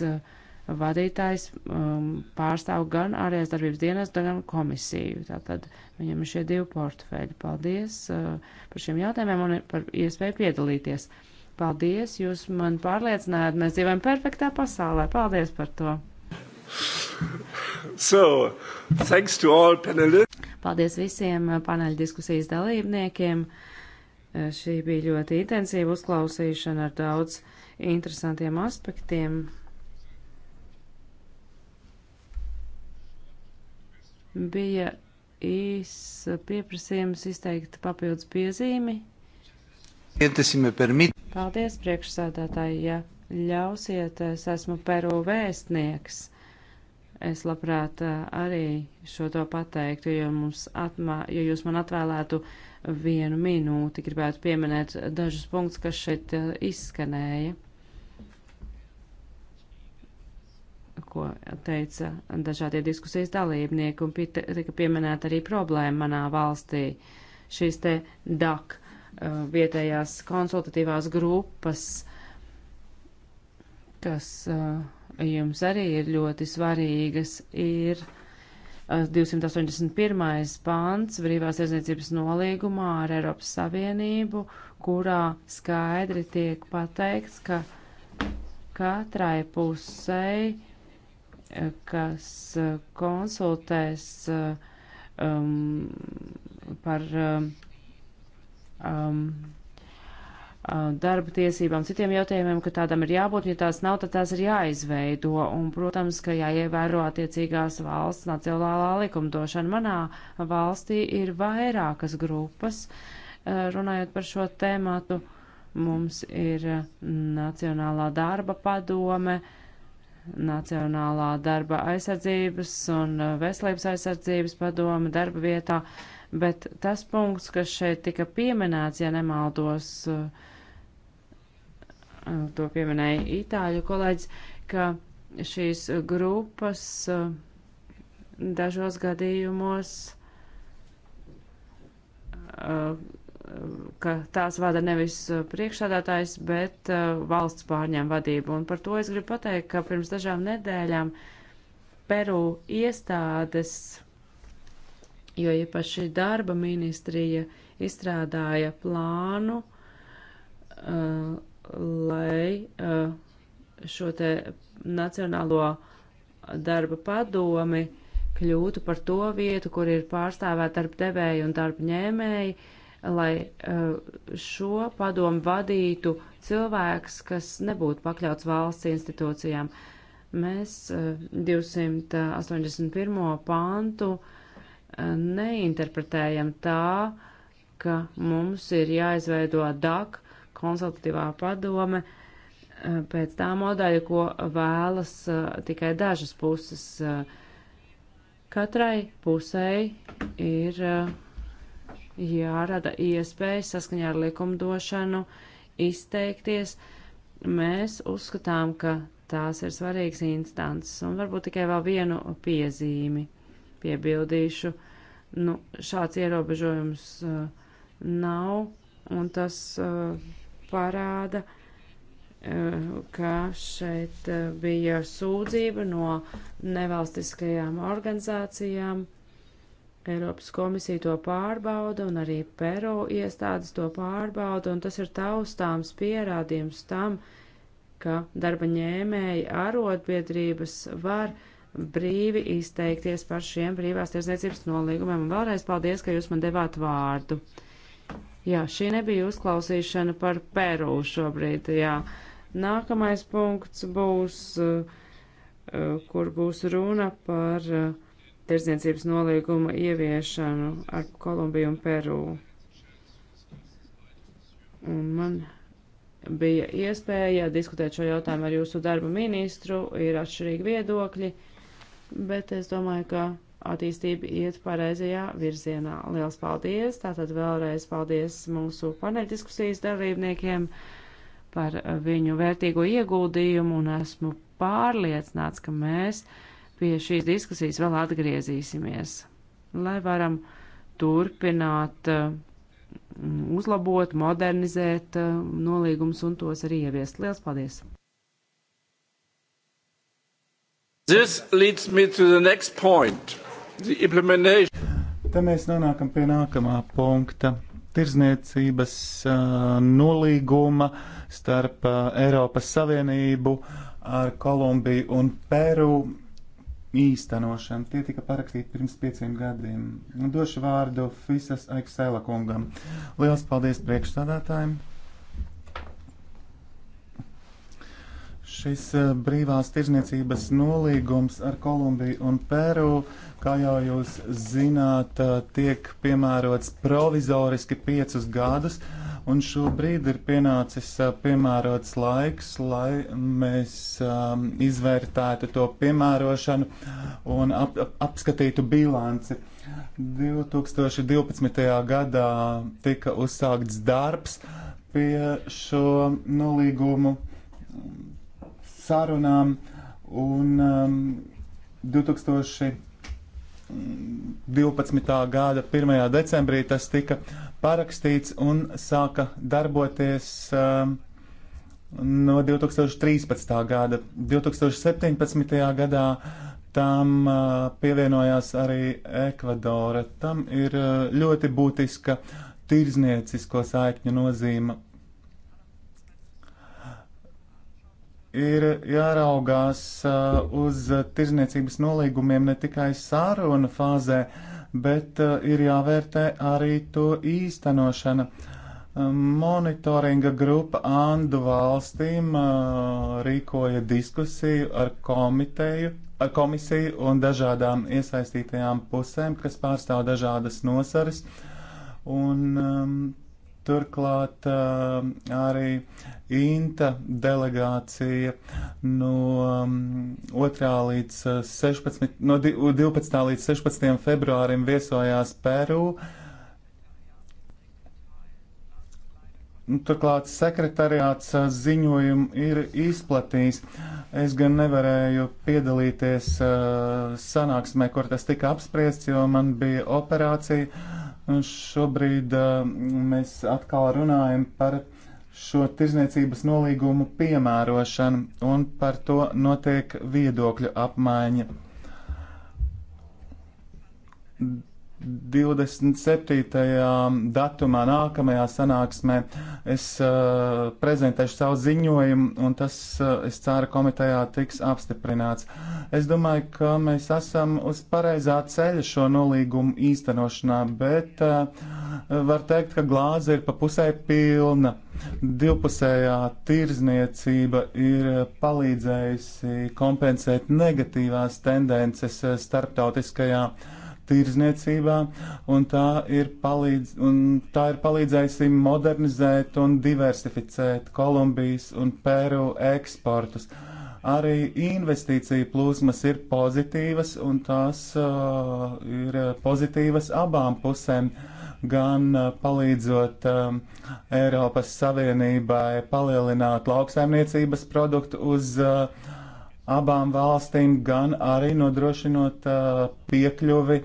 vadītājs um, pārstāv gan ārējās darbības dienas, gan komisiju. Tātad viņam ir šie divi portfeļi. Paldies uh, par šiem jautājumiem un par iespēju piedalīties. Uh, Paldies, jūs man pārliecinājāt, mēs dzīvojam perfektā pasaulē. Paldies par to. So, thanks to all panelists. Paldies visiem uh, paneļa diskusijas dalībniekiem. Uh, šī bija ļoti intensīva uzklausīšana ar daudz interesantiem aspektiem. Bija īs pieprasījums izteikt papildus piezīmi. Paldies, priekšsēdētāji, ja ļausiet, es esmu Peru vēstnieks. Es labprāt eh, arī šo to pateiktu, jo, atmā, jo jūs man atvēlētu vienu minūti, gribētu pieminēt dažus punktus, kas šeit eh, izskanēja, ko teica dažādie diskusijas dalībnieki, un tika pieminēta arī problēma manā valstī, šīs te DAK Uh, vietējās konsultatīvās grupas, kas uh, jums arī ir ļoti svarīgas, ir 281. Uh, pāns brīvās tiesniecības nolīgumā ar Eiropas Savienību, kurā skaidri tiek pateikts, ka katrai pusei, kas konsultēs um, par um, um, uh, darba tiesībām, citiem jautājumiem, ka tādam ir jābūt, ja tās nav, tad tās ir jāizveido, un, protams, ka jāievēro attiecīgās valsts nacionālā likumdošana. Manā valstī ir vairākas grupas, uh, runājot par šo tēmatu, mums ir Nacionālā darba padome, Nacionālā darba aizsardzības un uh, veselības aizsardzības padome darba vietā. Uh, bet tas punkts, kas šeit tika pieminēts, ja nemaldos, eh, to pieminēja itāļu kolēģis, ka šīs grupas eh, dažos gadījumos, eh, ka tās vada nevis priekšādātājs, bet valsts pārņem vadību. Un par to es gribu pateikt, ka pirms dažām nedēļām Peru iestādes jo īpaši darba ministrija izstrādāja plānu, uh, lai uh, šo te Nacionālo darba padomi kļūtu par to vietu, kur ir pārstāvēt darba devēji un darba ņēmēji, lai uh, šo padomu vadītu cilvēks, kas nebūtu pakļauts valsts institūcijām. Mēs 281. Uh, pantu uh, neinterpretējam tā, ka mums ir jāizveido DAK konsultatīvā padome eh, pēc tā modeļa, ko vēlas eh, tikai dažas puses. Eh, katrai pusēji ir jārada iespēja saskaņā ar likumdošanu izteikties. Mēs uzskatām, ka tās ir svarīgas instances, un varbūt tikai vēl vienu piezīmi piebildīšu. Uh, Nu, šāds ierobežojums uh, nav, un tas uh, parāda, uh, ka šeit uh, bija sūdzība no nevalstiskajām organizācijām. Eiropas komisija to pārbauda, un arī Peru iestādes to pārbauda, un tas ir taustāms pierādījums tam, ka darba ņēmēji arotbiedrības var uh, brīvi izteikties par šiem brīvās tiesniecības nolīgumiem. Un vēlreiz paldies, ka jūs man devāt vārdu. Jā, šī nebija uzklausīšana par Peru šobrīd. Jā. Nākamais punkts būs, eh, kur būs runa par eh, tirdzniecības nolīguma ieviešanu ar Kolumbiju un Peru. Un man bija iespēja diskutēt šo jautājumu ar jūsu darba ministru, ir atšķirīgi viedokļi. Uh, bet es domāju, ka attīstība iet pareizajā virzienā. Liels paldies! Tātad vēlreiz paldies mūsu paneļdiskusijas dalībniekiem par viņu vērtīgo ieguldījumu un esmu pārliecināts, ka mēs pie šīs diskusijas vēl atgriezīsimies, lai varam turpināt mm, uzlabot, modernizēt mm, nolīgumus un tos arī ieviest. Liels paldies! This leads me to the next point. The implementation. Te mēs nonākam pie nākamā punkta tirzniecības uh, nolīguma starp uh, Eiropas Savienību ar Kolumbiju un Peru īstenošana. Tie tika parakstīti pirms pieciem gadiem. Došu vārdu Fisas Aiksēla kungam. Lielas paldies priekšstādātājiem! Šis eh, brīvās tirzniecības nolīgums ar Kolumbiju un Peru, kā jau jūs zināt, eh, tiek piemērots provizoriski piecus gadus, un šobrīd ir pienācis eh, piemērots laiks, lai mēs um, izvērtētu to piemērošanu un ap, ap, apskatītu bilanci. 2012. gadā tika uzsākts darbs pie šo nolīgumu sarunām, un um, 2012. Mm, gada 1. decembrī tas tika parakstīts un sāka darboties um, no 2013. gada. 2017. gadā tam uh, pievienojās arī Ekvadora. Tam ir uh, ļoti būtiska tirzniecisko saikņu nozīme ir jāraugās uh, uz tirzniecības nolīgumiem ne tikai sāruna fāzē, bet uh, ir jāvērtē arī to īstenošana. Um, monitoringa grupa Andu valstīm uh, rīkoja diskusiju ar komiteju, ar komisiju un dažādām iesaistītajām pusēm, kas pārstāv dažādas nosares. Un um, Turklāt eh, arī INTA delegācija no 2. Mm, līdz 16. Eh, no 12. līdz 16. februārim viesojās Peru. Nu, turklāt sekretariāts eh, ziņojumu ir izplatījis. Es gan nevarēju piedalīties uh, sanāksmē, kur tas tika apspriests, jo man bija operācija. Šobrīd mēs atkal runājam par šo tirzniecības nolīgumu piemērošanu, un par to notiek viedokļu apmaiņa. 27. datumā, nākamajā sanāksmē, es uh, prezentēšu savu ziņojumu, un tas, uh, es ceru, komitejā tiks apstiprināts. Es domāju, ka mēs esam uz pareizā ceļa šo nolīgumu īstenošanā, bet uh, var teikt, ka glāze ir pa pusē pilna. Divpusējā tirzniecība ir palīdzējusi kompensēt negatīvās tendences uh, starptautiskajā uh, tirzniecībā, un tā ir, palīdz, un tā ir palīdzējusi modernizēt un diversificēt Kolumbijas un Peru eksportus. Arī investīcija plūsmas ir pozitīvas, un tās uh, ir uh, pozitīvas abām pusēm. Uh, gan palīdzot um, Eiropas Savienībai palielināt lauksaimniecības produktu uz uh, abām valstīm, gan arī nodrošinot uh, piekļuvi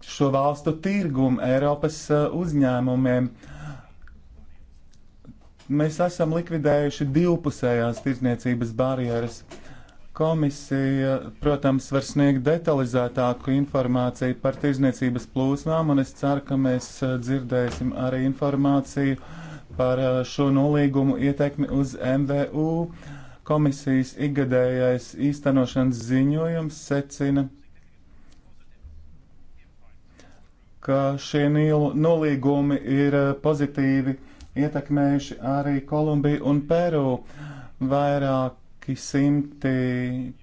šo valstu tirgumu Eiropas uh, uzņēmumiem. Mēs esam likvidējuši divpusējās tirzniecības barjeras. Komisija, protams, var sniegt detalizētāku informāciju par tirzniecības plūsmām, un es ceru, ka mēs uh, dzirdēsim arī informāciju par uh, šo nolīgumu ietekmi uz MVU. Komisijas igadējais īstenošanas ziņojums secina, ka šie nolīgumi ir eh, pozitīvi ietekmējuši arī Kolumbiju un Peru. Vairāki simti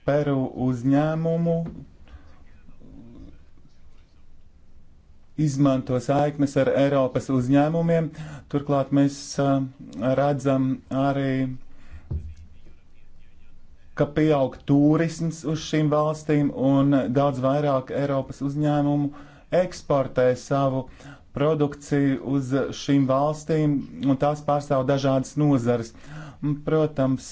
Peru uzņēmumu izmanto saiknes ar Eiropas uzņēmumiem. Turklāt mēs eh, redzam arī, ka pieaug turisms uz šīm valstīm un daudz vairāk Eiropas uzņēmumu eksportē savu produkciju uz šīm valstīm, un tās pārstāv dažādas nozares. Protams,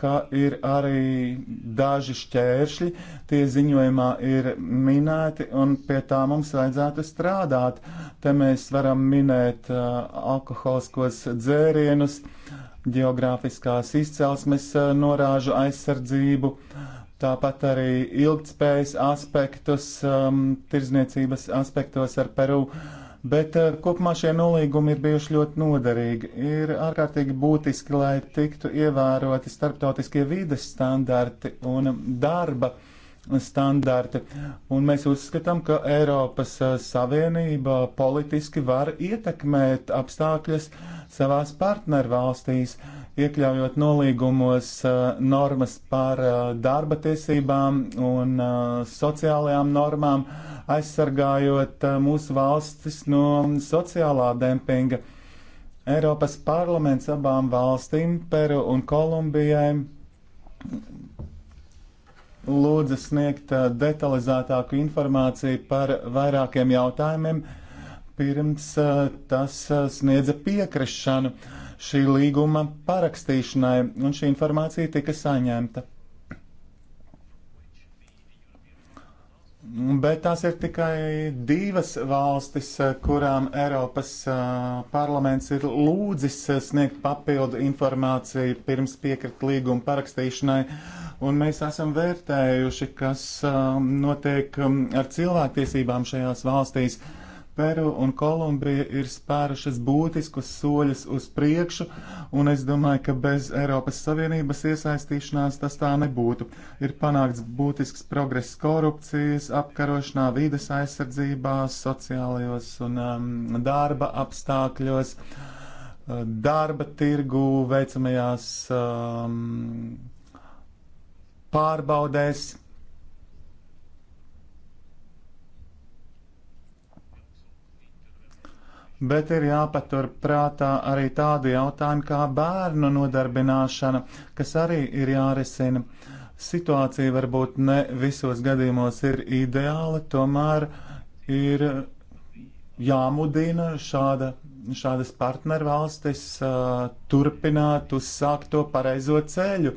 ka ir arī daži šķēršļi, tie ziņojumā ir minēti, un pie tā mums vajadzētu strādāt. Te mēs varam minēt uh, alkoholiskos dzērienus, geogrāfiskās izcelsmes uh, norāžu aizsardzību, uh, tāpat arī ilgtspējas aspektus, um, tirzniecības aspektos ar Peru. Bet uh, kopumā šie nolīgumi ir bijuši ļoti noderīgi. Ir ārkārtīgi būtiski, lai tiktu ievēroti starptautiskie vides standarti un darba standarti. Un mēs uzskatām, ka Eiropas uh, Savienība politiski var ietekmēt apstākļus savās partnervalstīs. Uh, iekļaujot nolīgumos uh, normas par uh, darba tiesībām un uh, sociālajām normām, aizsargājot mūsu valstis no sociālā dempinga. Eiropas parlaments abām valstīm, Peru un Kolumbijai, lūdza sniegt detalizētāku informāciju par vairākiem jautājumiem, pirms tas sniedza piekrišanu. Uh, šī līguma parakstīšanai, un šī informācija tika saņemta. Bet tās ir tikai divas valstis, kurām Eiropas parlaments ir lūdzis sniegt papildu informāciju pirms piekrita līguma parakstīšanai. Un mēs esam vērtējuši, kas notiek ar cilvēktiesībām šajās valstīs. Uh, Peru un Kolumbija ir spērušas būtiskus soļus uz priekšu, un es domāju, ka bez Eiropas Savienības iesaistīšanās tas tā nebūtu. Ir panākts būtisks progress korupcijas apkarošanā, vides aizsardzībā, sociālajos un um, darba apstākļos, darba tirgu veicamajās um, pārbaudēs bet ir jāpatur prātā arī tādi jautājumi kā bērnu nodarbināšana, kas arī ir jārisina. Situācija varbūt ne visos gadījumos ir ideāla, tomēr ir jāmudina šāda, šādas partnervalstis uh, turpināt uzsākt to pareizo ceļu.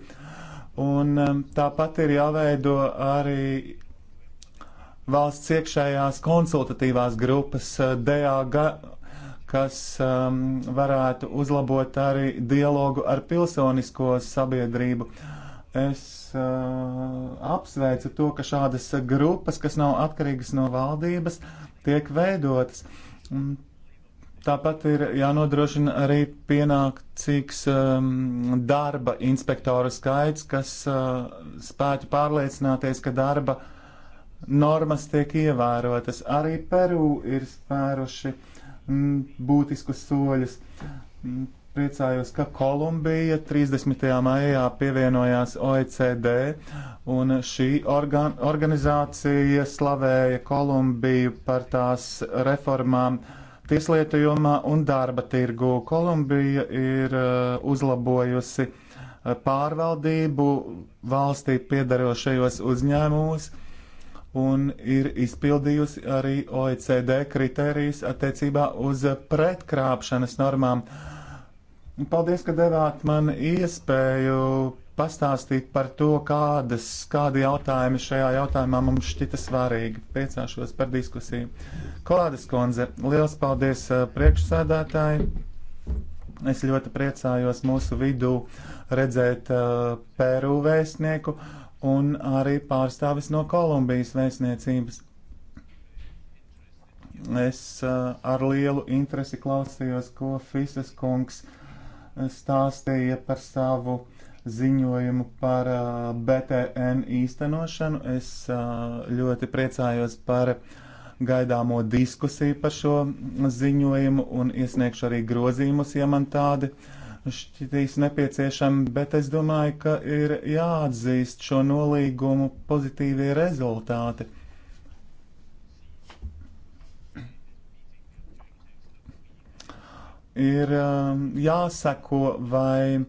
Un um, tāpat ir jāveido arī valsts iekšējās konsultatīvās grupas DAG kas um, varētu uzlabot arī dialogu ar pilsonisko sabiedrību. Es uh, apsveicu to, ka šādas grupas, kas nav atkarīgas no valdības, tiek veidotas. Mm, tāpat ir jānodrošina arī pienācīgs um, darba inspektoru skaits, kas uh, spētu pārliecināties, ka darba normas tiek ievērotas. Arī Peru ir spēruši uh, Mm, būtiskus soļus. Mm, priecājos, ka Kolumbija 30. maijā pievienojās OECD, un šī organ organizācija slavēja Kolumbiju par tās reformām tieslietu jomā un darba tirgu. Kolumbija ir uh, uzlabojusi uh, pārvaldību valstī piedarošajos uzņēmumos un ir izpildījusi arī OECD kritērijus attiecībā uz pretkrāpšanas normām. Paldies, ka devāt man iespēju pastāstīt par to, kādas, kādi jautājumi šajā jautājumā mums šķita svarīgi. Priecāšos par diskusiju. Kolādes konze, liels paldies priekšsēdētāji. Es ļoti priecājos mūsu vidū redzēt uh, Pēru vēstnieku. Uh, un arī pārstāvis no Kolumbijas vēstniecības. Es uh, ar lielu interesi klausījos, ko Fises kungs eh, stāstīja par savu ziņojumu par uh, eh, BTN īstenošanu. Es uh, ļoti priecājos par gaidāmo diskusiju par šo ziņojumu un iesniegšu arī grozījumus, ja man tādi uh, šķitīs nepieciešami, bet es domāju, ka ir jāatzīst šo nolīgumu pozitīvie rezultāti. Ir um, jāsako, vai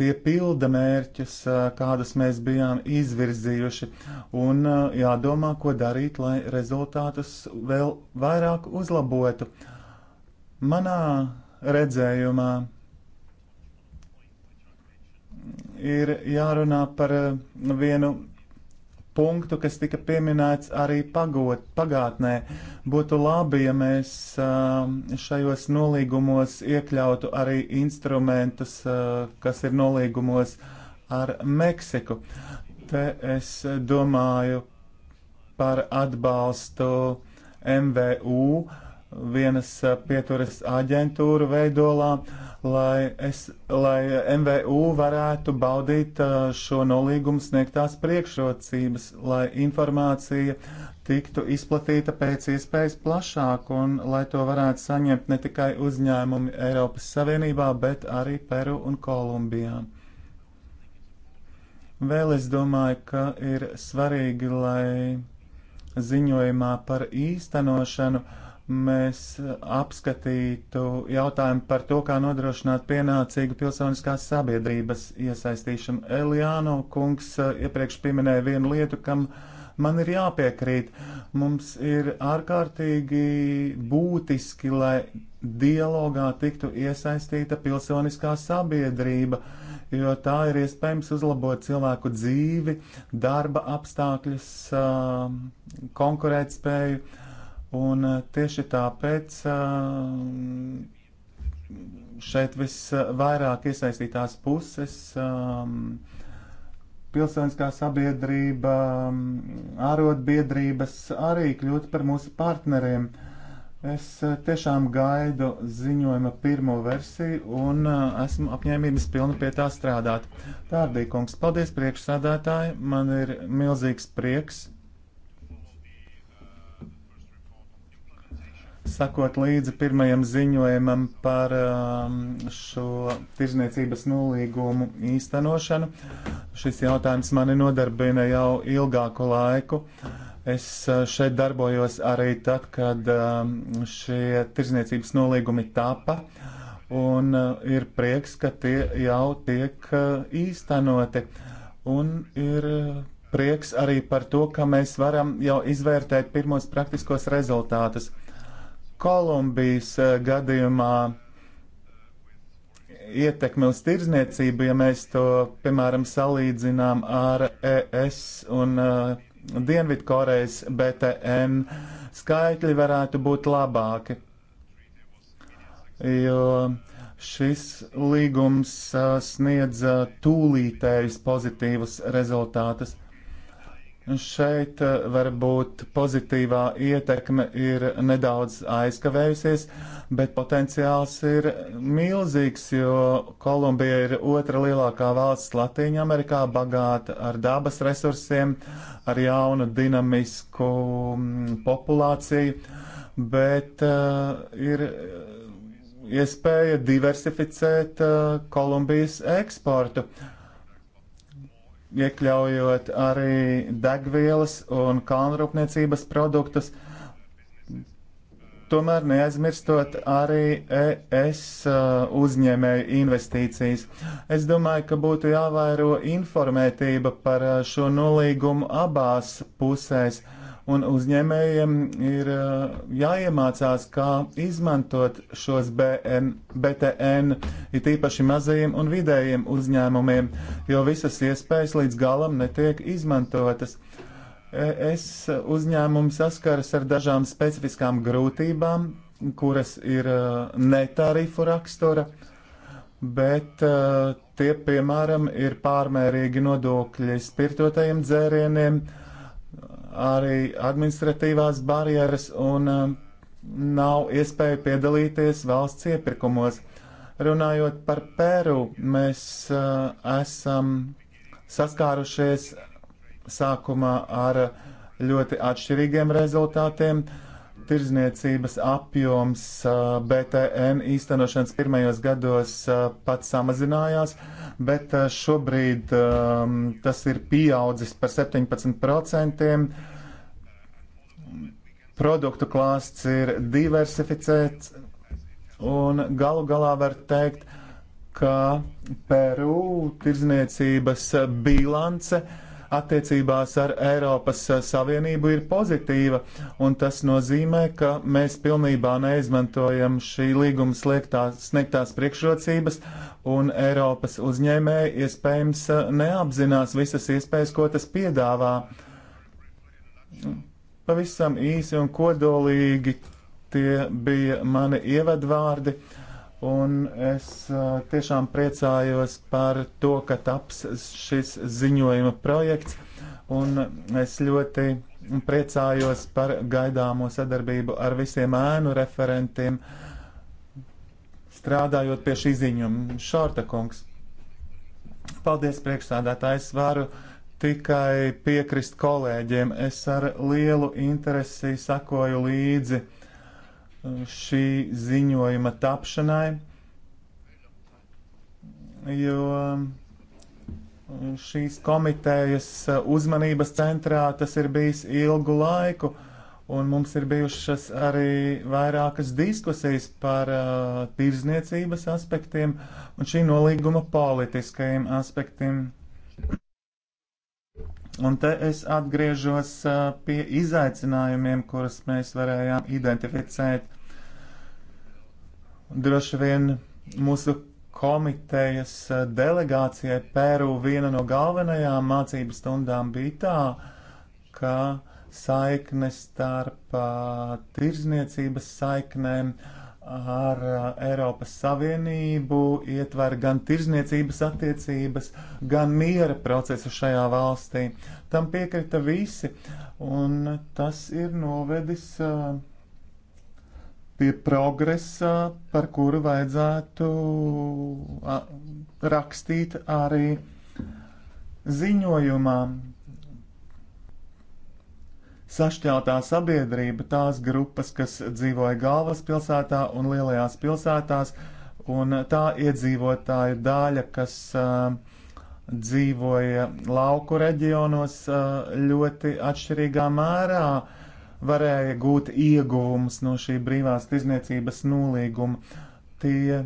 tie pilda mērķus, uh, kādus mēs bijām izvirzījuši, un uh, jādomā, ko darīt, lai rezultātus vēl vairāk uzlabotu. Manā redzējumā ir jārunā par eh, vienu punktu, kas tika pieminēts arī pagot, pagātnē. Būtu labi, ja mēs eh, šajos nolīgumos iekļautu arī instrumentus, eh, kas ir nolīgumos ar Meksiku. Te es domāju par atbalstu MVU, vienas pieturas aģentūru veidolā, lai, es, lai MVU varētu baudīt šo nolīgumu sniegtās priekšrocības, lai informācija tiktu izplatīta pēc iespējas plašāk un lai to varētu saņemt ne tikai uzņēmumi Eiropas Savienībā, bet arī Peru un Kolumbijā. Vēl es domāju, ka ir svarīgi, lai ziņojumā par īstenošanu uh, mēs apskatītu jautājumu par to, kā nodrošināt pienācīgu pilsoniskās sabiedrības iesaistīšanu. Eliāno kungs eh, iepriekš pieminēja vienu lietu, kam man ir jāpiekrīt. Mums ir ārkārtīgi būtiski, lai dialogā tiktu iesaistīta pilsoniskā sabiedrība, jo tā ir iespējams uzlabot cilvēku dzīvi, darba apstākļus, eh, konkurētspēju Un eh, tieši tāpēc eh, šeit visvairāk iesaistītās puses eh, pilsoniskā sabiedrība, ārotbiedrības arī kļūt par mūsu partneriem. Es tiešām gaidu ziņojuma pirmo versiju un esmu apņēmības pilna pie tā strādāt. Tārdī, kungs, paldies priekšsādātāji, man ir milzīgs prieks Sakot līdzi pirmajam ziņojumam par um, šo tirzniecības nolīgumu īstenošanu, šis jautājums mani nodarbina jau ilgāku laiku. Es uh, šeit darbojos arī tad, kad um, šie tirzniecības nolīgumi tapa un uh, ir prieks, ka tie jau tiek uh, īstenoti. Un ir prieks arī par to, ka mēs varam jau izvērtēt pirmos praktiskos rezultātus. Kolumbijas eh, gadījumā ietekme uz tirzniecību, ja mēs to, piemēram, salīdzinām ar ES un uh, Dienvidkorejas BTN, skaitļi varētu būt labāki, jo šis līgums uh, sniedz uh, tūlītējus pozitīvus rezultātus. Šeit eh, varbūt pozitīvā ietekme ir nedaudz aizkavējusies, bet potenciāls ir milzīgs, jo Kolumbija ir otra lielākā valsts Latīņa Amerikā, bagāta ar dabas resursiem, ar jaunu dinamisku mm, populāciju, bet uh, ir iespēja diversificēt uh, Kolumbijas eksportu. Uh, iekļaujot arī degvielas un kalnrūpniecības produktus, tomēr neaizmirstot arī ES uh, uzņēmēju investīcijas. Es domāju, ka būtu jāvairo informētība par uh, šo nolīgumu abās pusēs un uzņēmējiem ir eh, jāiemācās, kā izmantot šos BN, BTN, it īpaši mazajiem un vidējiem uzņēmumiem, jo visas iespējas līdz galam netiek izmantotas. E, es uzņēmumu saskaras ar dažām specifiskām grūtībām, kuras ir eh, netarifu rakstura, bet eh, tie, piemēram, ir pārmērīgi nodokļi spirtotajiem dzērieniem, uh, arī administratīvās barjeras un um, nav iespēja piedalīties valsts iepirkumos. Runājot par Peru, mēs uh, esam saskārušies sākumā ar uh, ļoti atšķirīgiem rezultātiem. Uh, tirzniecības apjoms BTN īstenošanas pirmajos gados pats samazinājās, bet šobrīd tas ir pieaudzis par 17%. Produktu klāsts ir diversificēts, un galu galā var teikt, ka Peru tirzniecības bilance uh, attiecībās ar Eiropas eh, Savienību ir pozitīva, un tas nozīmē, ka mēs pilnībā neizmantojam šī līguma sliegtās, sniegtās priekšrocības, un Eiropas uzņēmēji iespējams eh, neapzinās visas iespējas, ko tas piedāvā. Pavisam īsi un kodolīgi tie bija mani ievadvārdi. Uh, Un es tiešām priecājos par to, ka taps šis ziņojuma projekts. Un es ļoti priecājos par gaidāmo sadarbību ar visiem ēnu referentiem, strādājot pie šī ziņojuma. Šorta kungs. Paldies, priekšsādātājs. Varu tikai piekrist kolēģiem. Es ar lielu interesi sakoju līdzi šī ziņojuma tapšanai, jo um, šīs komitejas uh, uzmanības centrā tas ir bijis ilgu laiku, un mums ir bijušas arī vairākas diskusijas par uh, tirzniecības aspektiem un šī nolīguma politiskajiem aspektiem. Un te es atgriežos pie izaicinājumiem, kurus mēs varējām identificēt. Droši vien mūsu komitejas delegācijai Pēru viena no galvenajām mācību stundām bija tā, ka saikne starp tirzniecības saiknēm uh, ar eh, Eiropas Savienību ietver gan tirzniecības attiecības, gan miera procesu šajā valstī. Tam piekrita visi, un tas ir novedis eh, pie progresa, par kuru vajadzētu rakstīt arī ziņojumā sašķeltā sabiedrība, tās grupas, kas dzīvoja galvaspilsētā un lielajās pilsētās, un tā iedzīvotāju daļa, kas uh, dzīvoja lauku reģionos uh, ļoti atšķirīgā mērā, varēja gūt ieguvumus no šī brīvās tirzniecības nolīguma. Tie,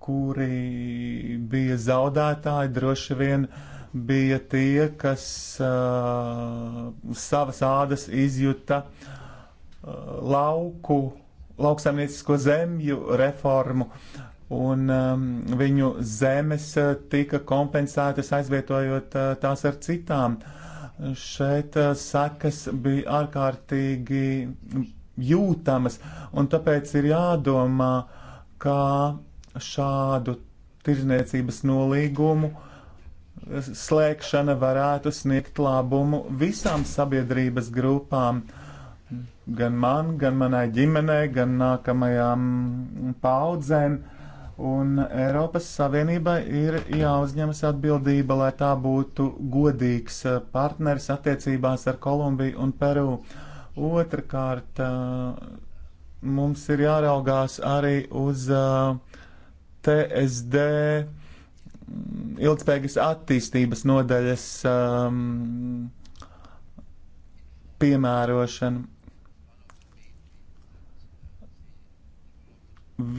kuri bija zaudētāji, droši vien uh, bija tie, kas uh, savas ādas izjuta uh, lauku, lauksaimniecisko zemju reformu, un um, viņu zemes uh, tika kompensētas aizvietojot uh, tās ar citām. Šeit uh, sekas bija ārkārtīgi jūtamas, un tāpēc ir jādomā, kā šādu tirzniecības nolīgumu uh, slēgšana varētu sniegt labumu visām sabiedrības grupām, gan man, gan manai ģimenei, gan nākamajām paudzēm. Un Eiropas Savienībai ir jāuzņemas atbildība, lai tā būtu godīgs eh, partneris attiecībās ar Kolumbiju un Peru. Otrakārt, eh, mums ir jāraugās arī uz eh, TSD ilgspējīgas attīstības nodaļas um, piemērošanu.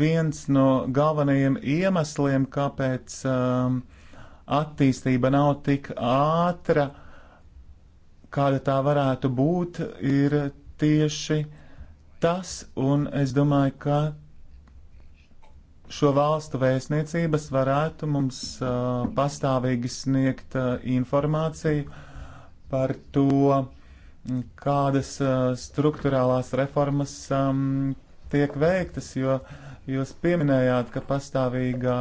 Viens no galvenajiem iemesliem, kāpēc um, attīstība nav tik ātra, kāda tā varētu būt, ir tieši tas, un es domāju, ka šo valstu vēstniecības varētu mums uh, pastāvīgi sniegt uh, informāciju par to, kādas uh, struktūrālās reformas um, tiek veiktas, jo jūs pieminējāt, ka pastāvīgā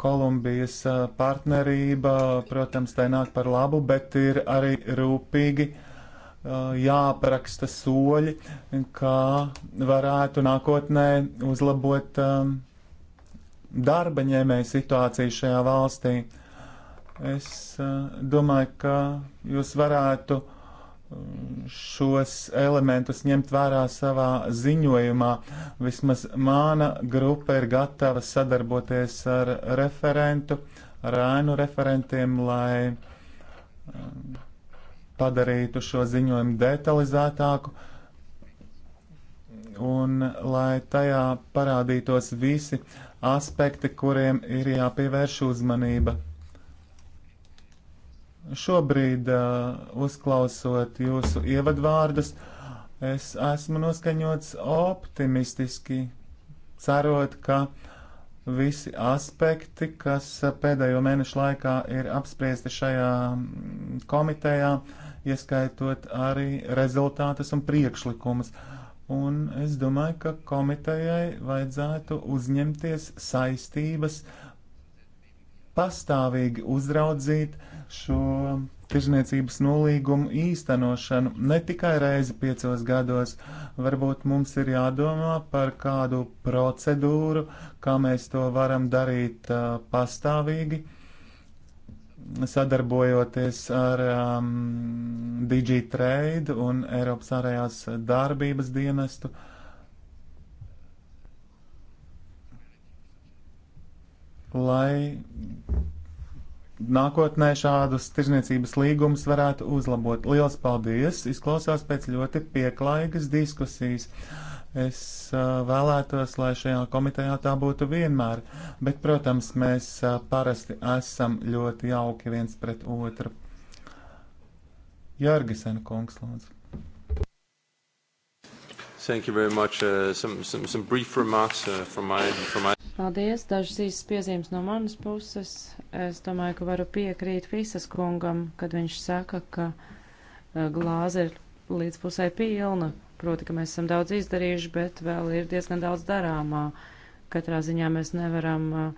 Kolumbijas partnerība, protams, tai nāk par labu, bet ir arī rūpīgi jāapraksta soļi, kā varētu nākotnē uzlabot um, darba ņēmēju situāciju šajā valstī. Es eh, domāju, ka jūs varētu mm, šos elementus ņemt vērā savā ziņojumā. Vismaz mana grupa ir gatava sadarboties ar referentu, ar ēnu referentiem, lai mm, padarītu šo ziņojumu detalizētāku un lai tajā parādītos visi aspekti, kuriem ir jāpievērš uzmanība. Šobrīd, eh, uzklausot jūsu ievadvārdus, es esmu noskaņots optimistiski, cerot, ka visi aspekti, kas pēdējo mēnešu laikā ir apspriesti šajā mm, komitejā, ieskaitot arī rezultātus un priekšlikumus, un es domāju, ka komitejai vajadzētu uzņemties saistības pastāvīgi uzraudzīt šo tirzniecības nolīgumu īstenošanu ne tikai reizi piecos gados. Varbūt mums ir jādomā par kādu procedūru, kā mēs to varam darīt uh, pastāvīgi sadarbojoties ar um, DigiTrade un Eiropas ārējās darbības dienestu. Lai nākotnē šādus tirzniecības līgumus varētu uzlabot. Lielas paldies! Izklausās pēc ļoti pieklājīgas diskusijas. Es vēlētos, lai šajā komitejā tā būtu vienmēr, bet, protams, mēs parasti esam ļoti jauki viens pret otru. Jārgisena kungs, lūdzu. Thank you very much. Uh, some, some, some brief remarks uh, from my... From my... Paldies, dažas īsas piezīmes no manas puses. Es domāju, ka varu piekrīt visas kungam, kad viņš saka, ka glāze ir līdz pusē pilna, Proti, ka mēs esam daudz izdarījuši, bet vēl ir diezgan daudz darāmā. Katrā ziņā mēs nevaram uh,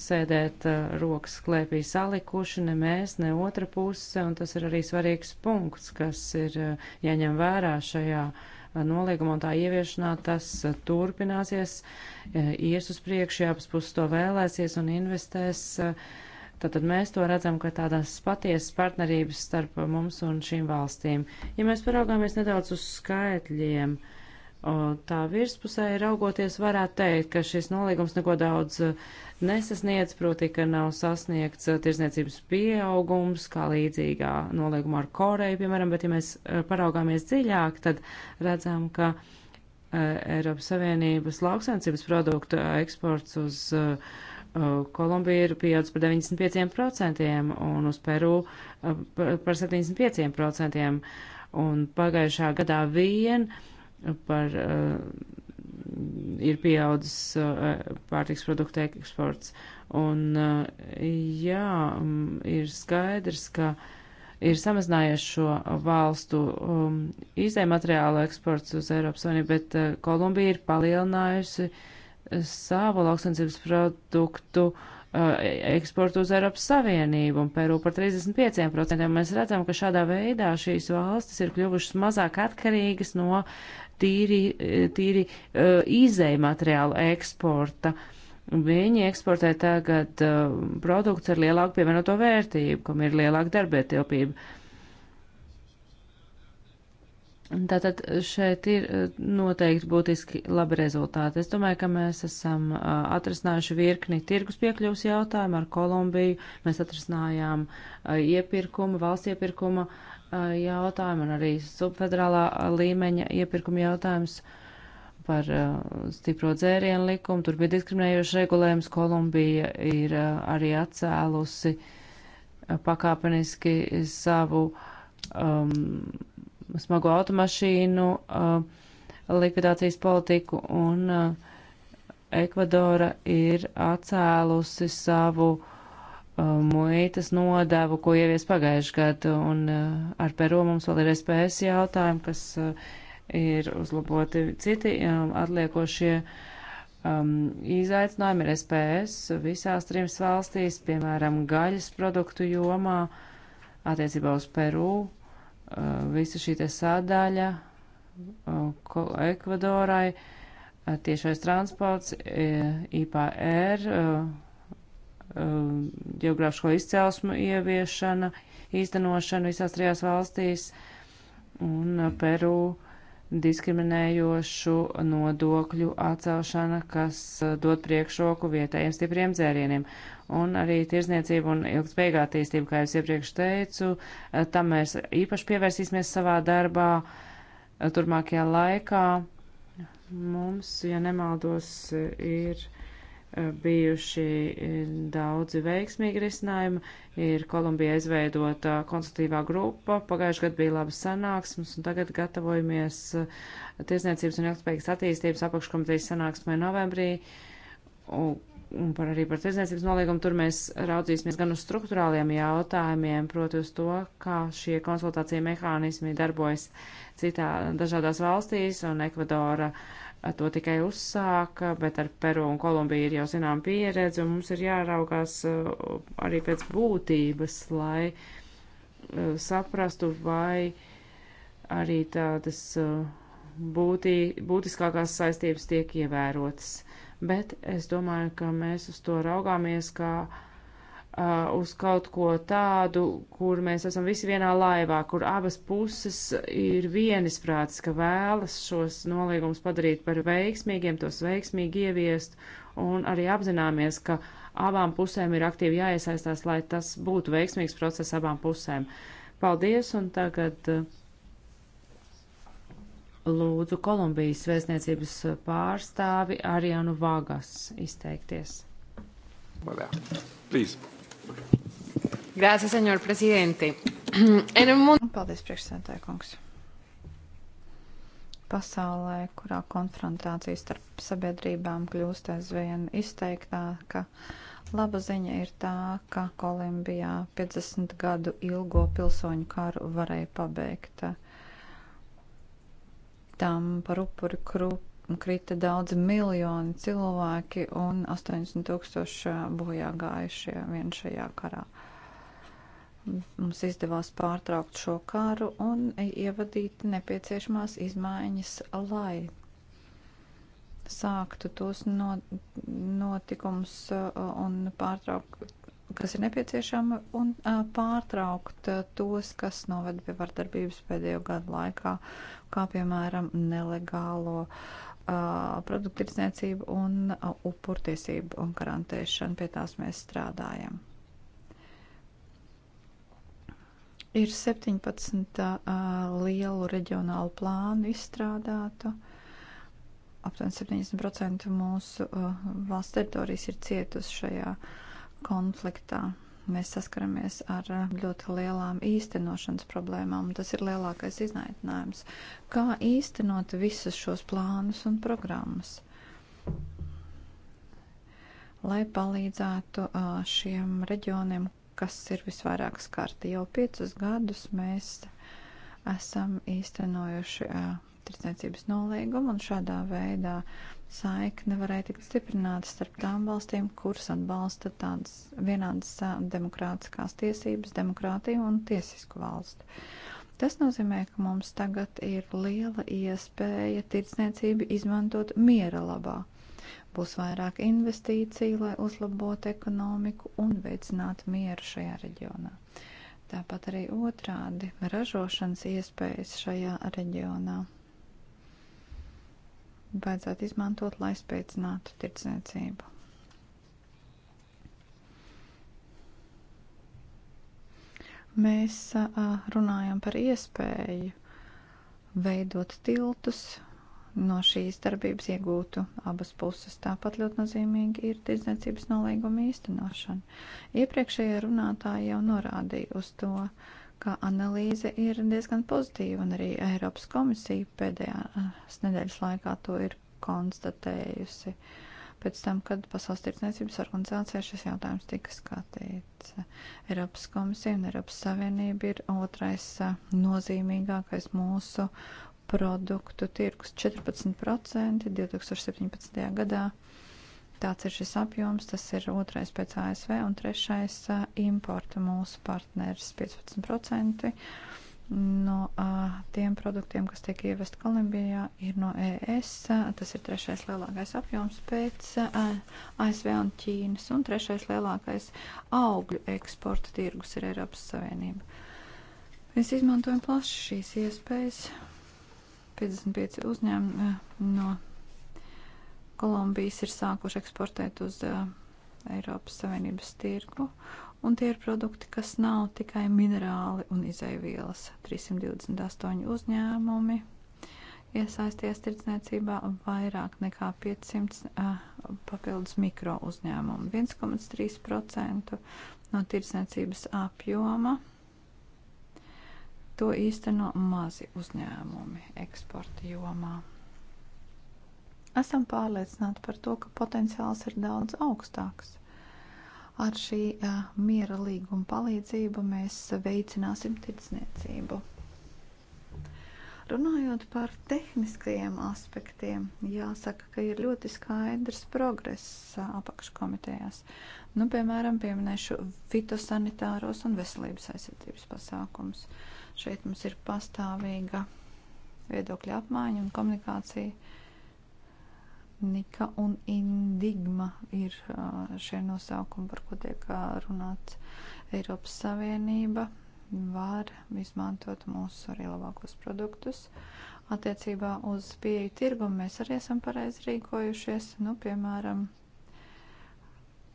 sēdēt uh, rokas klēpī salikuši, ne mēs, ne otra puse, un tas ir arī svarīgs punkts, kas ir uh, jāņem ja vērā šajā uh, noliegumā un tā ieviešanā. Tas turpināsies, ies uz priekšu, abas puses to vēlēsies un investēs. Uh, Tātad mēs to redzam, ka tādas patiesas partnerības starp mums un šīm valstīm. Ja mēs paraugāmies nedaudz uz skaitļiem, tā virspusē raugoties varētu teikt, ka šis nolīgums neko daudz e, nesasniedz, proti, ka nav sasniegts e, tirzniecības pieaugums, kā līdzīgā nolīguma ar Koreju, piemēram, bet ja mēs e, paraugāmies dziļāk, tad redzam, ka Eiropas Savienības lauksaimniecības produktu eksports uz uh, Uh, Kolumbija ir pieaudz par 95% un uz Peru uh, par 75%. Un pagājušā gadā vien uh, par, ir pieaudzis pārtiks produktu eksports. Un jā, um, ir skaidrs, ka ir samazinājies šo valstu um, izējumateriālu eksports uz Eiropas Savienību, bet uh, Kolumbija ir palielinājusi uh, savu lauksaimniecības produktu uh, e, eksportu uz Eiropas Savienību un Peru par 35%. Mēs redzam, ka šādā veidā šīs valstis ir kļuvušas mazāk atkarīgas no tīri, e, tīri e, izēja materiālu eksporta. Viņi eksportē tagad produkts ar lielāku pievienoto vērtību, kam ir lielāka darbietilpība. Tātad šeit ir e, noteikti būtiski labi rezultāti. Es domāju, ka mēs esam e, atrisinājuši virkni tirgus piekļuvs jautājumu ar Kolumbiju. Mēs atrisinājām e, iepirkuma, valsts iepirkuma jautājumu un arī subfederālā līmeņa iepirkuma jautājums par stipro dzērienu likumu. Tur bija diskriminējošs regulējums. Kolumbija ir arī atcēlusi pakāpeniski savu. Um, smago automašīnu uh, likvidācijas politiku, un uh, Ekvadora ir atcēlusi savu uh, muitas nodevu, ko ievies pagājuši gadu, un ar Peru mums vēl ir SPS jautājumi, kas ir uzlaboti citi um, atliekošie um, izaicinājumi ir SPS visās trims valstīs, piemēram, gaļas produktu jomā, attiecībā uz Peru. Eh, visa šī te sādaļa eh, Ekvadorai, eh, tiešais transports, IPR, geogrāfisko izcelsmu ieviešana, īstenošana visās trijās valstīs un Peru diskriminējošu nodokļu atcelšana, kas eh, dod priekšroku vietējiem stipriem dzērieniem. Un arī tirzniecība un ilgspējīgā attīstība, kā jau iepriekš teicu, eh, tam mēs īpaši pievērsīsimies savā darbā eh, turmākajā laikā. Mums, ja nemaldos, ir bijuši e, daudzi veiksmīgi risinājumi. Ir Kolumbija izveidota konsultīvā grupa, pagājuši gadu bija labas sanāksmes, un tagad gatavojamies e, Tiesniecības un ilgspējīgas attīstības apakškomitejas sanāksmē novembrī. Un, un par arī par tiesniecības nolīgumu tur mēs raudzīsimies gan uz struktūrāliem jautājumiem, proti uz to, kā šie konsultācija mehānismi darbojas citā dažādās valstīs un Ekvadora uh, to tikai uzsāka, bet ar Peru un Kolumbiju ir jau zinām pieredze, un mums ir jāraugās uh, arī pēc būtības, lai uh, saprastu, vai arī tādas uh, būtī, būtiskākās saistības tiek ievērotas. Bet es domāju, ka mēs uz to raugāmies kā Uh, uz kaut ko tādu, kur mēs esam visi vienā laivā, kur abas puses ir vienisprātas, ka vēlas šos nolīgumus padarīt par veiksmīgiem, tos veiksmīgi ieviest, un arī apzināmies, ka abām pusēm ir aktīvi jāiesaistās, lai tas būtu veiksmīgs process abām pusēm. Paldies, un tagad uh, lūdzu Kolumbijas vēstniecības pārstāvi Arianu Vagas izteikties. Well, yeah. Please. Grāsa, senjor prezidenti. mundo... Paldies, priekšsēdētāja kungs. Pasaulē, kurā konfrontācija starp sabiedrībām kļūst aizvien izteiktāka, laba ziņa ir tā, ka Kolumbijā 50 gadu ilgo pilsoņu karu varēja pabeigt. Tam par upuri krup krita daudz miljoni cilvēki un 80 tūkstoši bojā gājušie vien šajā karā. Mums izdevās pārtraukt šo karu un ievadīt nepieciešamās izmaiņas, lai sāktu tos notikumus un pārtraukt kas ir nepieciešama, un pārtraukt tos, kas noved pie vardarbības pēdējo gadu laikā, kā piemēram nelegālo uh, produktu tirdzniecību un upurtiesību un garantēšanu. Pie tās mēs strādājam. Ir 17 uh, lielu reģionālu plānu izstrādātu. Aptuveni 70% mūsu uh, valsts teritorijas ir cietusi šajā konfliktā. Mēs saskaramies ar eh, ļoti lielām īstenošanas problēmām, un tas ir lielākais izaicinājums. Kā īstenot visus šos plānus un programmas? Lai palīdzētu eh, šiem reģioniem, kas ir visvairāk skarti. Jau piecus gadus mēs esam īstenojuši eh, tirdzniecības nolīgumu un šādā veidā uh, saikne varēja tikt stiprināta starp tām valstīm, kuras atbalsta tādas vienādas demokrātiskās tiesības, demokrātiju un tiesisku valstu. Tas nozīmē, ka mums tagad ir liela iespēja tirdzniecību izmantot miera labā. Būs vairāk investīciju, lai uzlabotu ekonomiku un veicinātu mieru šajā reģionā. Tāpat arī otrādi - ražošanas iespējas šajā reģionā vajadzētu izmantot, lai spēcinātu tirdzniecību. Mēs runājam par iespēju veidot tiltus, no šīs darbības iegūtu abas puses. Tāpat ļoti nozīmīgi ir tirdzniecības nolīguma īstenošana. Iepriekšējā runātāja jau norādīja uz to, uh, ka analīze ir diezgan pozitīva, un arī Eiropas komisija pēdējās eh, nedēļas laikā to ir konstatējusi. Pēc tam, kad Pasaules tirdzniecības organizācijā šis jautājums tika skatīts, Eiropas komisija un Eiropas Savienība ir otrais eh, nozīmīgākais mūsu produktu tirgus - 14% 2017. gadā Tāds ir šis apjoms, tas ir otrais pēc ASV un trešais uh, importa mūsu partneris 15% no uh, tiem produktiem, kas tiek ievest Kolumbijā, ir no ES. Uh, tas ir trešais lielākais apjoms pēc uh, ASV un Ķīnas un trešais lielākais augļu eksporta tirgus ir Eiropas Savienība. Mēs izmantojam plaši šīs iespējas. 55 uzņēmumi uh, no Kolumbijas ir sākuši eksportēt uz uh, Eiropas Savienības tirgu, un tie ir produkti, kas nav tikai minerāli un izaivielas. 328 uzņēmumi iesaisties tirdzniecībā vairāk nekā 500 uh, papildus mikro uzņēmumu. 1,3% no tirdzniecības apjoma to īsteno mazi uzņēmumi eksporta jomā esam pārliecināti par to, ka potenciāls ir daudz augstāks. Ar šī miera līguma palīdzību mēs veicināsim tirdzniecību. Runājot par tehniskajiem aspektiem, jāsaka, ka ir ļoti skaidrs progress apakškomitejās. Nu, piemēram, pieminēšu fitosanitāros un veselības aizsardzības pasākums. Šeit mums ir pastāvīga viedokļa apmaiņa un komunikācija Nika un Indigma ir uh, šie nosaukumi, par ko tiek uh, runāts Eiropas Savienība. Var izmantot mūsu arī labākos produktus. Attiecībā uz pieeju tirgumu mēs arī esam pareizi rīkojušies. Nu, piemēram,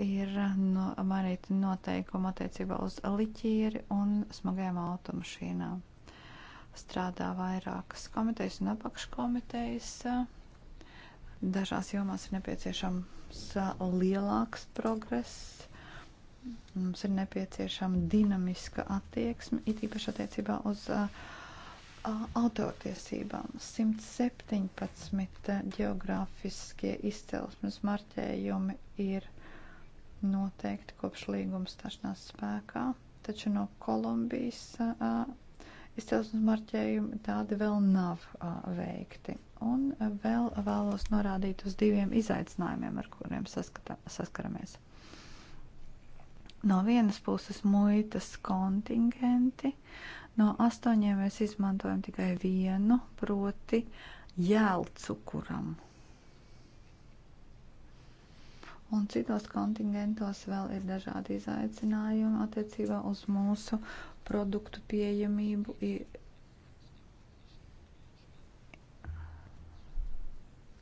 ir no, nu, mainīti noteikumi attiecībā uz liķieri un smagajām automašīnām. Strādā vairākas komitejas un apakškomitejas. Uh, Dažās jomās ir nepieciešams lielāks progress. Mums ir nepieciešama dinamiska attieksme, it īpaši attiecībā uz uh, autortiesībām 117 geogrāfiskie izcelsmes marķējumi ir noteikti kopš līguma stāšanās spēkā, taču no Kolumbijas izcelsmes marķējumi tādi vēl nav veikti. Un vēl vēlos norādīt uz diviem izaicinājumiem, ar kuriem saskatā, saskaramies. No vienas puses muitas kontingenti, no astoņiem mēs izmantojam tikai vienu, proti jēlcukuram. Un citos kontingentos vēl ir dažādi izaicinājumi attiecībā uz mūsu produktu pieejamību,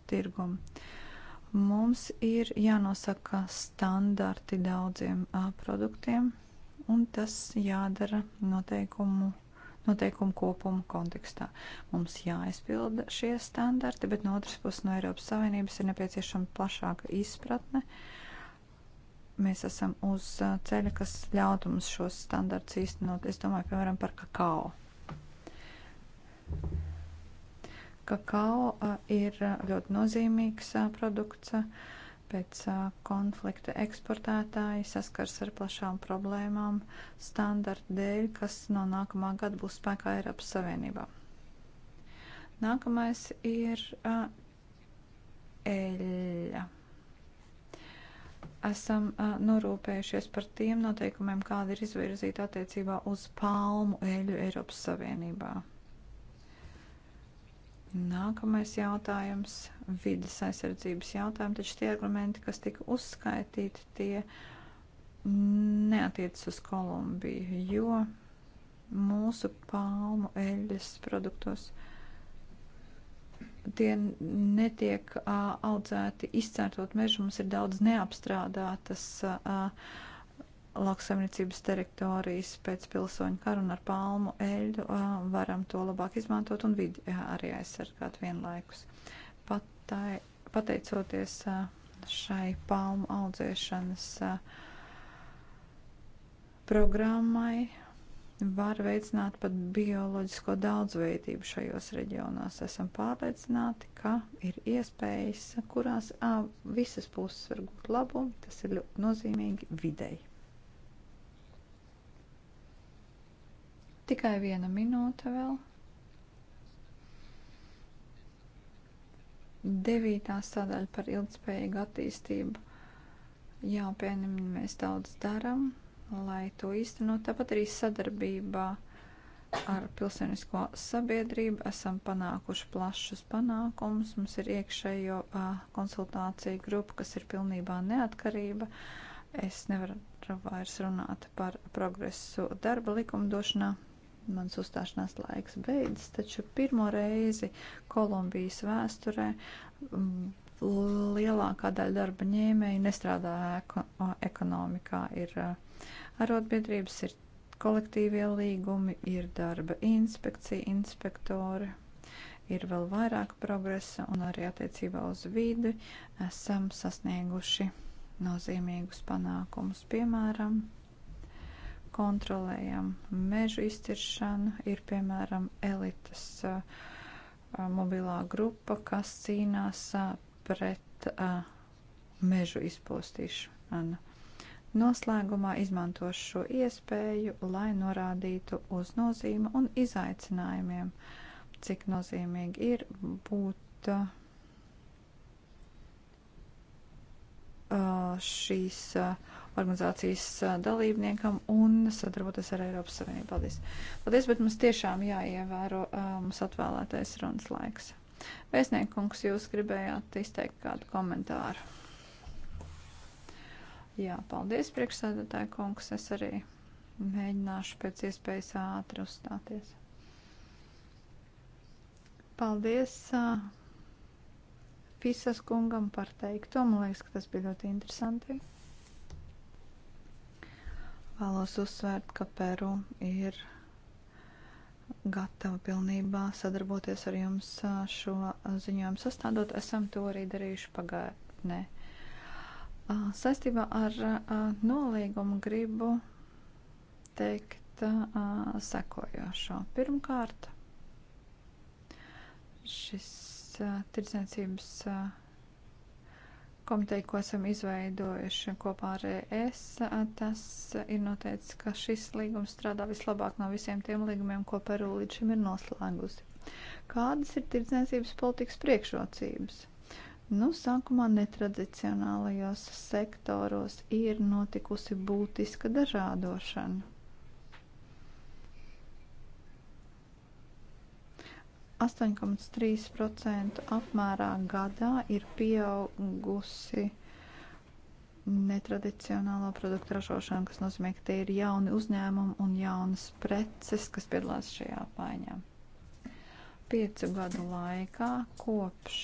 tirgumu. Mums ir jānosaka standarti daudziem a, produktiem, un tas jādara noteikumu noteikumu kopumu kontekstā. Mums jāizpilda šie standarti, bet no otras puses no Eiropas Savienības ir nepieciešama plašāka izpratne. Mēs esam uz ceļa, kas ļautu mums šos standartus īstenot. Es domāju, piemēram, par kakao. Kakao ir ļoti nozīmīgs produkts. Pēc konflikta eksportētāji saskars ar plašām problēmām standarta dēļ, kas no nākamā gada būs spēkā Eiropas Savienībā. Nākamais ir eļļa esam uh, norūpējušies par tiem noteikumiem, kāda ir izvirzīta attiecībā uz palmu eļu Eiropas Savienībā. Nākamais jautājums - vidas aizsardzības jautājumi, taču tie argumenti, kas tika uzskaitīti, tie neatiecas uz Kolumbiju, jo mūsu palmu eļļas produktos tie netiek uh, audzēti izcērtot mežu, mums ir daudz neapstrādātas. Uh, uh, lauksaimniecības teritorijas pēc pilsoņu karu un ar palmu eļļu varam to labāk izmantot un vidi arī aizsargāt vienlaikus. Patai, pateicoties šai palmu audzēšanas programmai, var veicināt pat bioloģisko daudzveidību šajos reģionos. Esam pārliecināti, ka ir iespējas, kurās ā, visas puses var gūt labumu. Tas ir ļoti nozīmīgi videi. Tikai viena minūte vēl. Devītā sadaļa par ilgspējīgu attīstību. Jā, pieņem, mēs daudz darām, lai to īstenot. Tāpat arī sadarbībā ar pilsonisko sabiedrību esam panākuši plašus panākumus. Mums ir iekšējo uh, konsultāciju grupa, kas ir pilnībā neatkarība. Es nevaru vairs runāt par progresu darba likumdošanā mans uzstāšanās laiks beidzas, taču pirmo reizi Kolumbijas vēsturē lielākā daļa darba ņēmēji nestrādā eko, ekonomikā. Ir arotbiedrības, ir kolektīvie līgumi, ir darba inspekcija, inspektori, ir vēl vairāk progresa un arī attiecībā uz vidi esam sasnieguši nozīmīgus panākumus, piemēram, kontrolējam mežu izciršanu, ir piemēram elites a, mobilā grupa, kas cīnās a, pret a, mežu izpostīšanu. Noslēgumā izmantošu šo iespēju, lai norādītu uz nozīmi un izaicinājumiem, cik nozīmīgi ir būt šīs uh, organizācijas dalībniekam un sadarboties ar Eiropas Savienību. Paldies! Paldies, bet mums tiešām jāievēro mums atvēlētais runas laiks. Vēstniekungs, jūs gribējāt izteikt kādu komentāru? Jā, paldies, priekšsēdētāji kungs. Es arī mēģināšu pēc iespējas ātri uzstāties. Paldies uh, Fisas kungam par teikto. Man liekas, ka tas bija ļoti interesanti. Vēlos uzsvērt, ka Peru ir gatava pilnībā sadarboties ar jums šo ziņojumu sastādot. Esam to arī darījuši pagātnē. Saistībā ar nolīgumu gribu teikt sekojošo. Pirmkārt, šis tirdzniecības komiteju, ko esam izveidojuši kopā ar ES, tas ir noteicis, ka šis līgums strādā vislabāk no visiem tiem līgumiem, ko Peru līdz šim ir noslēgusi. Kādas ir tirdzniecības politikas priekšrocības? Nu, sākumā netradicionālajos sektoros ir notikusi būtiska dažādošana. 8,3% apmērā gadā ir pieaugusi netradicionālo produktu ražošana, kas nozīmē, ka tie ir jauni uzņēmumi un jaunas preces, kas piedalās šajā apmaiņā. Piecu gadu laikā kopš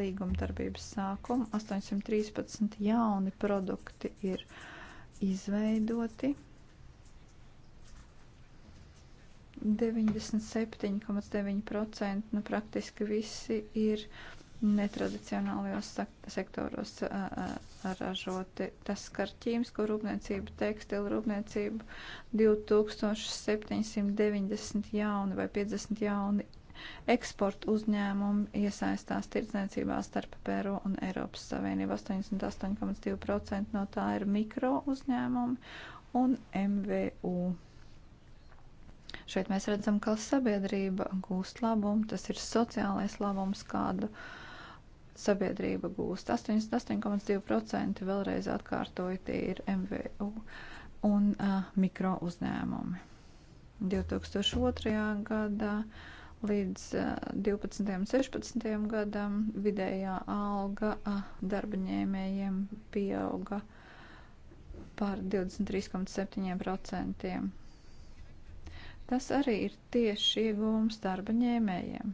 līguma darbības sākuma 813 jauni produkti ir izveidoti 97,9% nu, praktiski visi ir netradicionālajos sektoros ražoti. Tas skar ķīmisko rūpniecību, tekstilu rūpniecību, 2790 jauni vai 50 jauni eksporta uzņēmumi iesaistās tirdzniecībā starp Peru un Eiropas Savienību. 88,2% no tā ir mikro uzņēmumi un MVU. Šeit mēs redzam, ka sabiedrība gūst labumu, tas ir sociālais labums, kādu sabiedrība gūst. 88,2% vēlreiz atkārtoju, tie ir MVU un uh, mikro uzņēmumi. 2002. gadā līdz uh, 12. un 16. gadam vidējā alga uh, darbaņēmējiem pieauga par 23,7%. Tas arī ir tieši iegūms darba ņēmējiem.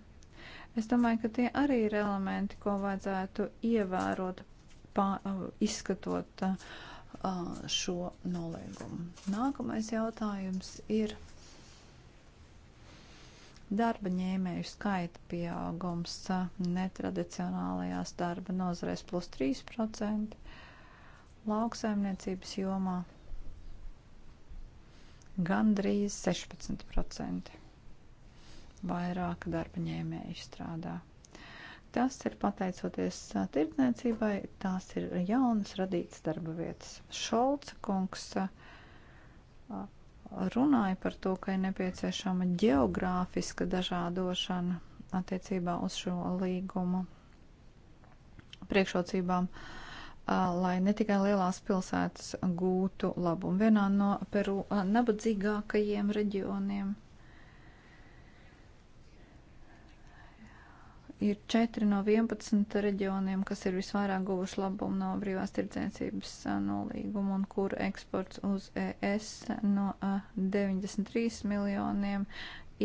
Es domāju, ka tie arī ir elementi, ko vajadzētu ievērot, pā, uh, izskatot uh, šo nolīgumu. Nākamais jautājums ir darba ņēmēju skaita pieaugums uh, netradicionālajās darba nozarēs plus 3%, lauksaimniecības jomā gandrīz 16% vairāk darba ņēmēji strādā. Tas ir pateicoties tirdzniecībai, tās ir jaunas radītas darba vietas. Šolca kungs runāja par to, ka ir nepieciešama geogrāfiska dažādošana attiecībā uz šo līgumu priekšrocībām. Uh, lai ne tikai lielās pilsētas gūtu labumu vienā no Peru nabadzīgākajiem reģioniem. Ir 4 no 11 reģioniem, kas ir visvairāk guvuši labumu no brīvās tirdzniecības nolīguma un kuru eksports uz ES no 93 miljoniem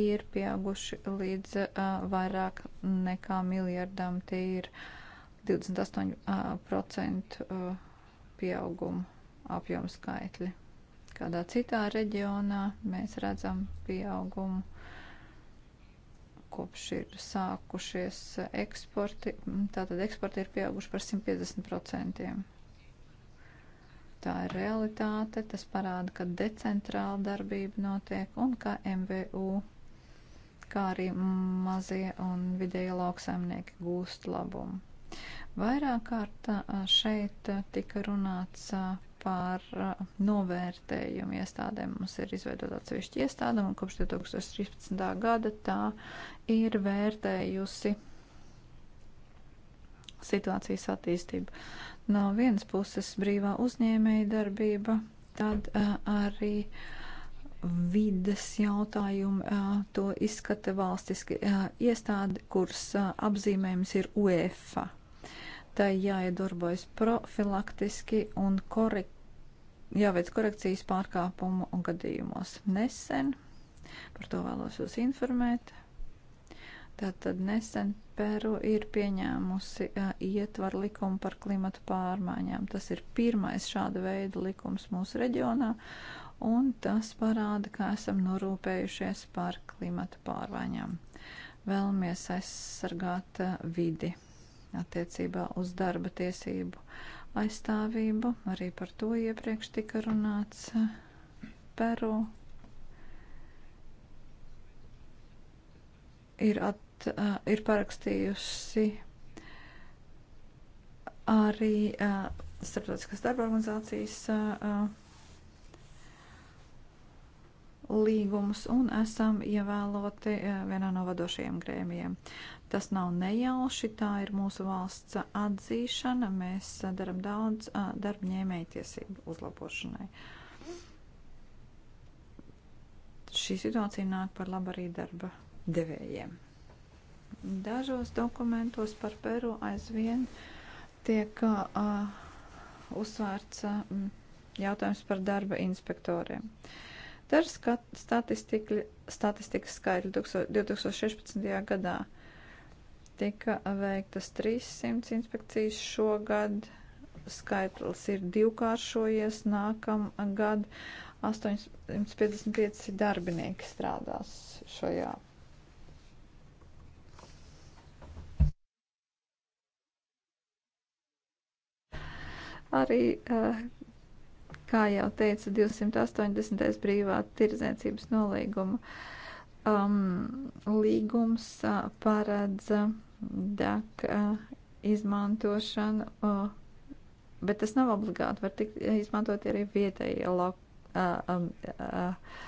ir pieauguši līdz vairāk nekā miljardam. Tie ir uh, 28% uh, pieaugumu apjomu skaitļi. Kādā citā reģionā mēs redzam pieaugumu kopš ir sākušies eksporti, tātad eksporti ir pieauguši par 150%. Tā ir realitāte, tas parāda, ka decentrāla darbība notiek un ka MVU, kā arī mazie un vidēji lauksaimnieki gūst labumu. Vairāk kārt šeit tika runāts par novērtējumu iestādēm. Mums ir izveidota atsevišķa iestāde, un kopš 2013. gada tā ir vērtējusi situācijas attīstību. No vienas puses brīvā uzņēmēja darbība, tad arī uh, vidas jautājumi, to izskata valstiski iestādi, kuras apzīmējums ir UEFA. Tai jāiedarbojas profilaktiski un korek jāveic korekcijas pārkāpumu un gadījumos. Nesen, par to vēlos jūs informēt, tātad nesen Peru ir pieņēmusi ietvaru likumu par klimatu pārmaiņām. Tas ir pirmais šāda veida likums mūsu reģionā, un tas parāda, ka esam norūpējušies par klimatu pārmaiņām. Vēlamies aizsargāt eh, vidi attiecībā uz darba tiesību aizstāvību, arī par to iepriekš tika runāts eh, Peru. Ir, at, eh, ir parakstījusi arī uh, starptautiskās darba organizācijas uh, uh, līgumus un esam ievēloti e, vienā no vadošajiem grēmijiem. Tas nav nejauši, tā ir mūsu valsts atzīšana, mēs e, daram daudz e, darbņēmēju tiesību uzlabošanai. Šī situācija nāk par labu arī darba devējiem. Dažos dokumentos par Peru aizvien tiek uh, uzsvērts uh, jautājums par darba inspektoriem. Uh, Daži statistika, statistikas skaidri 2016. gadā tika veiktas 300 inspekcijas šogad, skaitlis ir divkāršojies, nākamgad 855 darbinieki strādās šajā arī uh, Kā jau teicu, 280. brīvā tirdzniecības nolīguma um, līgums uh, paredz uh, DAK uh, izmantošanu, uh, bet tas nav obligāti. Var tikt eh, izmantot arī vietējie, lo, uh, um, uh, uh,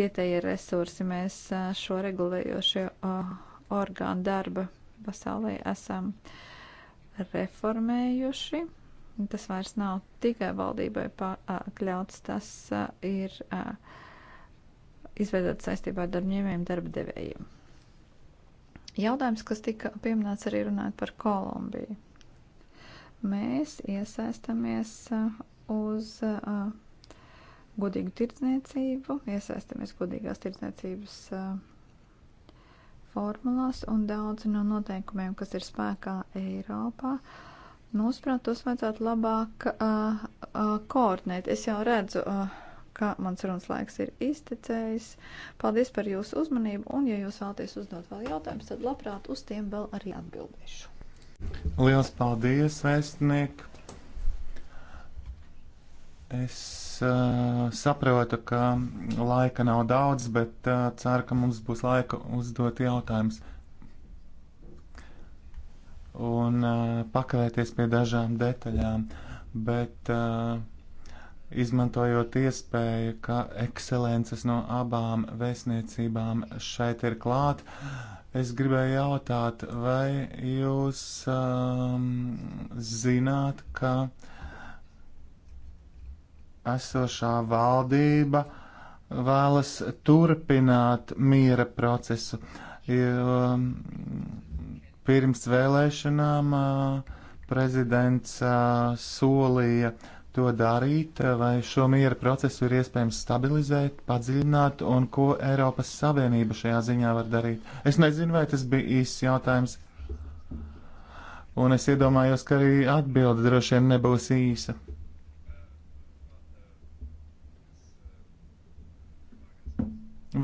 vietējie resursi. Mēs uh, šo regulējošo uh, orgānu darba pasaulē esam reformējuši. Tas vairs nav tikai valdībai pakļauts, tas ir izveidots saistībā ar darbņēmējiem, darba devējiem. Jautājums, kas tika pieminēts arī runājot par Kolumbiju. Mēs iesaistamies uz godīgu tirdzniecību, iesaistamies godīgās tirdzniecības formulās un daudzi no noteikumiem, kas ir spēkā Eiropā, uh, Mūsuprāt, tos vajadzētu labāk uh, uh, koordinēt. Es jau redzu, uh, ka mans runas laiks ir iztecējis. Paldies par jūsu uzmanību, un ja jūs vēlaties uzdot vēl jautājumus, tad labprāt uz tiem vēl arī atbildēšu. Lielas paldies, vēstniek! Es uh, saprotu, ka laika nav daudz, bet uh, ceru, ka mums būs laika uzdot jautājumus un uh, pakavēties pie dažām detaļām, bet uh, izmantojot iespēju, ka ekscelences no abām vēstniecībām šeit ir klāt, es gribēju jautāt, vai jūs um, zināt, ka esošā valdība vēlas turpināt miera procesu. Jo, um, Pirms vēlēšanām prezidents solīja to darīt, vai šo miera procesu ir iespējams stabilizēt, padziļināt, un ko Eiropas Savienība šajā ziņā var darīt. Es nezinu, vai tas bija īsts jautājums, un es iedomājos, ka arī atbilde droši vien nebūs īsa.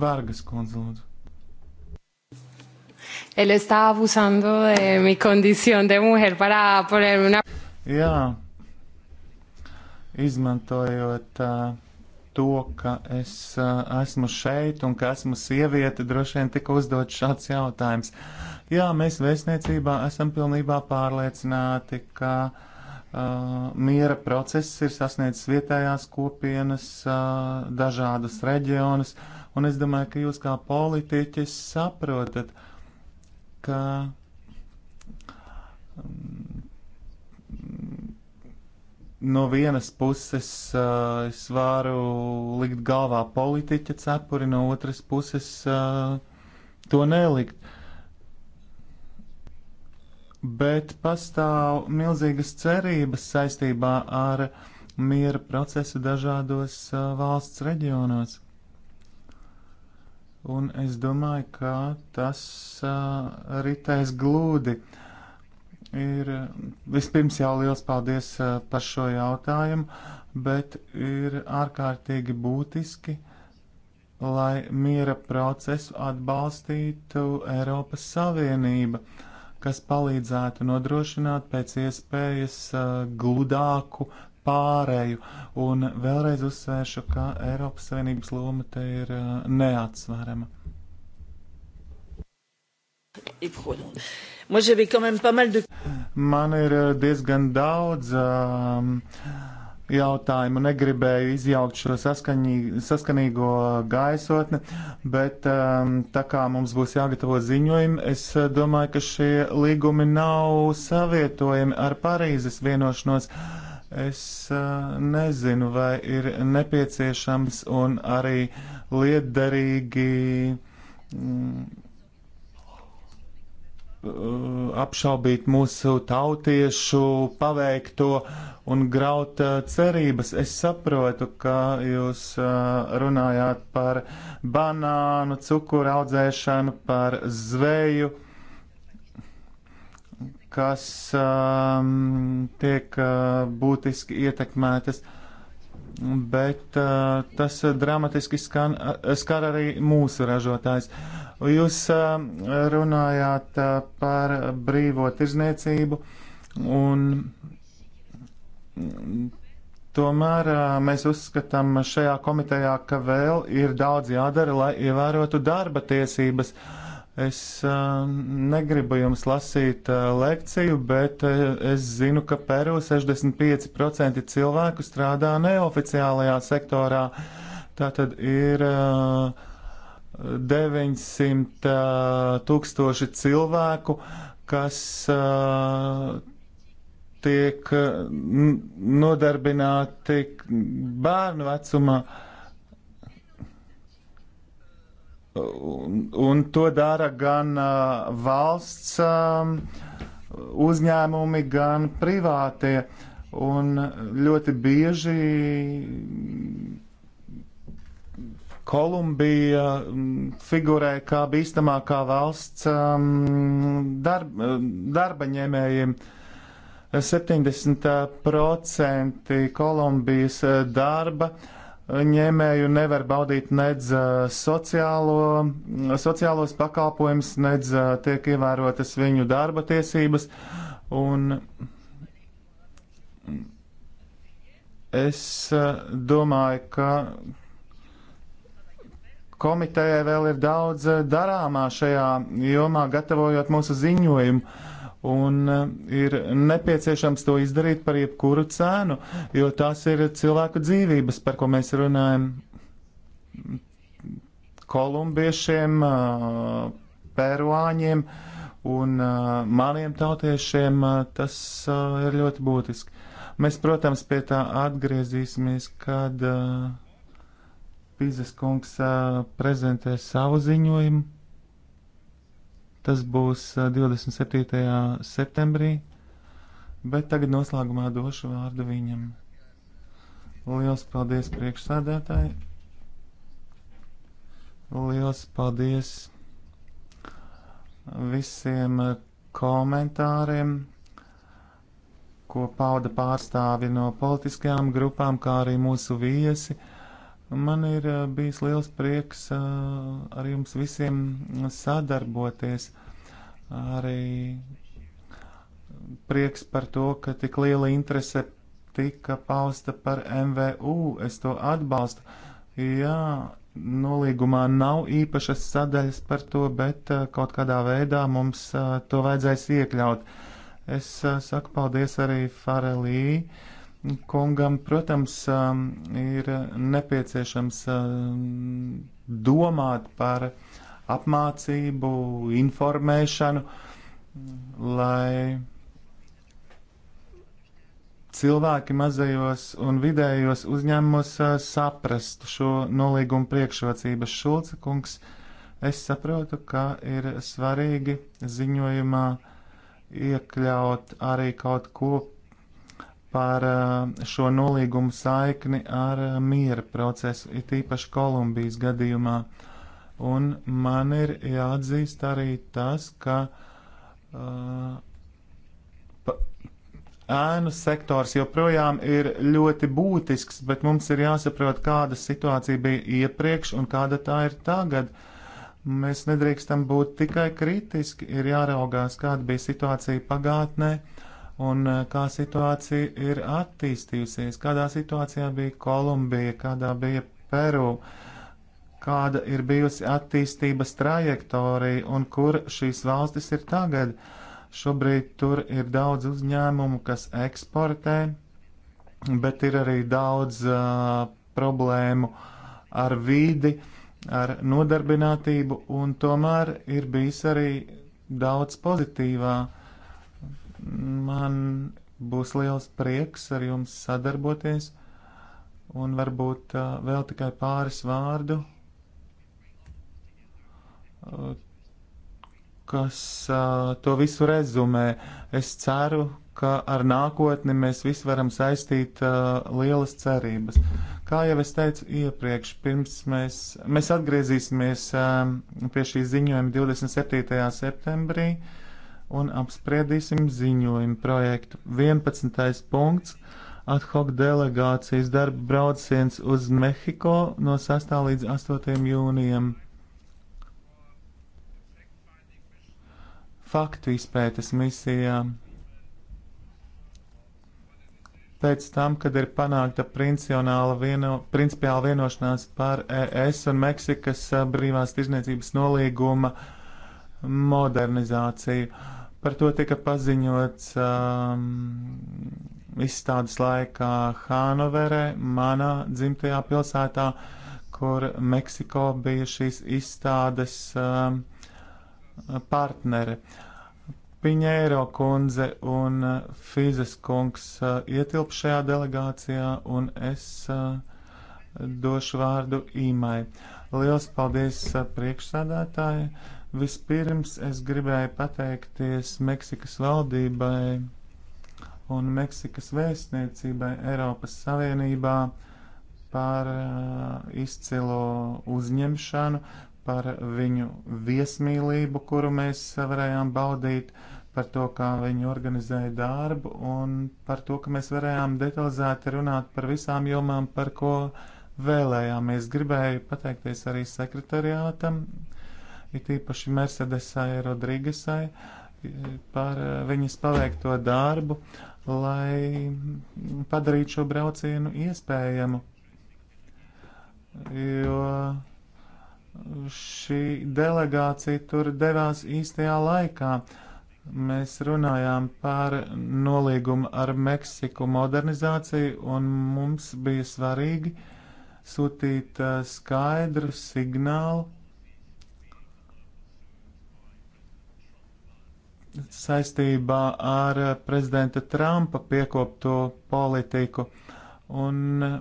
Vargas kundze, lūdzu. Él estaba abusando de mi condición de mujer para ponerme una. Jā, izmantojot uh, to, ka es uh, esmu šeit un ka esmu sieviete, droši vien tika uzdot šāds jautājums. Jā, mēs vēstniecībā esam pilnībā pārliecināti, ka uh, miera process ir sasniedzis vietējās kopienas, uh, dažādas reģionas, un es domāju, ka jūs kā politiķis saprotat, uh, ka mm, no vienas puses uh, es varu likt galvā politiķa cepuri, no otras puses uh, to nelikt. Bet pastāv milzīgas cerības saistībā ar miera procesu dažādos uh, valsts reģionos un es domāju, ka tas uh, ritēs glūdi. Ir vispirms jau liels paldies uh, par šo jautājumu, bet ir ārkārtīgi būtiski, lai miera procesu atbalstītu Eiropas Savienība, kas palīdzētu nodrošināt pēc iespējas uh, gludāku pārēju. Un vēlreiz uzsvēršu, ka Eiropas Savienības loma te ir uh, neatsvarama. Man ir uh, diezgan daudz um, jautājumu. Negribēju izjaukt šo saskaņī, saskanīgo gaisotni, bet um, tā kā mums būs jāgatavo ziņojumi, es uh, domāju, ka šie līgumi nav savietojami ar Parīzes vienošanos. Uh, Es uh, nezinu, vai ir nepieciešams un arī liederīgi mm, apšaubīt mūsu tautiešu paveikto un graut uh, cerības. Es saprotu, ka jūs uh, runājāt par banānu, cukuru audzēšanu, par zveju kas um, tiek uh, būtiski ietekmētas, bet uh, tas uh, dramatiski skan, uh, skar arī mūsu ražotājs. Jūs uh, runājāt uh, par brīvo tirzniecību un mm, Tomēr uh, mēs uzskatām šajā komitejā, ka vēl ir daudz jādara, lai ievērotu darba tiesības. Uh, Es uh, negribu jums lasīt uh, lekciju, bet uh, es zinu, ka Peru 65% cilvēku strādā neoficiālajā sektorā. Tā tad ir uh, 900 tūkstoši cilvēku, kas uh, tiek nodarbināti bērnu vecumā. Uh, Un, un to dara gan uh, valsts uh, uzņēmumi, gan privātie. Un ļoti bieži Kolumbija figurē kā bīstamākā valsts um, darb, darba ņēmējiem. 70% Kolumbijas darba uh, ņēmēju nevar baudīt nedz sociālo, sociālos pakalpojumus, nedz tiek ievērotas viņu darba tiesības. Un es domāju, ka komitejai vēl ir daudz darāmā šajā jomā, gatavojot mūsu ziņojumu un eh, ir nepieciešams to izdarīt par jebkuru cēnu, jo tās ir cilvēku dzīvības, par ko mēs runājam. Kolumbiešiem, eh, peruāņiem un eh, maniem tautiešiem tas ir ļoti būtiski. Mēs, protams, pie tā atgriezīsimies, kad Pīzes kungs prezentē savu ziņojumu. Tas būs 27. septembrī, bet tagad noslēgumā došu vārdu viņam. Lielas paldies priekšsādātāji! Lielas paldies visiem komentāriem, ko pauda pārstāvi no politiskajām grupām, kā arī mūsu viesi. Man ir eh, bijis liels prieks eh, ar jums visiem sadarboties. Arī prieks par to, ka tik liela interese tika pausta par MVU. Es to atbalstu. Jā, nolīgumā nav īpašas sadaļas par to, bet eh, kaut kādā veidā mums to vajadzēs iekļaut. Es saku paldies arī Farelī kungam, protams, um, ir nepieciešams um, domāt par apmācību, informēšanu, lai cilvēki mazajos un vidējos uzņēmumos uh, saprastu šo nolīgumu priekšrocības. Šulca kungs, es saprotu, ka ir svarīgi ziņojumā iekļaut arī kaut ko par eh, šo nolīgumu saikni ar eh, miera procesu, it īpaši Kolumbijas gadījumā. Un man ir jāatzīst arī tas, ka uh, pa, ēnu sektors joprojām ir ļoti būtisks, bet mums ir jāsaprot, kāda situācija bija iepriekš un kāda tā ir tagad. Mēs nedrīkstam būt tikai kritiski, ir jāraugās, kāda bija situācija pagātnē. Uh, un eh, kā situācija ir attīstījusies, kādā situācijā bija Kolumbija, kādā bija Peru, kāda ir bijusi attīstības trajektorija un kur šīs valstis ir tagad. Šobrīd tur ir daudz uzņēmumu, kas eksportē, bet ir arī daudz uh, problēmu ar vīdi, ar nodarbinātību, un tomēr ir bijis arī daudz pozitīvā uh, Man būs liels prieks ar jums sadarboties, un varbūt uh, vēl tikai pāris vārdu, uh, kas uh, to visu rezumē. Es ceru, ka ar nākotni mēs visi varam saistīt lielas cerības. Kā jau es teicu iepriekš, pirms mēs, mēs atgriezīsimies um, pie šī ziņojuma 27. septembrī un apspriedīsim ziņojumu projektu. 11. punkts - ad hoc delegācijas darba brauciens uz Mehiko no 6. līdz 8. jūnijam. Faktu izpētes misijā. Pēc tam, kad ir panākta vieno, principiāla vienošanās par ES un Meksikas brīvās tirzniecības nolīguma modernizāciju. Uh, Par to tika paziņots um, izstādes laikā Hānoverē, manā dzimtajā pilsētā, kur Meksiko bija šīs izstādes um, partnere. Piņēro kundze un uh, Fizes kungs uh, ietilp šajā delegācijā, un es uh, došu vārdu īmai. Liels paldies uh, priekšsādātāji! Uh, Vispirms es gribēju pateikties Meksikas valdībai un Meksikas vēstniecībai Eiropas Savienībā par uh, izcilo uzņemšanu, par viņu viesmīlību, kuru mēs varējām baudīt, par to, kā viņi organizēja darbu un par to, ka mēs varējām detalizēti runāt par visām jomām, par ko vēlējāmies. Gribēju pateikties arī sekretariātam, uh, it īpaši Mercedesai Rodrigesai e, par e, viņas paveikto darbu, lai padarītu šo braucienu iespējamu. Jo šī delegācija tur devās īstajā laikā. Mēs runājām par nolīgumu ar Meksiku modernizāciju, un mums bija svarīgi sūtīt e, skaidru signālu saistībā ar eh, prezidenta Trumpa piekopto politiku un eh,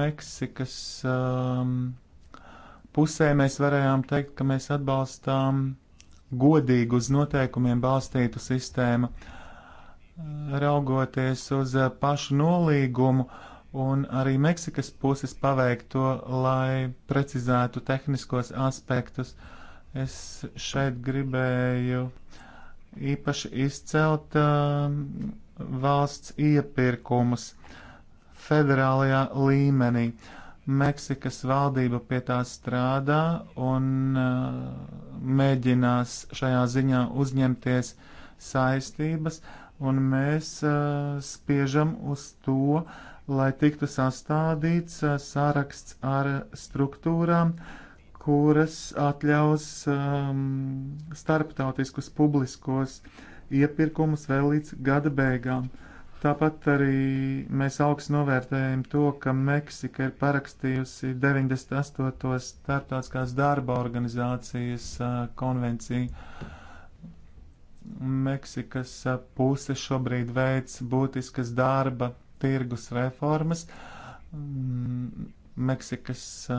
Meksikas um, pusē mēs varējām teikt, ka mēs atbalstām godīgu uz noteikumiem balstītu sistēmu, eh, raugoties uz pašu nolīgumu un arī Meksikas puses paveikto, lai precizētu tehniskos aspektus. Es šeit gribēju īpaši izcelt uh, valsts iepirkumus federālajā līmenī. Meksikas valdība pie tā strādā un uh, mēģinās šajā ziņā uzņemties saistības, un mēs uh, spiežam uz to, lai tiktu sastādīts uh, saraksts ar struktūrām, uh, kuras atļaus um, starptautiskus publiskos iepirkumus vēl līdz gada beigām. Tāpat arī mēs augstu novērtējam to, ka Meksika ir parakstījusi 98. starptautiskās darba organizācijas uh, konvenciju. Meksikas uh, puse šobrīd veic būtiskas darba tirgus reformas. Mm, Meksikas uh,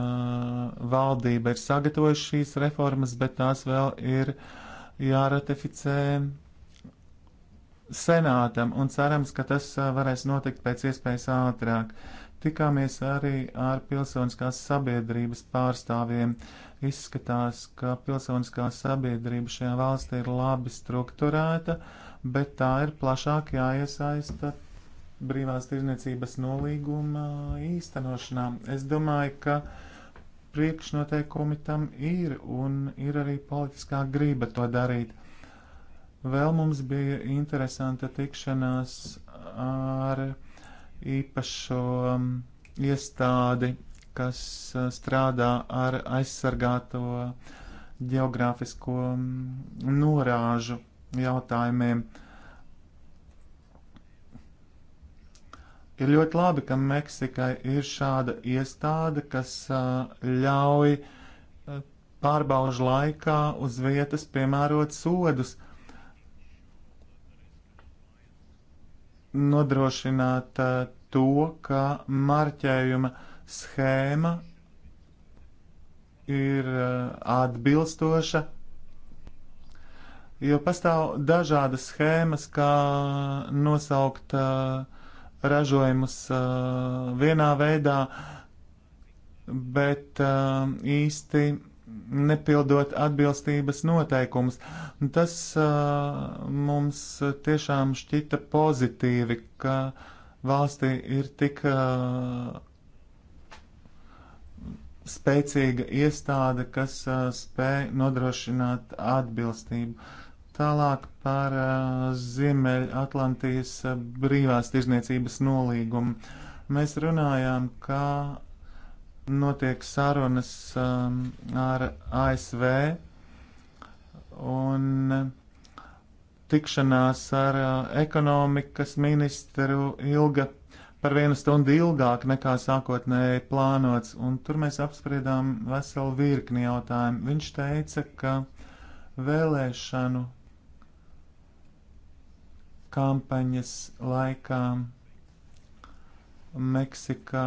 valdība ir sagatavojusi šīs reformas, bet tās vēl ir jāratificē senātam un cerams, ka tas uh, varēs notikt pēc iespējas ātrāk. Tikāmies arī ar pilsoniskās sabiedrības pārstāvjiem. Izskatās, ka pilsoniskā sabiedrība šajā valstī ir labi strukturēta, bet tā ir plašāk jāiesaista brīvās tirzniecības nolīguma īstenošanā. Es domāju, ka priekšnoteikumi tam ir un ir arī politiskā grība to darīt. Vēl mums bija interesanta tikšanās ar īpašo um, iestādi, kas uh, strādā ar aizsargāto geogrāfisko um, norāžu jautājumiem. Uh, Ir ļoti labi, ka Meksikai ir šāda iestāde, kas ļauj pārbaužu laikā uz vietas piemērot sodus, nodrošināt to, ka marķējuma schēma ir atbilstoša jo pastāv dažādas schēmas, kā nosaukt uh, ražojumus uh, vienā veidā, bet uh, īsti nepildot atbilstības noteikumus. Tas uh, mums tiešām šķita pozitīvi, ka valstī ir tik uh, spēcīga iestāde, kas uh, spēj nodrošināt atbilstību. Tālāk par uh, Ziemeļatlantijas uh, brīvās tirzniecības nolīgumu. Mēs runājām, ka notiek sarunas um, ar ASV un tikšanās ar uh, ekonomikas ministru ilga par vienu stundu ilgāk nekā sākotnēji plānots, un tur mēs apspriedām veselu virkni jautājumu. Viņš teica, ka vēlēšanu kampaņas laikā Meksikā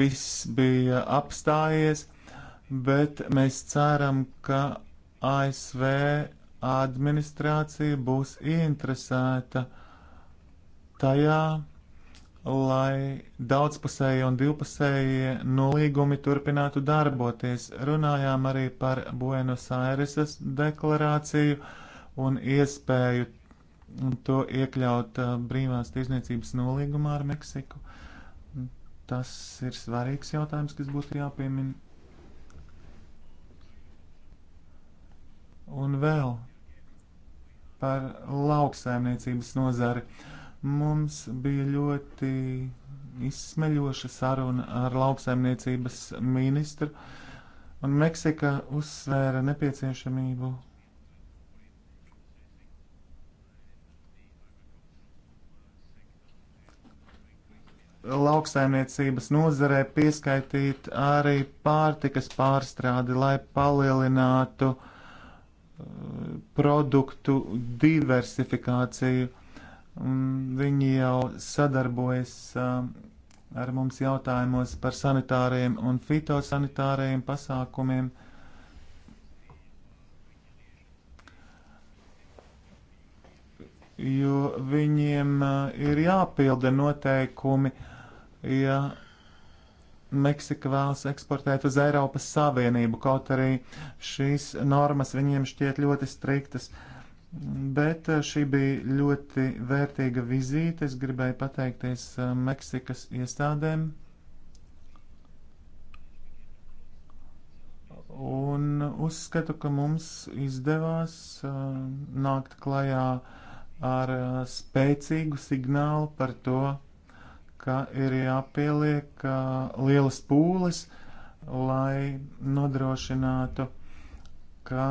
viss bija apstājies, bet mēs ceram, ka ASV administrācija būs ieinteresēta tajā, lai daudzpusēji un divpusēji nolīgumi turpinātu darboties. Runājām arī par Buenos Aireses deklarāciju un iespēju to iekļaut uh, brīvās tirzniecības nolīgumā ar Meksiku. Tas ir svarīgs jautājums, kas būtu jāpiemina. Un vēl par lauksaimniecības nozari. Uh, Mums bija ļoti izsmeļoša saruna ar lauksaimniecības ministru, un Meksika uzsvēra nepieciešamību lauksaimniecības nozarē pieskaitīt arī pārtikas pārstrādi, lai palielinātu uh, produktu diversifikāciju. Viņi jau sadarbojas um, ar mums jautājumos par sanitāriem un fitosanitāriem pasākumiem. Jo viņiem uh, ir jāpilda noteikumi, ja Meksika vēlas eksportēt uz Eiropas Savienību, kaut arī šīs normas viņiem šķiet ļoti striktas. Uh, Bet eh, šī bija ļoti vērtīga vizīte. Es gribēju pateikties eh, Meksikas iestādēm. Un uzskatu, ka mums izdevās eh, nākt klajā ar spēcīgu signālu par to, ka ir jāpieliek lielas pūles, lai nodrošinātu, ka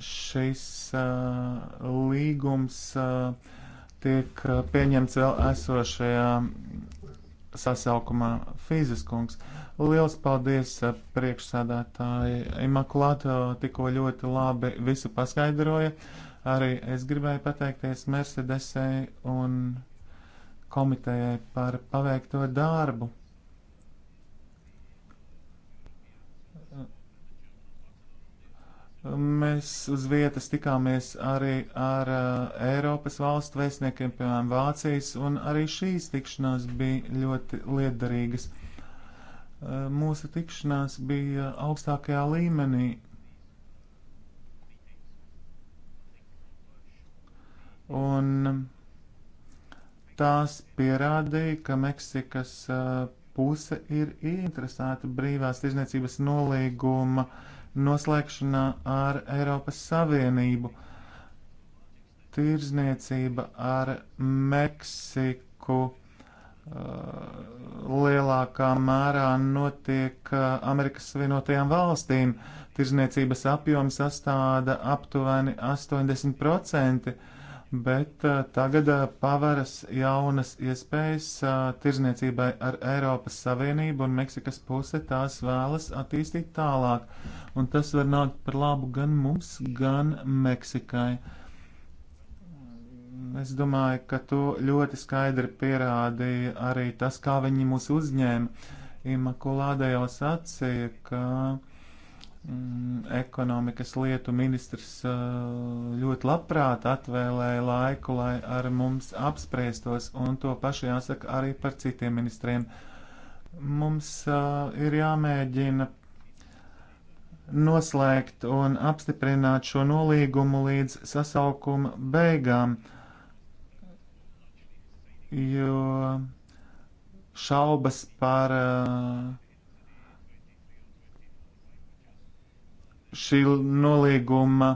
šis uh, līgums uh, tiek pieņemts vēl esošajā sasaukumā Fīziskungs. Liels paldies priekšsādātāji. Imakulāto tikko ļoti labi visu paskaidroja. Arī es gribēju pateikties Mercedesei un komitejai par paveikto darbu. Mēs uz vietas tikāmies arī ar uh, Eiropas valstu vēstniekiem, piemēram, Vācijas, un arī šīs tikšanās bija ļoti liederīgas. Uh, mūsu tikšanās bija augstākajā līmenī. Un tās pierādīja, ka Meksikas uh, puse ir ieinteresēta brīvās tirzniecības nolīguma uh, noslēgšanā ar Eiropas Savienību. Tirzniecība ar Meksiku uh, lielākā mērā notiek uh, Amerikas Savienotajām valstīm. Tirzniecības apjoms sastāda aptuveni 80% bet uh, tagad uh, paveras jaunas iespējas uh, tirzniecībai ar Eiropas Savienību, un Meksikas puse tās vēlas attīstīt tālāk, un tas var nākt par labu gan mums, gan Meksikai. Es domāju, ka to ļoti skaidri pierādīja arī tas, kā viņi mūs uzņēma. Imakulāda jau sacīja, ka uh, Mm, ekonomikas lietu ministrs uh, ļoti labprāt atvēlēja laiku, lai ar mums apspriestos, un to pašu jāsaka arī par citiem ministriem. Mums uh, ir jāmēģina noslēgt un apstiprināt šo nolīgumu līdz sasaukuma beigām, jo šaubas par uh, šī nolīguma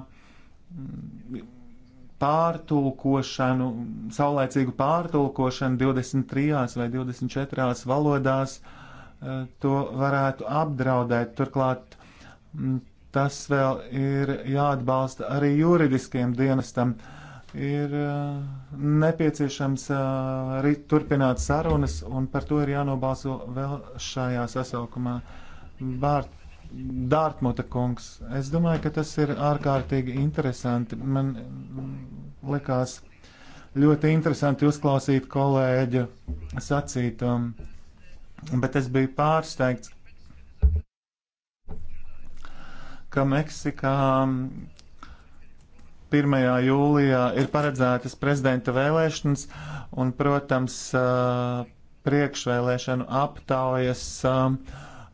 pārtulkošanu, saulēcīgu pārtulkošanu 23 vai 24 valodās, eh, to varētu apdraudēt. Turklāt mm, tas vēl ir jāatbalsta arī juridiskiem dienestam. Ir eh, nepieciešams eh, arī turpināt sarunas, un par to ir jānobalso vēl šajā sasaukumā. Bārta Dārtmuta kungs, es domāju, ka tas ir ārkārtīgi interesanti. Man mm, likās ļoti interesanti uzklausīt kolēģu sacīto, bet es biju pārsteigts, ka Meksikā 1. jūlijā ir paredzētas prezidenta vēlēšanas un, protams, priekšvēlēšanu aptaujas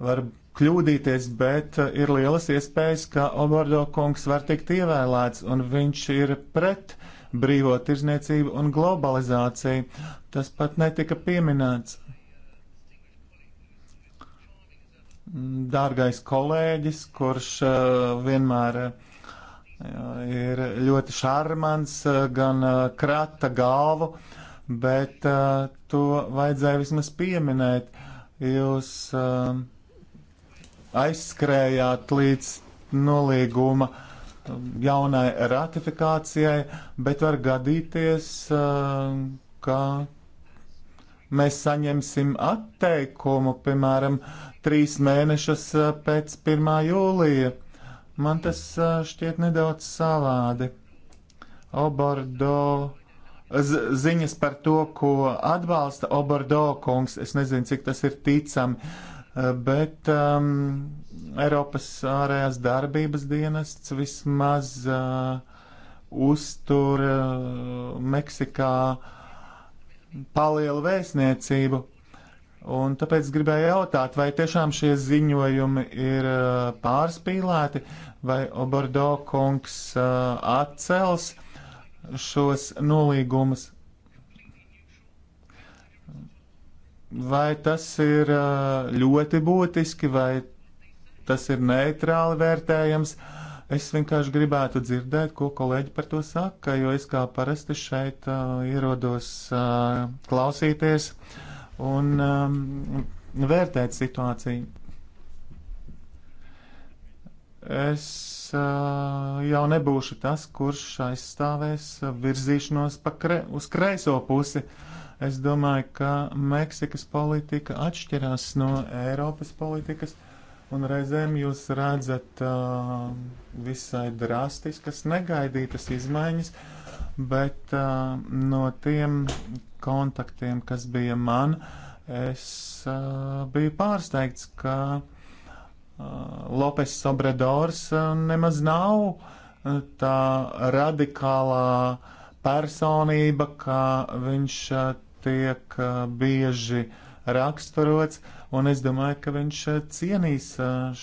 var kļūdīties, bet eh, ir lielas iespējas, ka Obordo kungs var tikt ievēlēts, un viņš ir pret brīvo tirzniecību un globalizāciju. Tas pat netika pieminēts. Dārgais kolēģis, kurš eh, vienmēr eh, ir ļoti šarmants, gan krata galvu, bet to vajadzēja vismaz pieminēt. Jūs uh, aizskrējāt līdz nolīguma um, jaunai ratifikācijai, bet var gadīties, um, ka mēs saņemsim atteikumu, piemēram, trīs mēnešus uh, pēc 1. jūlija. Man tas uh, šķiet nedaudz savādi. Obordo ziņas par to, ko atbalsta Obordo kungs, es nezinu, cik tas ir ticami, bet um, Eiropas ārējās darbības dienests vismaz uh, uztur uh, Meksikā palielu vēstniecību. Un tāpēc gribēju jautāt, vai tiešām šie ziņojumi ir uh, pārspīlēti, vai Obordo kungs uh, atcels šos nolīgumus vai tas ir ļoti būtiski, vai tas ir neitrāli vērtējams. Es vienkārši gribētu dzirdēt, ko kolēģi par to saka, jo es kā parasti šeit uh, ierodos uh, klausīties un um, vērtēt situāciju. Es uh, jau nebūšu tas, kurš aizstāvēs virzīšanos kre uz kreiso pusi. Uh, Es domāju, ka Meksikas politika atšķirās no Eiropas politikas, un reizēm jūs redzat uh, visai drastiskas, negaidītas izmaiņas, bet uh, no tiem kontaktiem, kas bija man, es uh, biju pārsteigts, ka uh, Lopes Sobredors uh, nemaz nav uh, tā radikālā personība, ka viņš uh, tiek bieži raksturots, un es domāju, ka viņš cienīs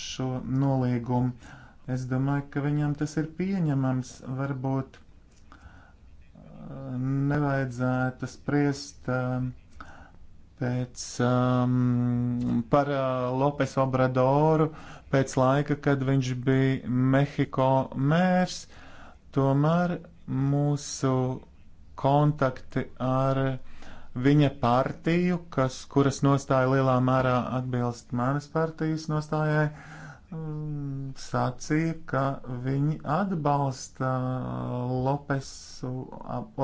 šo nolīgumu. Es domāju, ka viņam tas ir pieņemams. Varbūt nevajadzētu spriest pēc, um, par Lopes Obradoru pēc laika, kad viņš bija Mehiko mērs. Tomēr mūsu kontakti ar uh, viņa partiju, kas, kuras nostāja lielā mērā atbilst manas partijas nostājai, mm, sacīja, ka viņi atbalsta Lopesu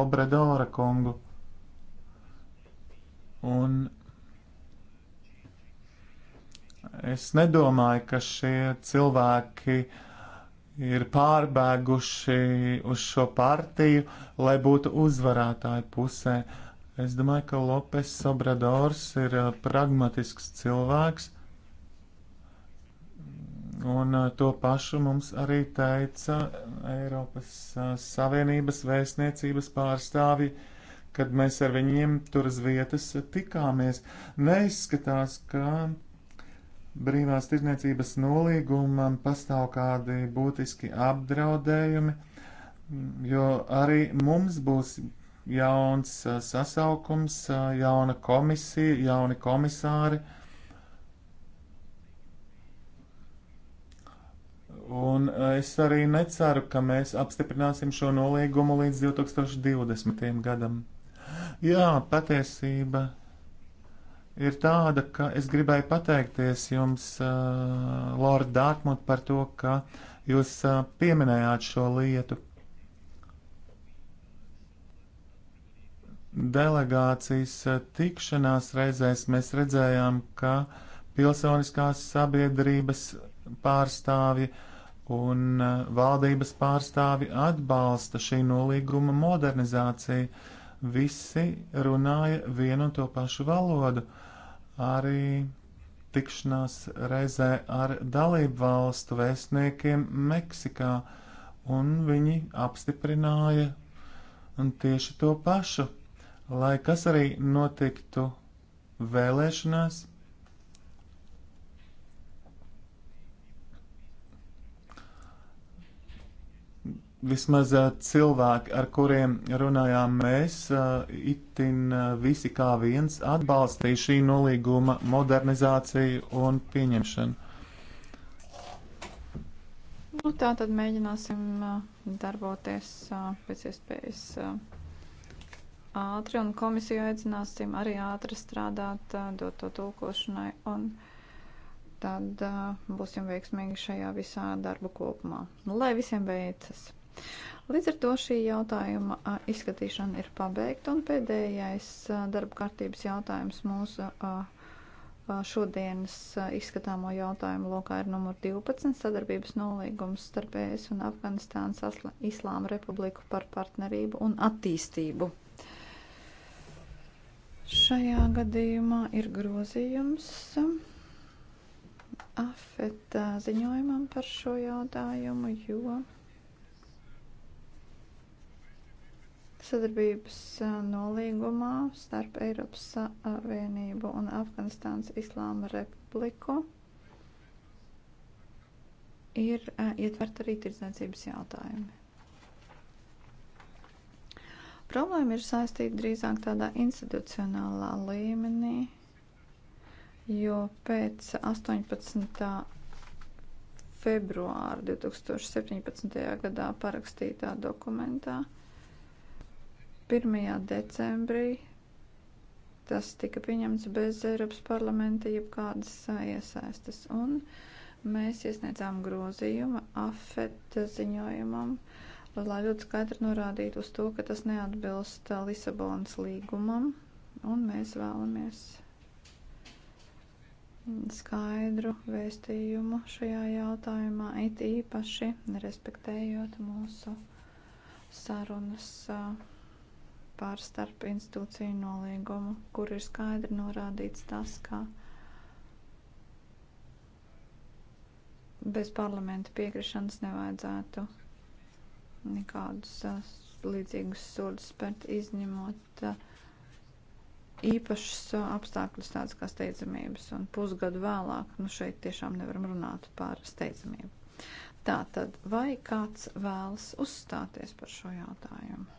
Obradora kungu. Un es nedomāju, ka šie cilvēki ir pārbēguši uz šo partiju, lai būtu uzvarētāju pusē. Uh, Es domāju, ka Lopes Obradors ir eh, pragmatisks cilvēks, un eh, to pašu mums arī teica eh, Eiropas Savienības vēstniecības pārstāvi, kad mēs ar viņiem tur uz vietas tikāmies. Neizskatās, ka brīvās tirdzniecības nolīgumam pastāv kādi būtiski apdraudējumi, jo arī mums būs jauns sasaukums, jauna komisija, jauni komisāri. Un es arī neceru, ka mēs apstiprināsim šo nolīgumu līdz 2020. gadam. Jā, patiesība ir tāda, ka es gribēju pateikties jums, uh, Lord Dārtmut, par to, ka jūs uh, pieminējāt šo lietu. delegācijas eh, tikšanās reizēs mēs redzējām, ka pilsoniskās sabiedrības pārstāvji un eh, valdības pārstāvi atbalsta šī nolīguma modernizāciju. Visi runāja vienu un to pašu valodu. Arī tikšanās reizē ar dalību valstu vēstniekiem Meksikā, un viņi apstiprināja tieši to pašu lai kas arī notiktu vēlēšanās. vismaz cilvēki, ar kuriem runājām mēs, itin visi kā viens atbalstīja šī nolīguma modernizāciju un pieņemšanu. Nu, tā tad mēģināsim darboties pēc iespējas ātri, un komisiju aicināsim arī ātri strādāt, dot to tulkošanai, un tad būsim veiksmīgi šajā visā darba kopumā. Nu, lai visiem beidzas! Līdz ar to šī jautājuma izskatīšana ir pabeigta, un pēdējais darba kārtības jautājums mūsu šodienas izskatāmo jautājumu lokā ir numur 12 - sadarbības nolīgums starp ES un Afganistānas Islāma Republiku par partnerību un attīstību. Šajā gadījumā ir grozījums afet ziņojumam par šo jautājumu, jo sadarbības nolīgumā starp Eiropas Savienību un Afganistānas Islāma Republiku ir ietverta arī tirdzniecības jautājumi. Problēma ir saistīta drīzāk tādā institucionālā līmenī, jo pēc 18. februāra 2017. gadā parakstītā dokumentā 1. decembrī tas tika pieņemts bez Eiropas parlamenta jebkādas iesaistas. Un mēs iesniedzām grozījumu AFET ziņojumam, uh, lai ļoti skaidri norādītu uz to, ka tas neatbilst uh, Lisabonas līgumam, un mēs vēlamies skaidru vēstījumu šajā jautājumā, it īpaši respektējot mūsu sarunas uh, par starp institūciju nolīgumu, kur ir skaidri norādīts tas, ka bez parlamenta piekrišanas nevajadzētu nekādus uh, līdzīgus sodus spērt, izņemot uh, īpašus uh, apstākļus, tādus kā steidzamības. Un pusgadu vēlāk, nu šeit tiešām nevaram runāt par steidzamību. Tātad, vai kāds vēlas uzstāties par šo jautājumu?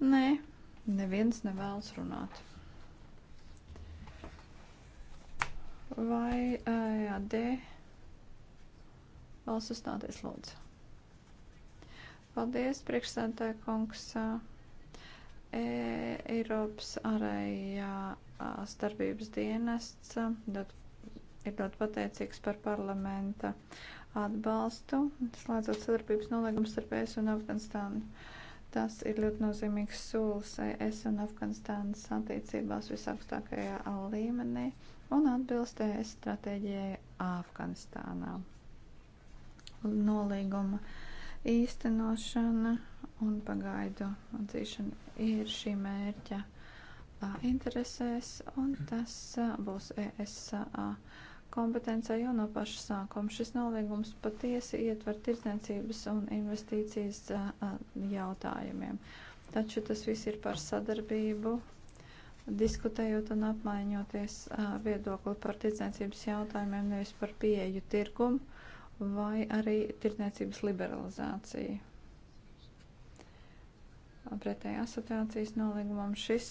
Nē, neviens nevēlas runāt. Vai uh, jādē? Valsts uzstāties lūdzu. Paldies, priekšsēdētāja kungs. E, Eiropas ārējā starpības dienests dot, ir ļoti pateicīgs par parlamenta atbalstu, slēdzot sadarbības nolīgumus starp ES un Afganistānu. Tas ir ļoti nozīmīgs solis ES un Afganistānas attiecībās visaugstākajā līmenī un atbilst ES stratēģijai Afganistānā. Nolīguma īstenošana un pagaidu atzīšana ir šī mērķa interesēs, un tas būs ES kompetencē jau no paša sākuma. Šis nolīgums patiesi ietver tirdzniecības un investīcijas jautājumiem. Taču tas viss ir par sadarbību, diskutējot un apmaiņoties viedokli par tirdzniecības jautājumiem, nevis par pieeju tirgumu vai arī tirdzniecības liberalizācija. Pretēji asociācijas nolīgumam šis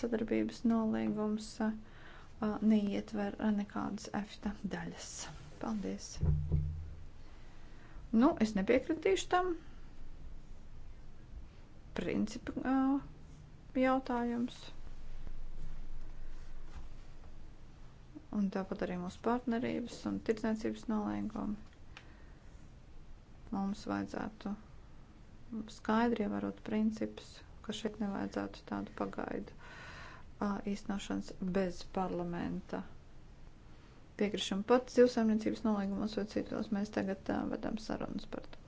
sadarbības nolīgums neietver nekādas EFTA daļas. Paldies! Nu, es nepiekritīšu tam. Principu jautājums. un tāpat arī mūsu partnerības un tirdzniecības nolīgumu. Mums vajadzētu skaidri ievērot principus, ka šeit nevajadzētu tādu pagaidu īstenošanas bez parlamenta piekrišanu. Pat zivsaimniecības nolīgumos vai citos mēs tagad vedam sarunas par to.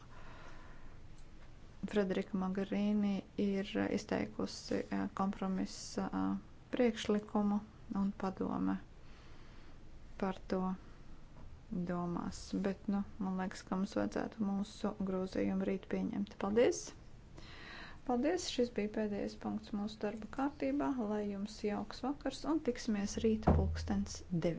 Frederika Magarīni ir izteikusi kompromisa priekšlikumu un padome par to domās. Bet, nu, man liekas, ka mums vajadzētu mūsu grozījumu rīt pieņemt. Paldies! Paldies! Šis bija pēdējais punkts mūsu darba kārtībā. Lai jums jauks vakars un tiksimies rīt pulkstens 9.